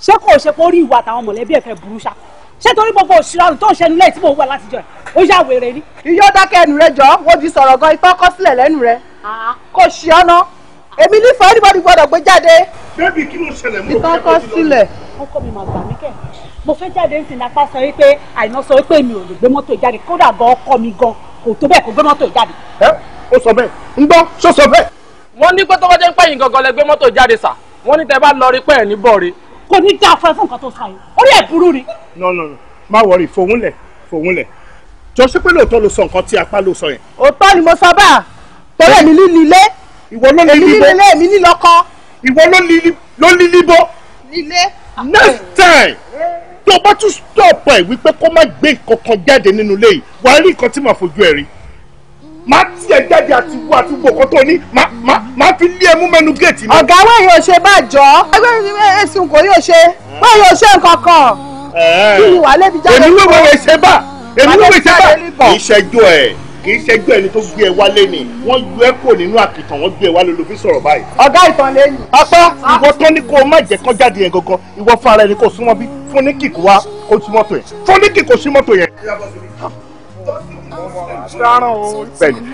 ṣé kò ṣe kó rí ìwà àtàwọn mọ̀lẹ́bí ẹ̀ fẹ́ burú ṣá ṣé torí gbogbo òṣìṣẹ́ tó ń ṣẹnu lẹ́yìn tí mò ń wà látijọ́ ẹ̀ ó yà wèrè ni. iyọ́ dákẹ́ ẹnu rẹ jọ wo di sọ̀rọ̀ gan itọ́ kọ́ sílẹ̀ lẹ́nu rẹ kò ṣì ọ́nà èmi ní for anybody gbọ́dọ̀ gbé jáde. bébì kí ló ṣẹlẹ̀ mọ́ òkè ọkọ mi máa gbà mí kẹ mo fẹ́ jáde ní sinapa sọ wípé àìná sọ wípé mi ò lè gbé mọ́tò jáde kódà gan ọkọ mi gan kò tó bẹ́ẹ̀ kó gbé mọ́tò jáde. ẹ o sọ bẹ́ẹ̀ ń gbọ́ ṣó sọ bẹ́ẹ̀. wọ́n ní pé tọ́wọ́ jẹ́ ń pẹ́yìn gangan lẹ gbé mọ́tò jáde sà wọ́n ní tẹ́ bá lọ rí pẹ́ ẹ̀ ní bọ̀ọ̀rẹ́. kò ní dá afẹ́ fún nǹkan tó sọ yìí orí ẹ̀ burú ni. no no no má wọrí fòun lẹ fòun lẹ jọ ṣé pé lóòótọ́ ló sọ nǹkan tí apá ló sọ yẹn. òótọ́ ni mo sọ bá torí èmi lílu ilé ìwọ ló lílu ilé ìwọ ló lílu bó. ilé next time tó bá tún stop ẹ wípé kó má gbé nǹkan kan jáde nínú ilé yìí wàá rí nǹkan tí màá fojú ẹ rí máa tiẹ̀ jáde àti wo àti wo nǹkan tó ní máa fi lé ẹmú mẹ́nu géètì mi. ọ̀gá wẹ́ẹ̀ yóò ṣe bàjọ́ ẹgbẹ́ ẹ̀sùn kò yóò ṣe wẹ́ẹ̀ yóò ṣe nǹkan kan kí ni wàá lè fi jáde. èmi wẹ́wẹ́ ṣe bá èmi wẹ́wẹ́ ṣe bá ìṣẹ́jú ẹ̀ kì í ṣẹgbẹ́ ẹni tó gbé ẹ wálé ni wọ́n yọ ẹ́ kò nínú àkìtàn wọ́n gbé ẹ wálé ló fi sọ̀rọ̀ báyìí. ọ̀gá ìtàn lẹ́yìn. apá ìwọ tó ní kó o má jẹ́ kán jáde yẹn gangan ìwọ fún ara ẹni kó o súnmọ́ bí fún ní kìkù wá kó o sí mọ́tò yẹn fún ní kìkù sí mọ́tò yẹn.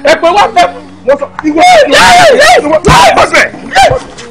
ẹ pé wá fẹ́ mo sọ ìwọ ẹ̀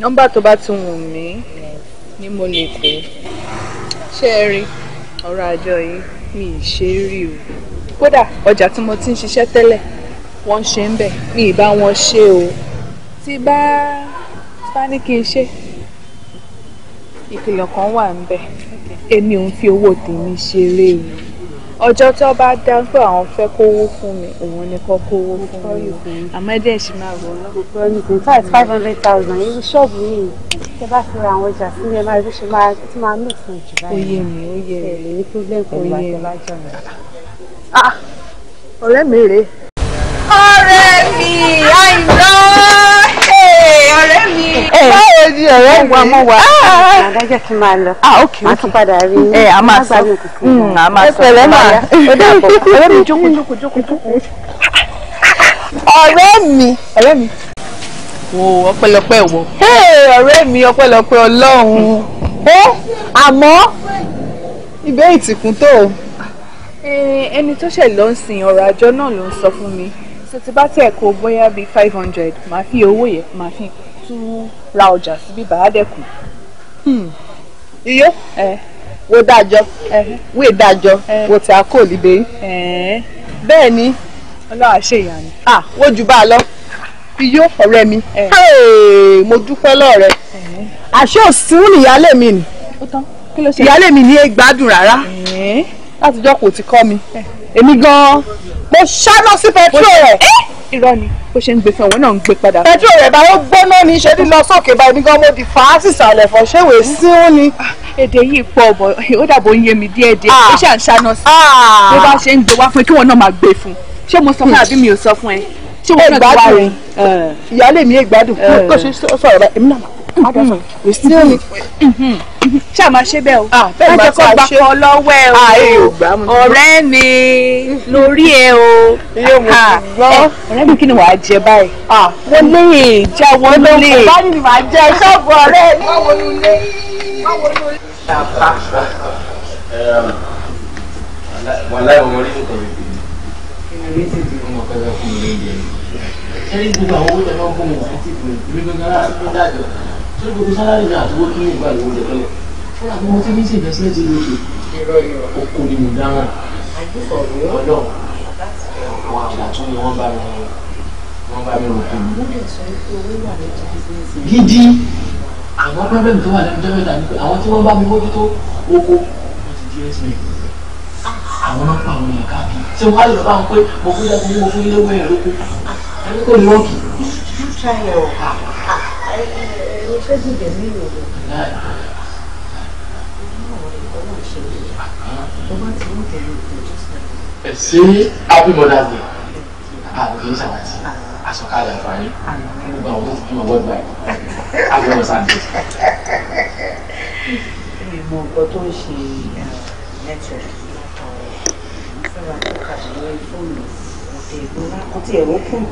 nọ́mbà tó bá ti wù mí ni mo lè pè ṣé ẹ rí ọ̀rọ̀ àjọ yìí mi ì ṣe é rí o kódà ọjà tí mo ti ń ṣiṣẹ́ tẹ́lẹ̀ wọ́n ń ṣe ń bẹ̀ mi ì bá wọn ṣe o tí bá bá ní kí n ṣe ìkìlọ̀ kan wà ń bẹ̀ èmi ò ń fi owó tèmi ṣeré o ọjọ́ tó bá dá àwọn fẹ́ kówó fún mi òun ni kò kówó fún mi àmọ́ ẹ̀dẹ̀ máa rọ̀ lọ́wọ́. five hundred thousand irú ṣọ́ọ̀bù yìí tẹ bá fi ra àwọn ọjà sí mi ẹ máa rí ṣe máa tí máa mú fún jù báyìí. oyè mi oyè mi èrè ní problem pẹ̀lú àjọ lájọ mi. Ah, ọ̀rẹ́ mi rèé. ọ̀rẹ́ mi àìná báwo ni ọ̀rẹ́ mi wà mọ́ wa. àdájọ́ ah, ah, ah. ti máa lọ máa tún padà rí i. ẹ a máa sọ hmm, a máa sọ ẹ máa ó dà pọ̀ ọ̀rẹ́ mi jókòó jókòó jókòó. ọ̀rẹ́ mi ọ̀rẹ́ mi wo ọpẹ́lọpẹ́ wo. ọ̀rẹ́ mi ọpẹ́lọpẹ́ Ọlọ́run ó àmọ́ ibẹ̀ ìtìkún tó. ẹni tó ṣẹ̀ lọ ń sin ọ̀rọ̀ àjọ náà ló ń sọ fún mi tó ti bá tẹ̀ kó bóyá bíi five hundred màá fi owó yẹn màá fi kú tún ra ọjà síbí bàádẹ́kùn. Hmm. iyó wo dájọ́ wo dájọ́ wo tí a kò líbe. bẹ́ẹ̀ ni ọlọ́wà ṣe ìyàní. wo jù bá a lọ iyó ọ̀rẹ́ mi mo dúpẹ́ lọ́rẹ́ àṣé òsùn nìyálé mi ni ìyálé mi ní gbádùn rárá látijọ́ kò ti kọ́ mi èmi gan-an mo ṣáná sí pẹtrol rẹ̀ irọ́ ni bó ṣe ń gbé fún ẹ̀wọ̀n náà ń gbé padà. pẹ̀tró rẹ̀ bá ó gbóná ni ṣe ní lọ sókè báyìí nígbà mo di fà á sì sàlẹ̀ fọ́ ṣé wèé sí ó ni. Ah, èdè yìí pọ̀ bọ̀ ó dàbò ń yé mi díẹ̀ díẹ̀ ah. ó ṣàn ṣáná sí i bí ó bá ṣe ń gbé wá fún ẹ kí wọ́n náà máa gbé fún ṣé mo sọ fún àbí mi ò sọ fún ẹ ṣé wọ́n náà ti wá rẹ̀. Eh. ìyáálé mi ègbádùn kó eh. ṣe sọ̀rọ̀ báyìí adasa we still need. ṣáà máa ṣe bẹ́ẹ̀ o ah, bẹ́ẹ̀ bá ta ṣe ọlọ́wẹ́ o ah, ọ̀rẹ́ mi lórí ẹ o ah, ọ̀rẹ́ mi kí ni wàá jẹ báyìí wọ́n lè já wọ́n lè. bá ní wàá jẹ ṣọ́ọ̀bù ọ̀rẹ́ mi. wọ́n wọnú ilé wọ́n wọnú ilé. wọn láì wọn rí nǹkan rẹ̀ kí ni rí tètè ọmọ kan fẹ́ fún mi lóúnjẹ yìí. ẹni gbogbo àwọn owó tẹ máa ń bọ̀ wọn àti ìgbìmọ̀ ìgbìmọ̀ gbọ́dọ̀ láti fún dájọ́ ṣé gbogbo sálárì náà àti wọ́kí ìgbà ìwò jẹ tẹ́lẹ̀ fúnra bí wọ́n ti ní sí ìbẹ́sílẹ̀ ti lóṣù oko ni mo dáhùn ọ̀nà àwọn àgbà tún ni wọ́n bá mi wọ́n bá mi rò kó mi. gidi àwọn pẹ́pẹ́mì tó wà lẹ́nu jẹ́mẹ́ta ni pé àwọn tí wọ́n bá mi mójútó oko wọ́n ti di ẹ́sìn àwọn náà pa àwọn èèyàn káàkiri ṣé wọ́n á lè bá wọn pé mo fún jáde mo fún ilé wẹ̀rẹ̀ lóko ẹni kò ní wọ́n kì í ṣé happy mother's day àgbẹ̀ ń ṣàwàtì àsọkalẹ̀ àǹfààní gbogbo àwọn tó fi mọ̀ wọ́n gbà àgbẹ̀ wọn sáà nǹkan tó ń ṣe network fẹ́ràn tó kàdé lórí fóònù òde ìgbóná kó tiẹ̀ ló kùn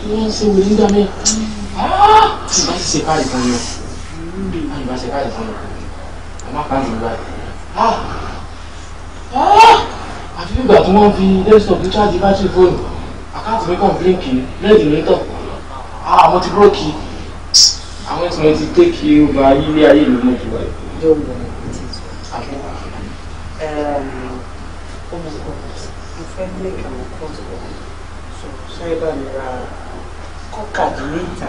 kí wọ́n ń ṣe mi nígbà Ah! Ah! Ah! tí bá ti ṣe báyìí fún yín o bá ti ṣe báyìí fún yín o má bá mi báyìí àfi ìgbà tí wọ́n fi desktop ní charge bátìrì fóònù àkáǹtì mi kàn bíríǹkì lẹ́ẹ̀dì mi tàn àwọn ti búrọ́kì àwọn tí wọ́n ti tẹ́kì ọba ilé ayé ìlú mọ̀ So wáyé. Fẹ́ lé àwọn kọ́ọ̀tù So sọ sáyébà mi ra kọ́kàdínlẹ́ta.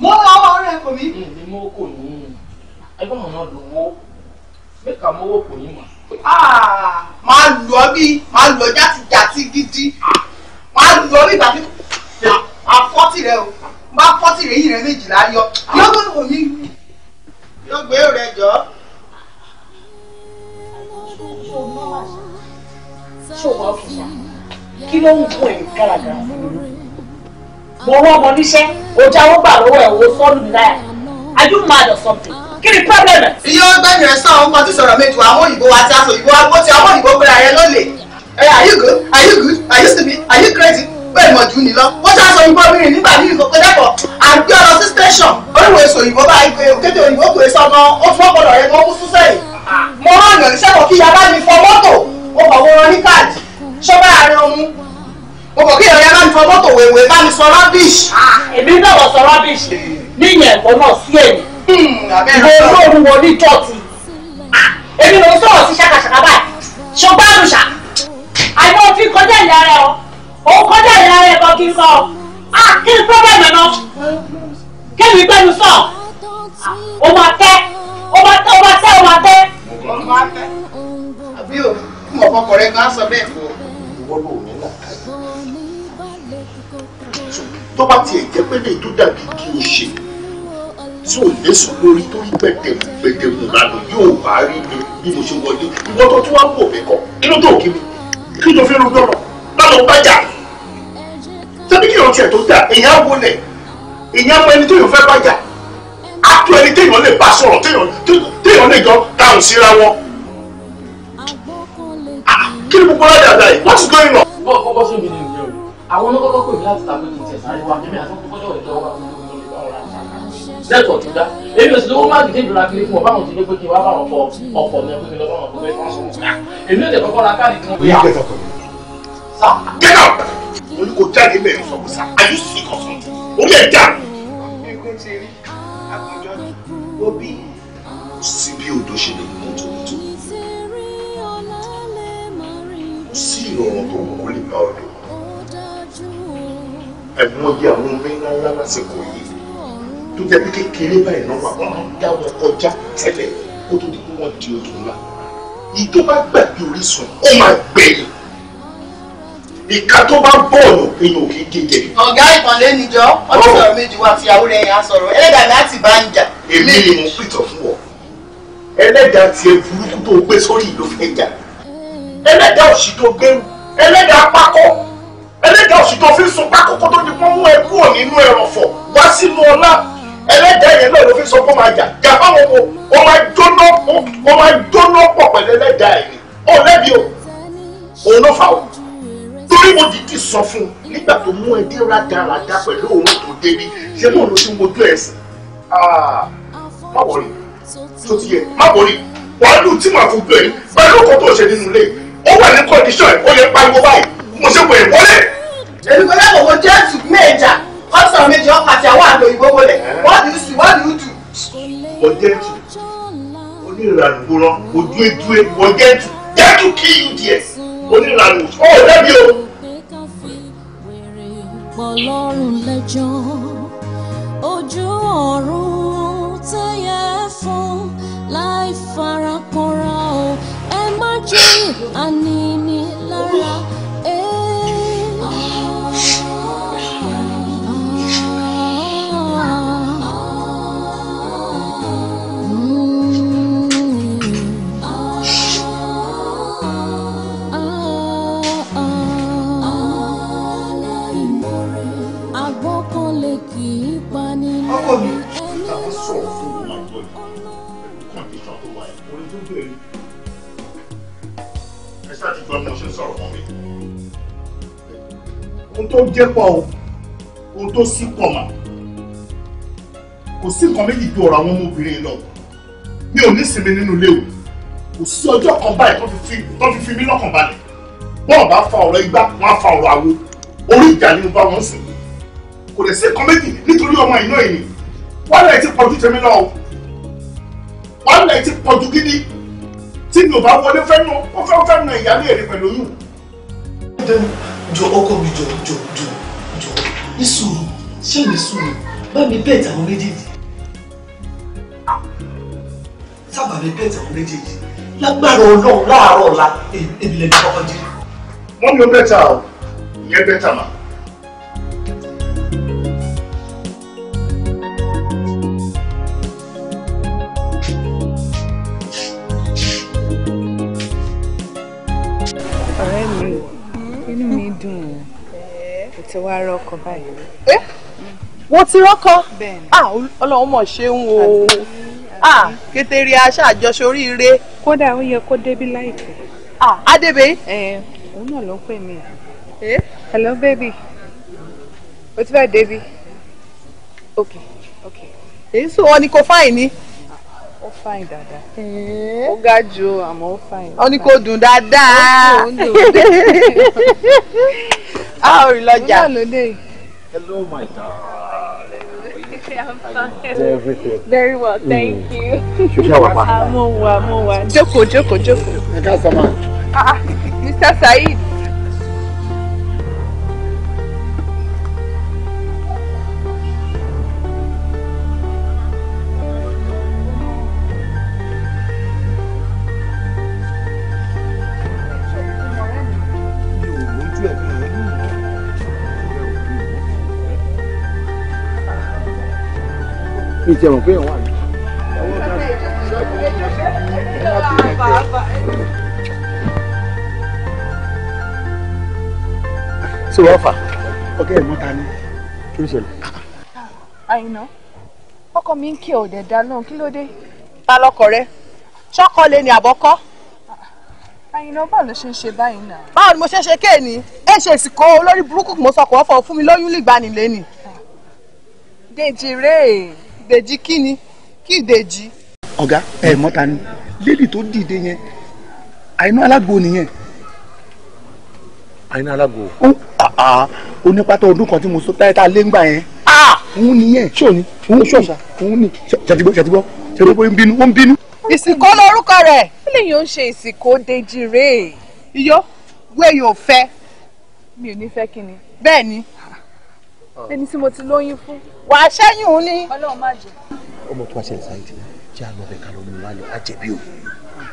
mo ń lọ́wọ́ ọ̀rẹ́ kò mí. ní mo kò ní ẹgbẹ́ mọ̀ náà lówó mẹ́ka mọ́wọ́ kò ní mà. Ah, máa lọ bí máa lọ játijàti gidi máa lọ bí ìgbà tí máa fọ́tì rẹ o máa fọ́tì rẹ yìí rẹ méjìlá yọ yọ gbé wò mí. yọ gbé rẹ jọ. ṣé o máa fi kí ló ń fún ẹ̀yìn kárakára fún mi mo wọ́n ọmọ níṣẹ́ o jáwọ́ gbà lọ́wọ́ ẹ̀ o sọ́ọ́lù mi láyà are you mad or something kí ni problem ẹ̀. iye ọgbẹ́ni rẹ̀ sọ̀rọ̀ nǹkan tó sọ̀rọ̀ méjì wá àwọn òyìnbó wa ti aṣọ òyìnbó wa bó ti àwọn òyìnbó pé ààrẹ ló lè ẹ are you good are you good are you stupid are you crazy bẹ́ẹ̀ mọ̀ jù ní lọ wọ́n ti aṣọ òyìnbó obìnrin nígbà ní ìkókó dẹ́kọ̀ àgbé ọ̀rọ̀ sí station oríwò èso òyìnbó bá kéde òyìnbó pè sọmọ ó fún ọpọlọ rẹ mọ kúsú sẹ́yìn mo rán ọ̀nà ìṣẹ́kọ̀ọ́ kí yaba mi fọ mọ́tò ó kọ̀ wọ́n ní káàdì ṣọ́ bá àárín ọmú mo kọ̀ kí ìròyìn bá mi fọ mọ́tò wèwè bá mi sọ rubbish. èmi náà sọ rubbish níyẹn ẹ̀kọ́ náà sí ẹ̀yìn hmm, ìwé olóòrùn wo ní tọ́tì èmi ló ń sọ̀rọ̀ sí ṣàkàṣàkà báyìí ṣọgbọ́n àdùṣà àìmọ́ òfin kọjá ìyá rẹ o òun kọjá ìyá rẹ kan kí n sọ kí n problem ẹ̀ náà kí mi gbẹ́nu sọ o máa tẹ́ o máa tẹ́ o máa tẹ́ o máa tẹ́. mo máa tẹ́ àbí o mọ̀ ọkọ̀ rẹ̀ gan sọ bẹ́ẹ̀ fún ọ. ìwọ ló ní làkàyè tó bá tiẹ̀ jẹ́ pé lè tó dàbí kí o ṣe tí ò léṣu lórí tó rí gbẹ̀dẹ̀mù gbẹ̀dẹ̀mù yóò wá rí mi bí mo ṣe wọlé ìwọ tó tún wá wò mí kọ inú tó kí mi kí ló fi rúdọ̀ rọ̀ báwo bá jà tẹ́bí kí ìrántí ẹ̀ tó dà èèyàn wọlé èèyàn mọ ẹni tó yàn fẹ́ bá jà á tó ẹni téèyàn lè bá sọ̀rọ̀ téèyàn lè jọ dáhùn síra wọn ah, kí ni gbogbo rẹ̀ dàda yìí what's going on. bọ́ọ̀ bọ́ọ̀ bọ́ọ̀ sóbi ni àwọn olókọ́kọ́ pè mí láti tàbí kí n tẹ̀ sáré wa kíni àti kókó ìjọba lẹ́tọ̀ dá èmi ò sì lówó má dìde ìdúrà kiri fún ọ báwọn ti ní pé kí n wá báwọn fọ ọkọ̀ mi ẹgbẹ́ mi lọ́wọ́ àwọn ọkọ̀ mi fún ọ ah, èmi ò lè kọ́kọ́ ra káàdì kan. oye gbẹdọ tó mi. gbẹdọ mo ní kó jáde mẹ́rin sọ fún sá àyù sí kọ̀ọ̀kan ó mẹ́ẹ̀ dà. ẹgbẹ́ ti rí àkànjọ òbí. kò sí bí odò ṣe lè mú tó kò sí ìrọ̀rùn tó kò lè bá ọdún àìmọye àwọn omi ńláńlá lásìkò yìí tó jẹ́ bí kékeré báyìí náà wọ́n máa ń dá wọn kọjá tẹ́lẹ̀ kó tó di pé wọ́n di odò ńlá yìí bá gbàgbé orísun ó máa gbẹ̀yìn ìka tó bá bọ́ọ̀lù pinnu òkè gègé. ọ̀gá ìkànlé níjọ́ ọdún sọ̀rọ̀ oh. méjì wá fi àwúrẹ́ yẹn sọ̀rọ̀ ẹlẹ́dàá láti bá ń jà. èmi ni mo pìtọ̀ fún ọ ẹlẹ́dàá tiẹ̀ burúkú tó gbé sórí ìlú fẹ́ jà ẹlẹ́dàá òṣì tó gbẹrù ẹlẹ́dàá pákó ẹlẹ́dàá oṣù tó fi ń sun pákókó tó di pọ́n mú ẹ kúrò nínú ẹrọ̀fọ̀ wá sínú ọlá ẹlẹ́dàá yẹn náà ló fi sọ pé ó máa jà jà báwọn mo ó máa jóná ó máa jóná pọ̀ pẹ̀lú ẹlẹ́dàá ẹ̀ ni ó lẹ́bi o òun ló fà o torí mo dìdí sọ fún un nígbà tó mú ẹdí rádaràdá pẹ̀lú òun tó débi ṣé náà ló ti ń mojú ẹ̀ sìn ah, má wọrí tó ti yẹ má wọrí wàá lù tí màá fojú ẹ̀ pẹ̀lú ọkọ̀ tó ṣe nínú ilé ó mo ṣe pè é wọlé. èmi kò lẹ́kọ̀ọ́ wo jẹ́ẹ̀tù méjà ọ̀sán méjì ọkọ̀ àti àwọn àdó ìbò wọlé wọ́ọ̀dù ìsù wọ́ọ̀dù ìdù. wọ jẹ́ẹ̀tù onírànù gbọ́rọ̀ ojú ètú ẹ̀ e, wọ jẹ́ẹ̀tù jẹ́ẹ̀tù kí uds onírànù ọ̀ dẹ́bi o. ọlọ́run lẹ́jọ́ ojú ọ̀run tẹ́yẹ fún láì farakọra o ẹ má jẹ́ àní ní. ohun tó jẹ́ pọ̀ o ohun tó sí pọ̀ mà kò sí nǹkan méjì ju ọ̀rọ̀ àwọn ọmọbìnrin lọ mi ò ní sinmi nínú ilé o kò sí ọjọ́ kan báyìí tó fi fi mí lọ́kàn balẹ̀ bọ́ọ̀ bá fa ọ̀rọ̀ igbá wọn á fa ọ̀rọ̀ àwo orí ìjà ni mo bá wọn sùn kò lè sí nǹkan méjì nítorí ọmọ ìná ìní wàhálà ẹ ti pọ̀jù tèmi náà o wàhálà ẹ ti pọ̀jù gidi tí mi ò bá wọlé fẹ́ nu ó fẹ́ fẹ́ nu ìyáálé ẹ̀rí pẹ̀lú oyún jọ ọkọ mi jọ jọ jọ jọ ní sùúrù ṣé mi sùúrù bá mi bẹ́ẹ̀ tàwọn méjèèjì sábà mi bẹ́ẹ̀ tàwọn méjèèjì lágbára ọlọ́run láàárọ̀ ọ̀la èmi lẹ́nu kọ́kọ́ jẹ́. wọ́n ní ó bẹ́ẹ̀ ta ọ̀ ìyẹn bẹ́ẹ̀ ta màá. ti wá rọ́kọ báyìí. ẹ eh? wo ti rọ́kọ ah, ọlọ́run mọ̀ ṣeun o ah, kété rí aṣá àjọṣe oríire. kódà ó yẹ kó débí láìpẹ́. Ah, adébẹ. òun náà ló ń pè mí. Eh? hello baby o ti fẹ́ débi. ok ok. èyí sọ wọn ni kò fáìn ni. ó fáìn dáadáa. Eh? ó ga jù àmọ́ ó fáìn. ó ní kó dùn dáadáa. ó dùn ó dùn. <laughs> a ò rí lọ́jà. Hello, my darling. I'm Everything. Very well, mm. thank mm. you. Ṣoṣẹ́ wà pa. <laughs> Àmọ́ wà, àmọ́ wà. Jókòó, jókòó, jókòó. Ẹ ká sọ ma. Ah, ah, Mr. Saheed. mi tiẹ̀ mọ̀ pé èèyàn wà ní. ṣé wọ́n fà ọkẹ́ ẹ̀gbọ́n ta ni kí ló ṣẹlẹ̀. àyìnà ọkọ mi ń kí ọ̀dẹ̀ dá náà kí ló dé. ta lọkọ rẹ ṣọkọ lè ní àbọkọ. Àyìnà báwo ló ṣe ń ṣe báyìí náà. báwo ni mo ṣe ṣe kéènì ẹ ṣe ìsìnkú olórí burúkú mo sọkọ ọfọ fún mi lóyún lìgbani lẹni. Dèjì rèé ìdèjì kí ni kí ìdèjì. ọ̀gá ẹ mọ́ta ni lédi tó dìde yẹn àìná alágbo nìyẹn. àìná alágbo. ó ní pátá ọdún kan tí mo sọ táyà tá a lé ń gbà yẹn òun nìyẹn ṣó ni òun ṣọṣà òun ni ṣàtìgbọ́ ṣàtìgbọ́ ṣàtìgbọ́ ó ń bínú ó ń bínú. ìsìnkú lórúkọ rẹ̀ kí lè yóò ṣe ìsìnkú dèjì rèé iyọ wẹ́ẹ̀ yóò fẹ́ mi ò ní fẹ́ kí ni bẹ́ẹ̀ ni Ah. ẹni tí mo ti lóyún fún. wà á ṣẹ́yìn òun ni. ọlọ́run má jẹ. ọmọ tó wá ṣẹlẹ̀ sáyé ti jẹ́ àlọ́bẹ̀ ká lọ́mú wa lọ àjẹbí o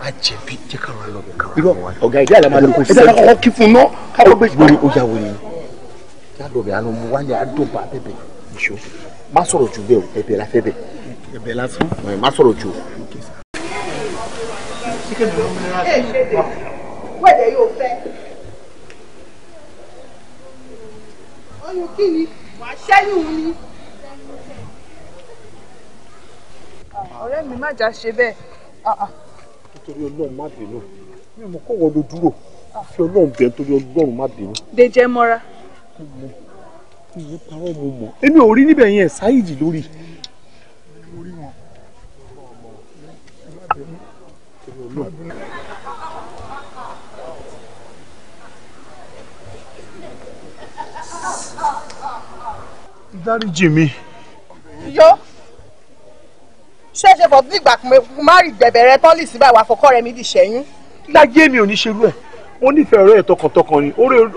àjẹbí jẹ́ ká lọ́mú àlọ́bẹ̀ ká lọ́mú wa lọ. ọ̀gá ìdí àlẹ́ máa lọ kó sẹ́yìn. ẹ̀dá kọ́kọ́ kí fún un ná ká lọ́ bẹ́ẹ̀. wèrè ọjà wèrè jẹ́ àlọ́bẹ̀ àlọ́mú wa lẹ́ àdọ́bà bẹ́bẹ̀ ìṣó má sọ̀rọ̀ jù bẹ́ẹ̀ o ẹ̀bẹ̀ la fẹ́ bẹ̀. ẹ̀bẹ̀ la fún. má sọ̀rọ̀ jù. wẹ́ẹ̀dẹ̀ yóò fẹ́ ọyún kí ni wàá ṣẹ́yìn ni. ọ̀rẹ́ mi má jà ṣe bẹ́ẹ̀. Ah, ah. nítorí ọlọ́run má bínú mi ò mọ̀ kọ́wọ́ ló dúró fi ọlọ́run bẹ̀ nítorí ọlọ́run má bínú. dèjẹ mọ́ra. ìwé parọ́ mo mọ̀ èmi ò rí níbẹ̀ yẹn ṣáìdì lórí. mo rí dáríjì mi. yọ ṣẹ̀ṣẹ̀ fọ bí ìgbà kan má rí gbẹ̀bẹ̀rẹ̀ tọ́lì sí báyìí wà fọkọ rẹ mi di ṣẹ́yún. láyé mi ò ní ṣerú ẹ̀ mo nífẹ̀ẹ́ ọ̀rẹ́ ẹ̀ tọkàntọkàn ni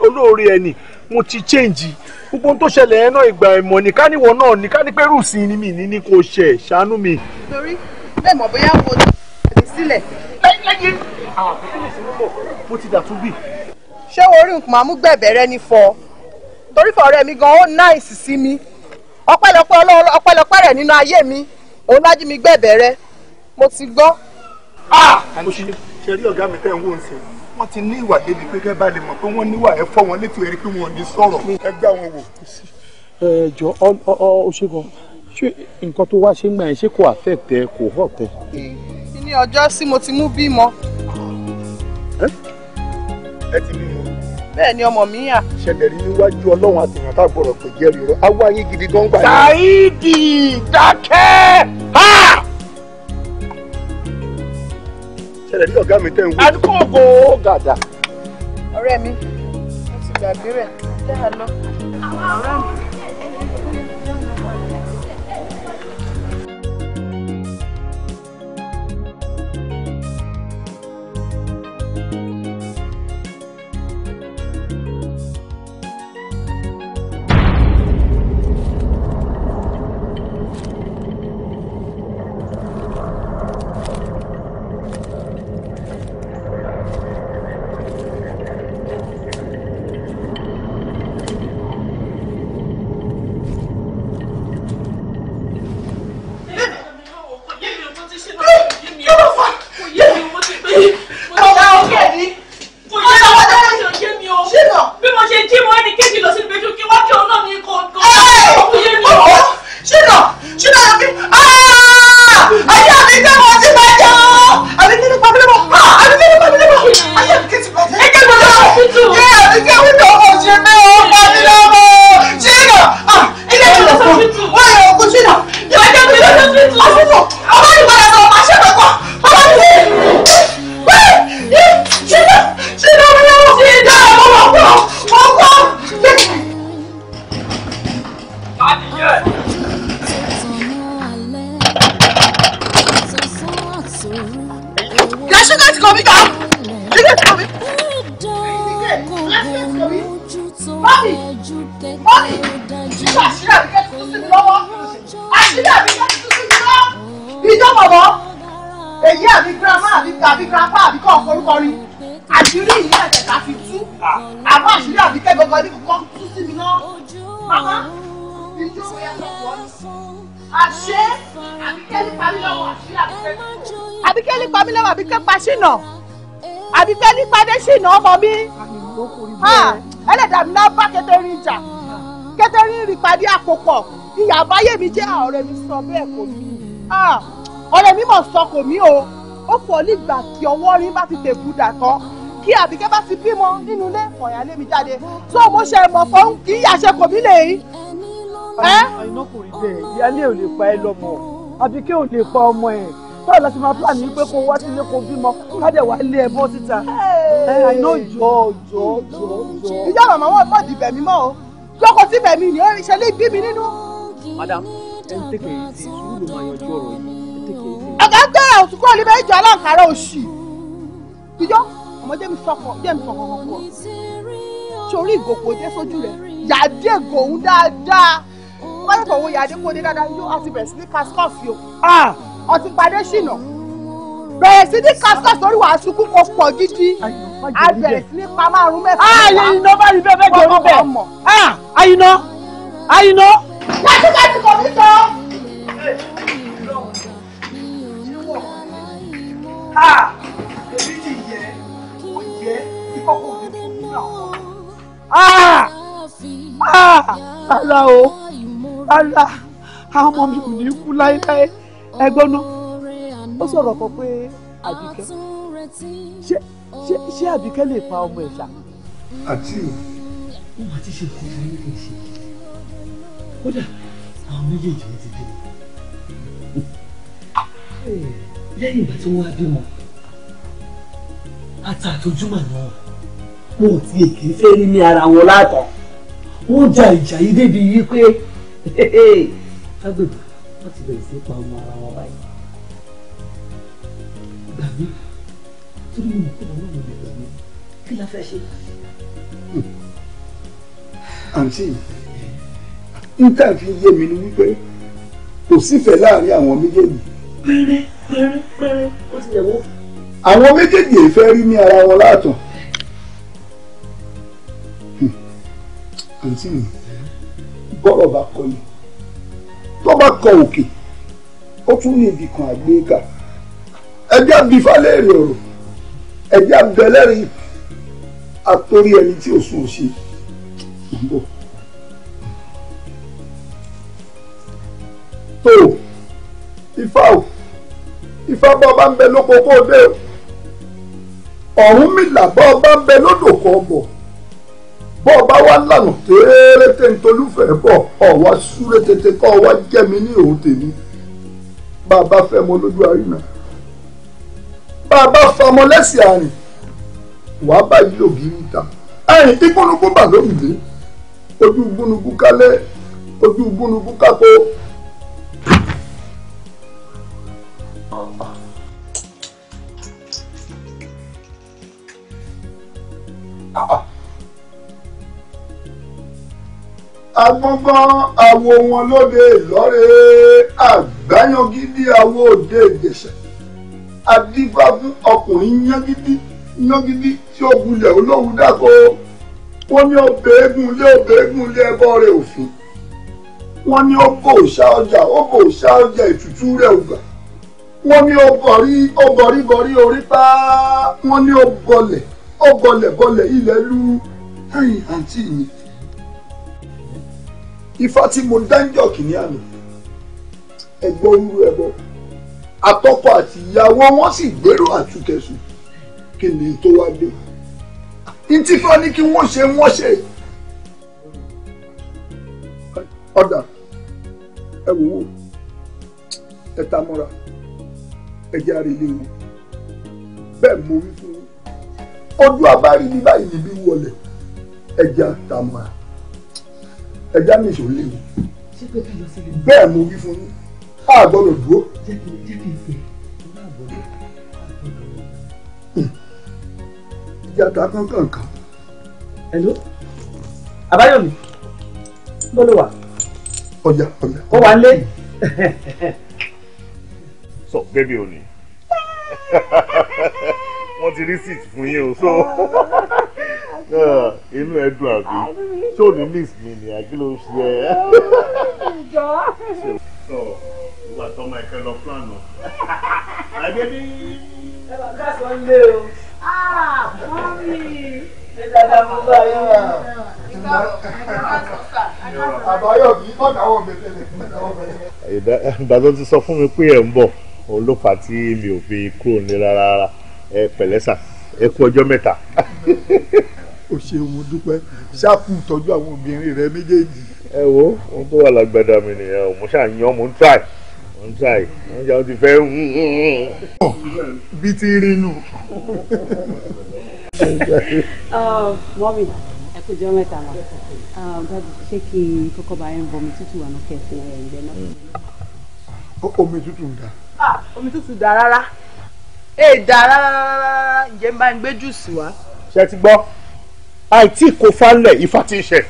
olóore ẹni mo ti chẹ́ǹjì gbogbo ohun tó ṣẹlẹ̀ ẹ̀ náà ìgbà ìmọ̀ ní káníwọ̀ náà ní kánípẹ́rù sí ni mi ní ní kò ṣẹ̀ ṣàánú mi. torí bẹ́ẹ̀ mọ̀ bóyá wo ni àbí sílẹ̀. láyé mo ti dàtú bì. ṣé orí nǹkan máa mú gbẹ̀bẹ̀rẹ̀ ni fọ torí fọ ọ̀rẹ́ mi gan-an ó náìsì sí mi ọpẹ́lọpẹ́ Ọlọ́run ọpẹ́lọpẹ́ rẹ̀ nínú ayé mi òun lájú mi gbẹ̀bẹ̀ rẹ mo ti gbọ́. Ah! Ah! ṣe rí ọ̀gá mi tẹ́ ń wò ń sìn wọ́n ti ní ìwà débi pé kẹ́ lè mọ̀ pé wọ́n níwà ẹ̀ fọ́ wọn létí ẹ̀rí pé ní sọ̀rọ̀ ẹ gbá wọn wò. ẹ jọ ọ ọ ṣe ṣé nǹkan tó wá ṣe ń gbà yẹn ṣé kò affect kò hurt ẹ. ní ọjọ́ sí mo ti mú bímọ. ẹ ti bímọ bẹ́ẹ̀ ni ọmọ mi yà. ṣẹlẹ̀ rí níwájú ọlọ́run àtìyàn tá a gbọ́dọ̀ pé jẹ́ rírọ awọ ayé gidi gan gbà. ṣáìdì dákẹ́ ha. ṣẹlẹ̀ rí ọ̀gá mi tẹ̀ ń wí. àdúgbò gàdà. ọ̀rẹ́ mi mo ti gbàgbé rẹ̀ dáa lọ. ọ̀rẹ́ mi. tó pọ̀ ìyá àbáyé mi jẹ́ ọ̀rẹ́ mi sọ bẹ́ẹ̀ kò mí ọ̀rẹ́ mi mọ̀ sọ kò mí o ó pọ̀ nígbà tí ọwọ́ rí bá ti tèkú dà kí àbíkẹ́ bá ti bímọ nínú ilé ìfọ̀yà lémi jáde tó mo ṣe mọ̀ fún kì í yàṣẹ kò mí lè yí. àìná kò rí bẹ́ẹ̀ ìyáálé ò lè pa ẹ lọ́mọ àbíkẹ́ ò lè pa ọmọ ẹ̀ báwo la ti máa plan ní pé kó wá sílé kó bímọ ká dẹ̀ wá lé ẹ bọ́ síta. àìná jọ jọ jọ jọ. ìyá màmá wọn bọ̀ dìbẹ̀ mímọ́ o kó síbẹ̀ mi ni ó ṣe lè bí mi nínú. madam ẹ ń tẹ̀kẹ̀ yìí sí sùúrù ló máa yanjú ọ̀rọ̀ yìí ẹ tẹ̀kẹ̀ yìí sí. ọ̀gá ń tẹ̀rẹ̀ òsùn kúrò níbẹ̀ ìjọ aláǹkárá òṣì. ìjọ ọmọdé mi sọkọ díẹ̀ mi sọkọ kọkọ. sórí ìgòkò jẹ́ sójú rẹ̀ yàdé gòun dáadáa. pálọ̀tọ̀ wo yàdé kó dé dáadáa yóò á ti bẹ̀rẹ̀ sí ní kaskọ́ọ̀fì o. ọtí padé ṣìnà bẹ̀rẹ̀ sí ní kaskọ́ọ̀fì lórí wàásù kú kó pọ̀ gidi. a bẹ̀rẹ̀ sí ní pamárùn mẹ́fà. ààyè ìnáwó bá rí bẹ́ẹ̀ bẹ́ẹ̀ àyìnà àyìnà. lájúkájú kò ní sọ. èmi ti yẹ kò yẹ kí kókó mi kò ní àwọn. rárá o rárá àwọn ọmọ mi ò ní kú láéláé ẹgbọ́n náà ó sọ̀rọ̀ kan pé àbíkẹ́ ṣé àbíkẹ́ lè pa ọmọ ẹ̀ ṣá. àti wọ́n máa ti ṣe nǹkan fún yín kìí ṣe àwọn méjèèjì wọn ti bímọ lẹ́yìn ìgbà tí wọ́n á bímọ ata àtọjúmọ̀ náà wọn ò tiẹ̀ kì í fẹ́ rí ní ara wọn látàn wọ́n ja ìjà yìí débi yìí pé agbègbè wọ́n ti bẹ̀rẹ̀ sí pa ọmọ ara wọn báyìí gbàgbé torí mi ò kí wọn náà lè gbàgbé kí la fẹ́ ṣe àǹtí níta fi yé mi ni wípé kò sífẹ̀ẹ́ láàrin àwọn méjèèjì. péré péré péré ó ti yẹ wó. àwọn méjèèjì èèfẹ́ rí ní ara wọn láàtọ̀. àǹtí mi bọ́rọ̀ bá kọ ni tó bá kọ òkè ó tún ní ibì kan àgbéká ẹjẹ́ àbífálẹ́ èrè ọ̀rọ̀ ẹjẹ́ àbẹ̀lẹ́rìn àtòrí ẹni tí ò sùn ò ṣe ń bọ̀. tó ifá o ifá bá ọba ń bẹ lóko kó o dé Ọ̀rúnmìlà bá ọba ń bẹ lódò kó o bọ̀ bọ́ ọba wá lànà téèrètè ntolúfẹ́ bọ̀ ọ̀wá súré tètè kọ́ ọwá jẹ́ mi ní òun tèmi bá a bá fẹ́ mọ lójú àrínà bá a bá fa ọmọ lẹ́sìn àrìn wàá bá yí ògiri ta àrìn ikúnukú bà lóyìnbó ojú gbúnugú kálẹ̀ ojú gbúnugú kákó. agbọ́ngàn awo wọn lóde lọ́rẹ́ àgbáyangídí awo òde ìgbésẹ̀ adífá fún ọkùnrin yangídí yangídí tí ó gulẹ̀ olóhùn dáko. wọ́n ní ọbẹ̀ ilé lé ọbẹ̀ eégún lé ẹbọ òfin wọ́n ní ọkọ̀ òṣà ọjà ọkọ̀ òṣà ọjà ètùtù rẹ̀ ògbà wọ́n ní ọgọ̀rí gọ̀rí orí wọ́n ní ọgọlẹ̀ ọgọlẹ̀ gọlẹ̀ rìn lu ifá tí mo kìíní àná àti ìyàwó ntí fún ọ ní kí wọ́n ṣe wọ́n ṣe ọ̀dà ẹ wò ó ẹ ta mọ́ra ẹ jẹ́ àrílé wọn bẹ́ẹ̀ mo wí fún ojú abárí ní báyìí níbí wọlé ẹ jẹ́ ta mọ́ra ẹ já ní ìṣòro léwu bẹ́ẹ̀ mo wí fún yín a gbọ́dọ̀ dúró. jẹ́ kí n jata kankan kan. hello àbáyọ̀mí ń bọ́ ló wà. ọjà ọjà. ó wà lé. so bébí o ni wọ́n ti rí seat fún yín o so <laughs> inú ẹ dùn àbí ṣó ní mix mi ni àbí ló ń ṣe ẹ. so ìwà tọmọ ẹkẹ lọ plan náà. <laughs> àgbẹ̀bí. ẹ bá ká sọ ń lé o ìgbà tó ti sọ fún mi pé ẹ̀ ń bọ̀ òun ló fà á tí mi ò fi kúrò ní rárá rárá ẹ pẹ̀lẹ́ sà ẹ kú ọjọ́ mẹ́ta. o ṣeun mo dúpẹ́ ṣáàpù tọ́jú àwọn obìnrin rẹ méjèèjì. ẹ wo ohun tó wà lágbádá mi nìyẹn o mo ṣáà yan mo ń tíráì ń tà yìí wọ́n jà ó ti fẹ́ hùn. bí ti rí inú. <laughs> Uh, mọ́mí ẹ kò jọ mẹ́ta ma uh, dájú ṣé kí n kọ́kọ́ bá yẹn bọ omi tútù wà lókè fún ẹ̀ ǹjẹ́ náà. omi tútù ń da. Ah, omi tútù da rárá èè da rárá ǹjẹ́ n bá ń gbé júùsì wá. ṣe ti gbọ́ àìtí kò falẹ̀ ifá ti ṣe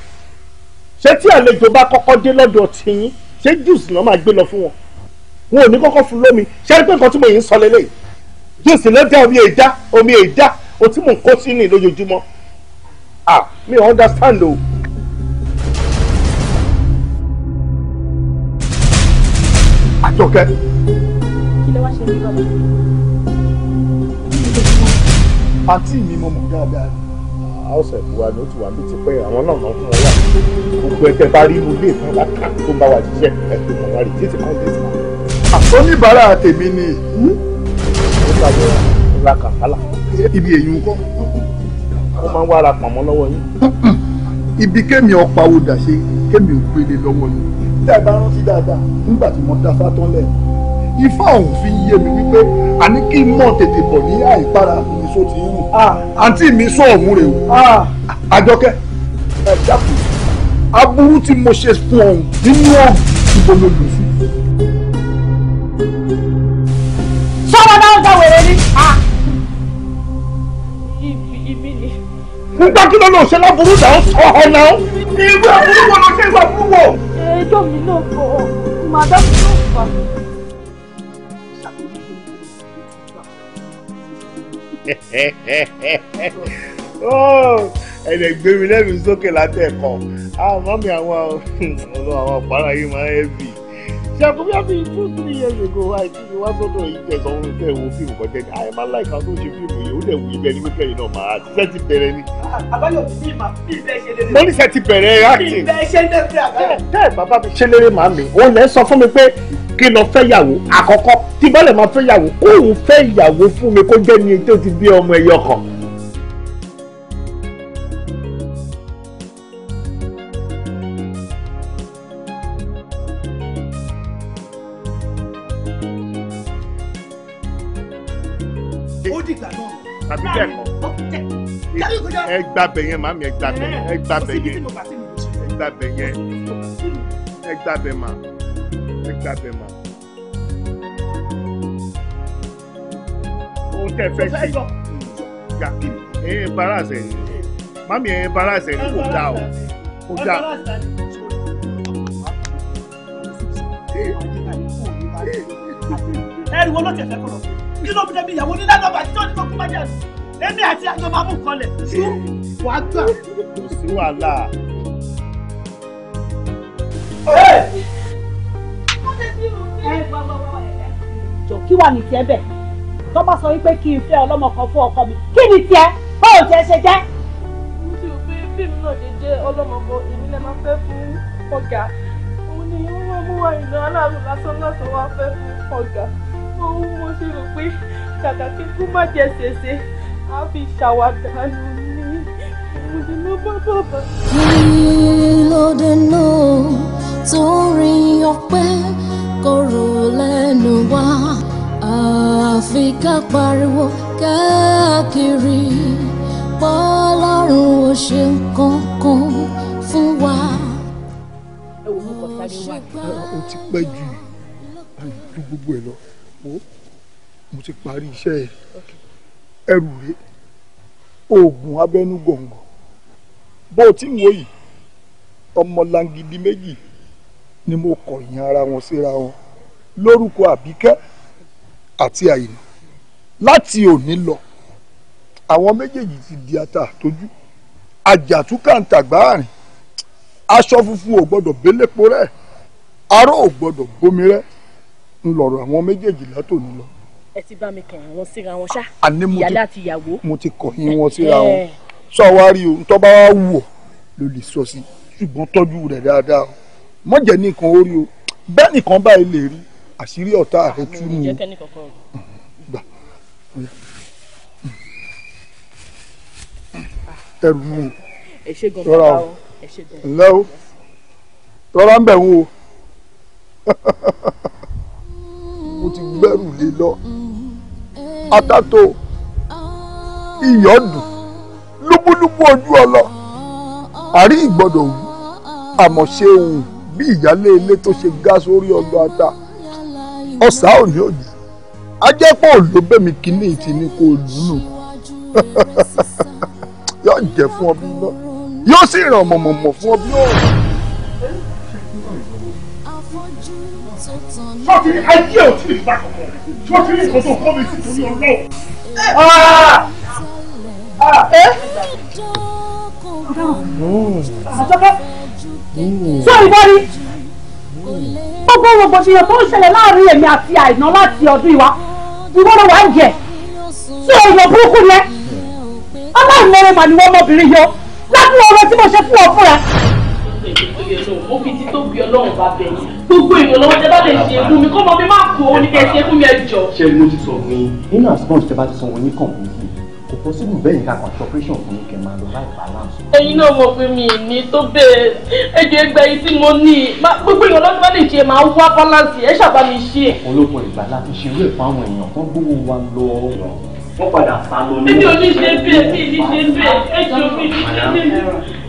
ṣé tí àlejò bá kọ́kọ́ dé lọ́dọ̀ tiyín ṣé júùsì náà máa gbé lọ fún wọn n ò ní kọ́kọ́ fún lómi ṣé rí pé nǹkan tí mo yìí ń sọ lélẹ̀ júùsì ló dá omi èdá omi èdá o tí mò ń kó sí ní lójoojúmọ́ ah mi ò understand o. àjọkẹ́. kí ló wá ṣe ní bàbá. mi mo mọ̀ dáadáa house ẹ̀kú wa ni ó ti wà níbi tipẹ́ àwọn náà náà fún wọn wà gbogbo ẹgbẹ́ bá rí inú ilé ìfowópamọ́ tó ń bá wa jíṣẹ́ ẹ̀kú ìmọ̀ràn rí títí kan dé sí wọn oníbàárà tèmi ni. ó gbàgbọ́ ra kàfálà. ibi èyí ń kọ́. ó máa ń wá ara pàmò lọ́wọ́ yín. ibi kémi ọ̀pá odà ṣe kémi ò gbélé lọ́wọ́ yín. tẹ́ ẹ bá rántí dáadáa nígbà tí mo dáfá tán lẹ̀. ifá ọ̀hún fi yé mi wípé àní kí n mọ̀ tètè bọ̀ ní àìpara mi só ti rùn. Ah. àǹtí mi sọ ọ̀hún rè o. Ah. àjọkẹ́ ẹ dákun aburú tí mo ṣe fún ọ̀hún nínú ọ̀hún ìbọn lójú fún nígbà kí ló lọ ṣe láburú náà sọ ọ náà ìwé àbúrò wọn lọ ṣe ìwàbúrò wọn. ẹjọ́ mi náà kọ́ ọ màdá mi náà fà. ẹlẹgbẹrin lẹbi sókè látẹkọ ah, àwọn mọmi <laughs> àwọn ọlọ àwọn àpárá yìí máa ń ẹbí ṣàkóbí àfi two three years ago àìsí ni wá sọ́dọ̀ yìí tẹsán òun fẹ́ wo fíìmù kan jẹni àyè máa láìka tó ṣe fíìmù yìí ó dẹ̀ wù ibẹ̀ ni wípé yìí náà máa ṣiṣẹ́ ti bẹ̀rẹ̀ ni. àbáyọ bí mà bí bẹ́ẹ̀ ṣe lérè. mo ní ṣe ti bẹ̀rẹ̀ acting. bí bẹ́ẹ̀ ṣe ń tẹ̀sí àbẹ̀rẹ̀. tẹ́ bàbá mi ṣe lérè màá mi òun lẹ́ sọ fún mi pé kí lọ fẹ́ yàwó àkọ́kọ́ tí bọ́lẹ̀ máa fẹ́ yàwó kóun fẹ́ yàwó fún mi kó jẹ́ ni tó ti bí ọmọ ẹyọ kan ẹ gbàbẹ̀ yẹn màmí ẹ gbàbẹ̀ yẹn ẹ gbàbẹ̀ yẹn ẹ gbàbẹ̀ yẹn ẹ gbàbẹ̀ mà ẹ gbàbẹ̀ mà. ohun tẹ́ fẹ́ ṣe gà ẹ ẹ bára àṣẹ yìí màmí ẹ bára àṣẹ yìí kò dáa o kò dáa. ẹ ẹ ìwọ ló tẹ̀ fẹ́ kọ́ lọ kí ló fi dẹ́bi ìyàwó nílẹ̀ lọ́ba tí tó ní kó kú má jẹ́ àná èmi àti àjọ máa mú kọlẹ̀ ṣú eh, wàá gbà. kò sí wàhálà. Eh! jọ kí wà ní tiẹ̀ bẹ̀ tó bá sọ wípé kí n fẹ́ ọlọ́mọ kan fún ọkọ mi kí ni tiẹ̀ báwo tiẹ̀ ṣe jẹ́. mo ti rò pé fíìmù náà lè jẹ́ ọlọ́mọ kan èmi lè máa fẹ́ fún ọ̀gá òun ni wọ́n mú wa ìná aláàrùn lásán lásán wá fẹ́ fún ọ̀gá òun mo ti rò pé kàkà kíkú má jẹ ṣèṣe á fi ṣàwádà ní mo ti lọ bá bàbá. lóde náà torí ọpẹ́ kọrọ lẹ́nu wá àfi ká pariwo káàkiri pọ́lọ́run ò ṣe kankan fún wa. ẹ wo mú kọ mo ti parí iṣẹ́ ẹrù rè oògùn abẹ́nú gọ̀ǹgọ̀ bó o ti ń wò yìí ọmọ langidi méjì ni mo kọ̀ ìyàn ara wọn síra wọn lórúkọ àbíkẹ́ àti àyìnà láti òní lọ àwọn méjèèjì ti di ata àtójú àjàtúkàǹtàgbáàrin aṣọ funfun ò gbọdọ̀ bélépo rẹ̀ aró ò gbọdọ̀ bomi rẹ̀ ńlọrọ̀ àwọn méjèèjì látòní lọ ẹ ti bá mi kàn wọn síra wọn ṣá ìyálé àti ìyàwó. mo ti kàn yín wọn síra wọn eh. sọ wá rí o tó bá wá wù ọ ló lè sọ sí ṣùgbọ́n tọ́jú rẹ̀ dáadáa mọ̀ jẹ́ nìkan ó o bẹ́ẹ̀ nìkan báyìí lè rí àṣírí ọ̀tá rẹ̀ tú nù. ẹrù nù rọra o ǹlẹ́ o rọra ń bẹ̀ ń wo <laughs> mo ti gbẹ́rù lé lọ. Mm. Atato, ìyọ́dùn lúbúlúbú ojú ọlọ àrí ìgbọ́dọ̀ wù àmọ́ ṣe òun bí ìyálé ilé tó ṣe gá sórí ọlọ ata ọ̀sà òní òjì ajẹ́pọ̀ òlò bẹ́mi kínní ti ní kó lùlù <laughs> yóò jẹ́ fún ọ bí iná yóò sì ràn mọ̀mọ̀mọ̀ fún ọ bí sọ́ọ̀tì ní ayé ò tí ì gbà kankan ní nǹkan tó kọ́ mi sí torí ọlọ́run. sọ́ọ̀rì ah! ah! eh? bọ́ọ̀lì gbogbo rògbòdìyàn tó ń ṣẹlẹ̀ láàrin èmi àti àìná láti ọdún ìwá ìwọ ló wà ń jẹ tí èèyàn burúkú yẹn aláìmọ̀ràn màníwọ́ ọmọbìnrin yọ lábúrò ọ̀rọ̀ tí mo ṣe fún ọ fún òfìsí tó bí ọlọ́run bá bẹ̀ gbogbo èèyàn lọ́wọ́ tẹ bá lè ṣe fún mi kọ́mọ mi má kó o ní kẹ́ ṣe fún mi ẹjọ́. ṣé mo ti sọ fún yín nínú àsìkò tẹ bá ti sanwó ní kọ̀ǹpútì kò possible bẹ́ẹ̀ ká kàn ṣe operation fún mi kẹ́ máa lọ láì balance. ẹ̀yin náà mọ̀ pé mi ní tó bẹ́ẹ̀ ẹjọ́ ẹgbẹ́ yìí tí mo ní gbogbo èèyàn lọ́wọ́ lè ṣe máa wá balance ẹ̀ ṣàbá ṣe. ọ̀pọ̀lọpọ̀ ìgbà la fi ṣerú ẹ̀ fáwọn èèyàn kan gbówó wa lọ wọ́n padà sá lọ ní. èmi ò ní ṣe bẹ́ẹ̀ mi ò ní ṣe bẹ́ẹ̀ ẹjọ́ mi ò ní ṣe bẹ́ẹ̀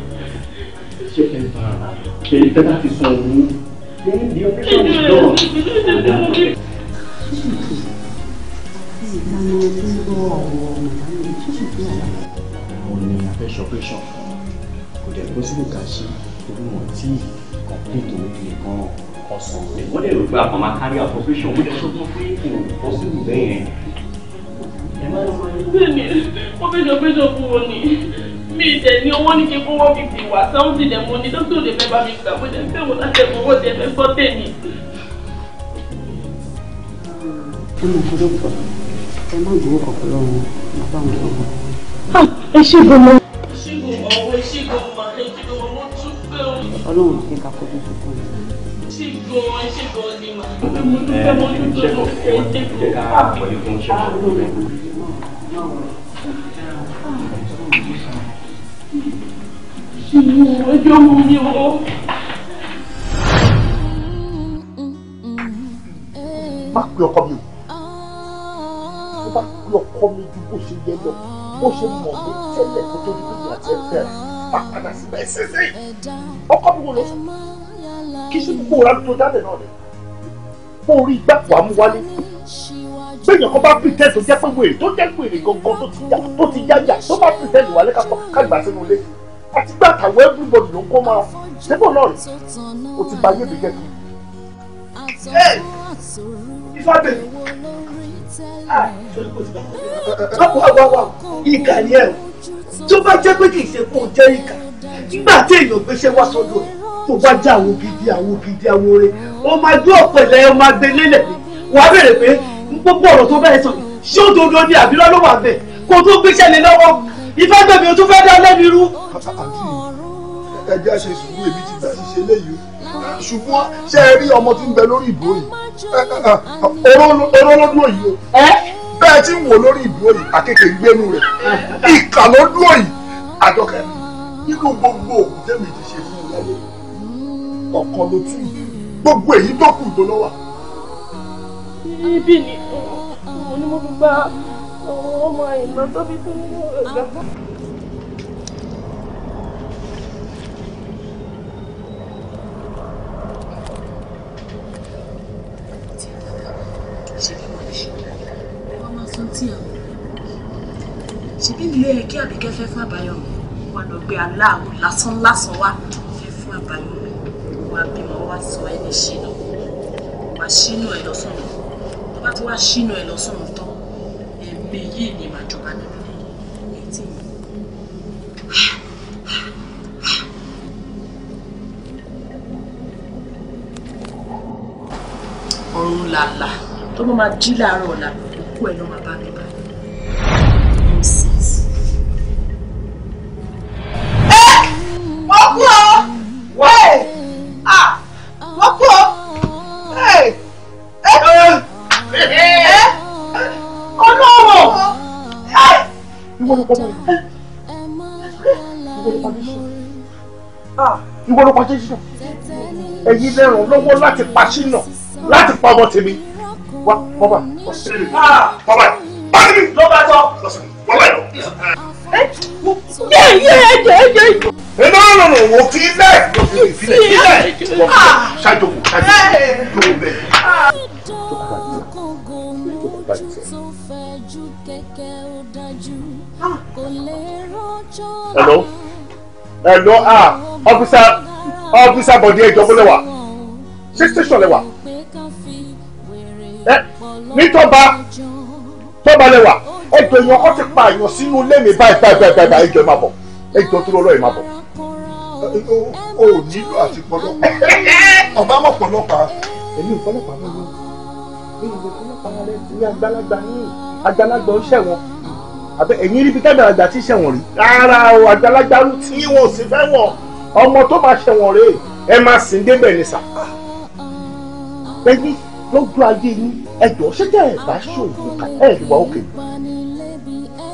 check empire. They better be for me. Then Àwọn ni a fẹ́ kò dẹ̀ kó sílùú ká ṣe torí tí kọ̀pìtì nìkan ọ̀sán rẹ̀. Wọ́n lè rò pé àpamọ́ kárí àpọ̀pẹ́ṣọ̀ wọ́n lè sọ fún pé kò bọ́ sílùú bẹ́ẹ̀ yẹn. Bẹ́ẹ̀ni, wọ́n fẹ́ ṣọpẹ́ṣọ̀ fún wọn ni mi ìdẹ̀ ni owó ní kí kówó fi fi wà sẹ́wọ́n ti dẹ̀ mọ́ ni dókítà òde fẹ́ bá mi gbà bó dẹ̀ fẹ́ wọ́n láti ẹ̀kọ́ owó ti ẹ̀fẹ́ gbọ́ tèmi. ẹ mọ̀ kó ló pọ̀ ẹ má gbowó kọ̀ọ̀kan lọ́wọ́ bàbá mi lọ́wọ́. ẹ ṣe gbọmọ. ọlọ́run ti ká kó tó tó kọ́ Ṣé kò fẹ́ ṣe kò fẹ́ pẹ̀lú fún ṣe kò fẹ́? ti mú o ẹjọ́ mú mi o. má pe ọkọ mi o má pe ọkọ mi ju bó ṣe yẹ lọ bó ṣe mọ̀ mí tẹ́lẹ̀ kó tó dúró ní àti ẹ̀fẹ́ má padà sí bẹ́ẹ̀ ṣẹ́ṣẹ́ ọkọ mi wò ló sọ kí sí gbogbo òrà tó jáde náà rẹ̀ kó rí igbá kó amúwálé gbẹ̀yìn kan bá pìtẹ́ tó jẹ́ pé wèrè tó jẹ́ wèrè gangan tó ti já tó ti já jà tó bá pìtẹ́ ìwálé ká gbà sínú ilé àti gbà tàwọn everybody ló ń kó máa débò náà rè o ti ba ayé mi jẹ́ kí. ìfọ̀dé ah, ìkà ni ẹ o tó bá jẹ́ pé kì í ṣe kó o jẹ́ ìkà nígbà tí èèyàn gbéṣẹ́ wá sọ́dọ̀ ẹ̀ tó bá jẹ́ àwọn gidi àwọn gidi àwọn oore o máa dún ọ̀pọ̀ ilẹ̀ o máa gbé lélẹ̀ wàá béèrè pé gbogbo ọ̀rọ̀ tó bẹ́ẹ̀ sọ ṣé òdodo ni àbí lọ́lọ́wọ́ àbẹ̀ kó o tó gbéṣẹ́ lé lọ́wọ́ ìfẹ́ gbèmí o tún fẹ́ dá lẹ́nu irú. ẹjẹ́ ṣe ṣubú èmi ti gbà ṣiṣẹ́ léyìí o ṣùgbọ́n ṣé ẹ rí ọmọ tí ń bẹ lórí ìbò yìí oró yìí o bẹ́ẹ̀ tí ń wò lórí ìbò yìí àkekèé gbénu rẹ̀ ìkà ló dúró yìí àjọkẹ́ nínú gbogbo òkú tẹ́mi ti ṣe fún un lọ́wọ́ ló tún yìí gbogbo èyí tó kù tó lọ́wọ́. ibi ni mo ní Oh my, tó bí fún ọ̀gá. ṣebí ilé ẹ kí àbíkẹ́ fẹ́ fún àbáyọ̀mí wà lọ gbé aláàwọ̀ lásán lásán wá fẹ́ fún àbáyọ̀mí wà bímọ wá sọ ẹni ṣìnà wá ṣínú ẹ lọ́sùn tó bá ti wá ṣínú ẹ lọ́sùn tó ibẹ̀ yìí ni màá jọba nínú ètí mi. ọ̀run làlà tó bá máa jí láàárọ̀ ọ̀la òkú ẹ̀ ló máa bá mi. ìwọ ló pa ṣíṣínà ẹ̀yin láti pa ṣínà láti pa ọmọ tèmi wá bọ́bà ọ̀sẹ̀ mi ah, bọ́bà bá mi lọ́ba tọ́ bọ́bà lọ. yé yé ẹjẹ ẹjẹ ìjọ. iná rọrùn wò fi ilẹ̀ fi ilẹ̀ ah. ṣáàjò ah. kò ṣáàjò yóò bẹ̀. Hello hello ah ọ́fíìsà ọ́fíìsà bọ̀dé ẹjọ́ bọ́lẹ̀ wà ṣé station lẹ wà ẹ nítọ́ba tọ́ba lẹ wà ẹjọ́ èèyàn kọ́ ti pa èèyàn sínú lẹ́mí báyìí báyìí báyìí ẹjọ́ ẹ má bọ̀ ẹjọ́ tó lọ́ọ́ ẹ má bọ̀. o nílò àti pọlọpàá <laughs> ọba mọ̀ pọlọpàá. èmi ò pọlọpàá mọ́ ni mi ò lè pọlọpàá rẹ ní àgbàlagbà ní àgbàlagbà ó ṣẹ̀wọ̀n àbẹ ẹ̀yin níbi tẹ́mi àgbà tí ṣẹ̀wọ̀n rí rárá o àgbàlagbà tí wọn ò sì fẹ́ wọ̀n ọmọ tó máa ṣẹ̀wọ̀n rèé ẹ máa sìn débẹ̀ ní sà. ẹ̀yin lọ́jọ́ ayé yín ẹ̀jọ̀ ṣé tẹ́ ẹ̀ ṣòwò ká ẹ̀ lè wá òkè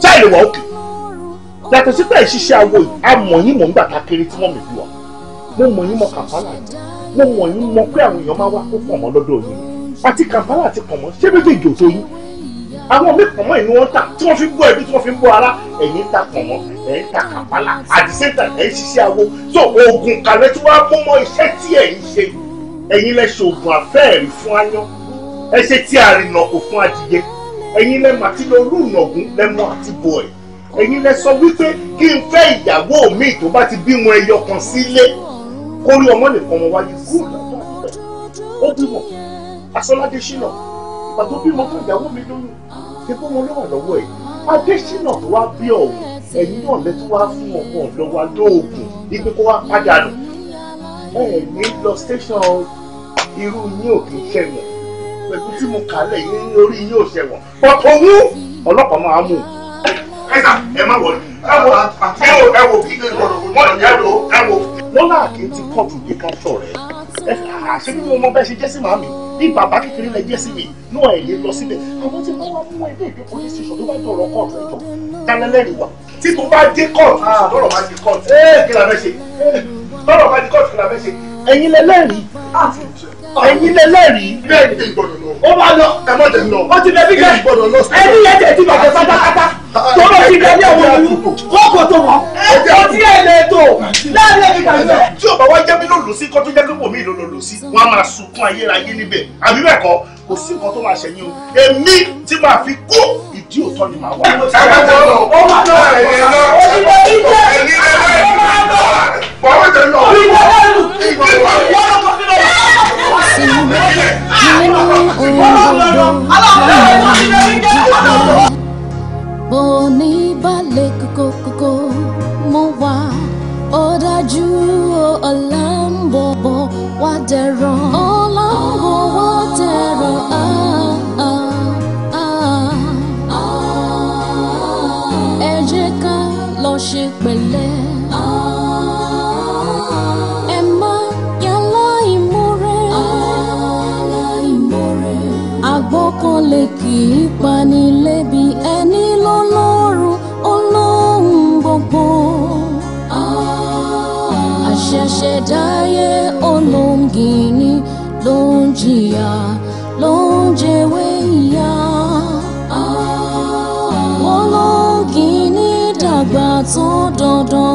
ṣé ẹ̀ lè wá òkè yàtọ̀ sí pé ẹ̀ ṣiṣẹ́ awo yìí a mọ̀ yín mọ̀ nígbà kékeré tí wọ́n mi bí wa mo mọ̀ yín mọ̀ kàfàlà yìí mo mọ̀ yín mọ̀ pé àwọn èèyàn máa wá kó pọ̀ mọ́ lọ́dọ̀ yìí àti kàfàlà àti pọ̀ mọ́ ṣé méjèèjì ò àwọn míì pọ̀nmọ́ ìní wọn tà tí wọ́n fi ń bọ́ ẹbí tí wọ́n fi ń bọ́ ara ẹ̀yin ta pọ̀nmọ́ ẹ̀yin ta kàpálà àti sẹ́ńtà ẹ̀yin ṣiṣẹ́ awo so oògùn kàlẹ́ tí wọ́n á mú mọ́ iṣẹ́ tí ẹ̀yin ṣe ẹ̀yin lẹ ṣe oògùn àfẹ́ẹ̀rí fún ayán ẹ ṣe tí àrìnà kò fún adìyẹ ẹ̀yin lẹ mà ti lọ lùnàgún lẹ mọ àti bọ̀ ẹ̀ ẹ̀yin lẹ sọ wípé kí n fẹ́ ìyàwó mi tó bá ti bímọ ẹyọ kan sílé kórí ọmọ nìkan wọn wáyé gúùlù àbọ̀ àbúrò ó bímọ asọ́ládé ṣínà ìgbà tó bímọ fún ìyàwó mi lóyún ṣé fún wọn ló lọ́wọ́ ẹ̀ adésínà tó wá bí ọ̀hún ẹ̀yìn náà lẹ́tọ́ wá fún ọmọ ọ̀dọ́ wa lóògùn kó wá padà nù ẹ̀ lọ station irú yín ò kì í ṣẹ̀wọ̀n pẹ̀lú tí mo kà lẹ̀ yín lórí yín ò ṣẹ̀wọ̀n pọ̀tọ̀ wú ọlọ́pàá máa mú un. ẹ sà ẹ má wọlé ẹ wo ẹ wo ẹ kí ẹ mo mọ bẹ́ẹ̀ ṣe jẹ́ sí màmí bí bàbá kékeré lẹ jẹ́ sí mi níwà èyí lọ síbẹ̀ àmọ́ tí wọ́n wá mú ẹgbẹ́ ìgbẹ́ police station tó bá dọ̀rọ̀ kóòtù ẹ̀jọ̀ dálẹ́lẹ́rìí wa tí mo bá dé kóòtù ah. tọ́rọ̀ bá di kóòtù kí la fẹ́ ṣe tọ́rọ̀ bá di kóòtù kí la fẹ́ ṣe ẹ̀yin lẹ́lẹ́rìí ah! ẹ̀yin lẹ́lẹ́rìí. bẹ́ẹ̀ ni ìgbọ̀dọ̀ lọ. ó máa lọ. ẹ má tẹ̀ lọ. ó ti lẹ bíkẹ́. ìgbọ̀dọ̀ lọ sí. ẹni yẹn tẹ̀ ti bàjẹ́ pátápátá. tó bá ti lẹ ní àwọn olú wọn kò tó wọn. ó ti ẹ̀ lẹ tó láàrin ẹ̀mí kan bẹ́ẹ̀. tí ò bá wá jẹ́ mi ló lò sí kó tó jẹ́ pé mi ló lò sí wọ́n á máa sunkún ayérayé níbẹ̀ àbí bẹ́ẹ̀ kọ́ kò sí nǹkan tó máa ṣẹ̀yìn o èmi tí màá fi kú ìdí òótọ́ ni màá wà. ẹ bá tẹ lọ ó máa lọ ẹ ní lọ ó ní lọ ní jẹ ó máa lọ bọ̀wé tẹ lọ ìgbà wà lù ìgbà wà lù sí nínú òdodo ṣàlàyé. bó ní balẹ̀ kókókókó mo wà ó dájú ọ̀la ń apanilẹ́bi ẹni lọ́lọ́run ọlọ́run gbogbo. àṣẹ̀ṣẹ̀dáyé olóńgìní ló ń jìyà ló ń jẹ̀wé ìyà. olóńgìní dàgbà tó dandan.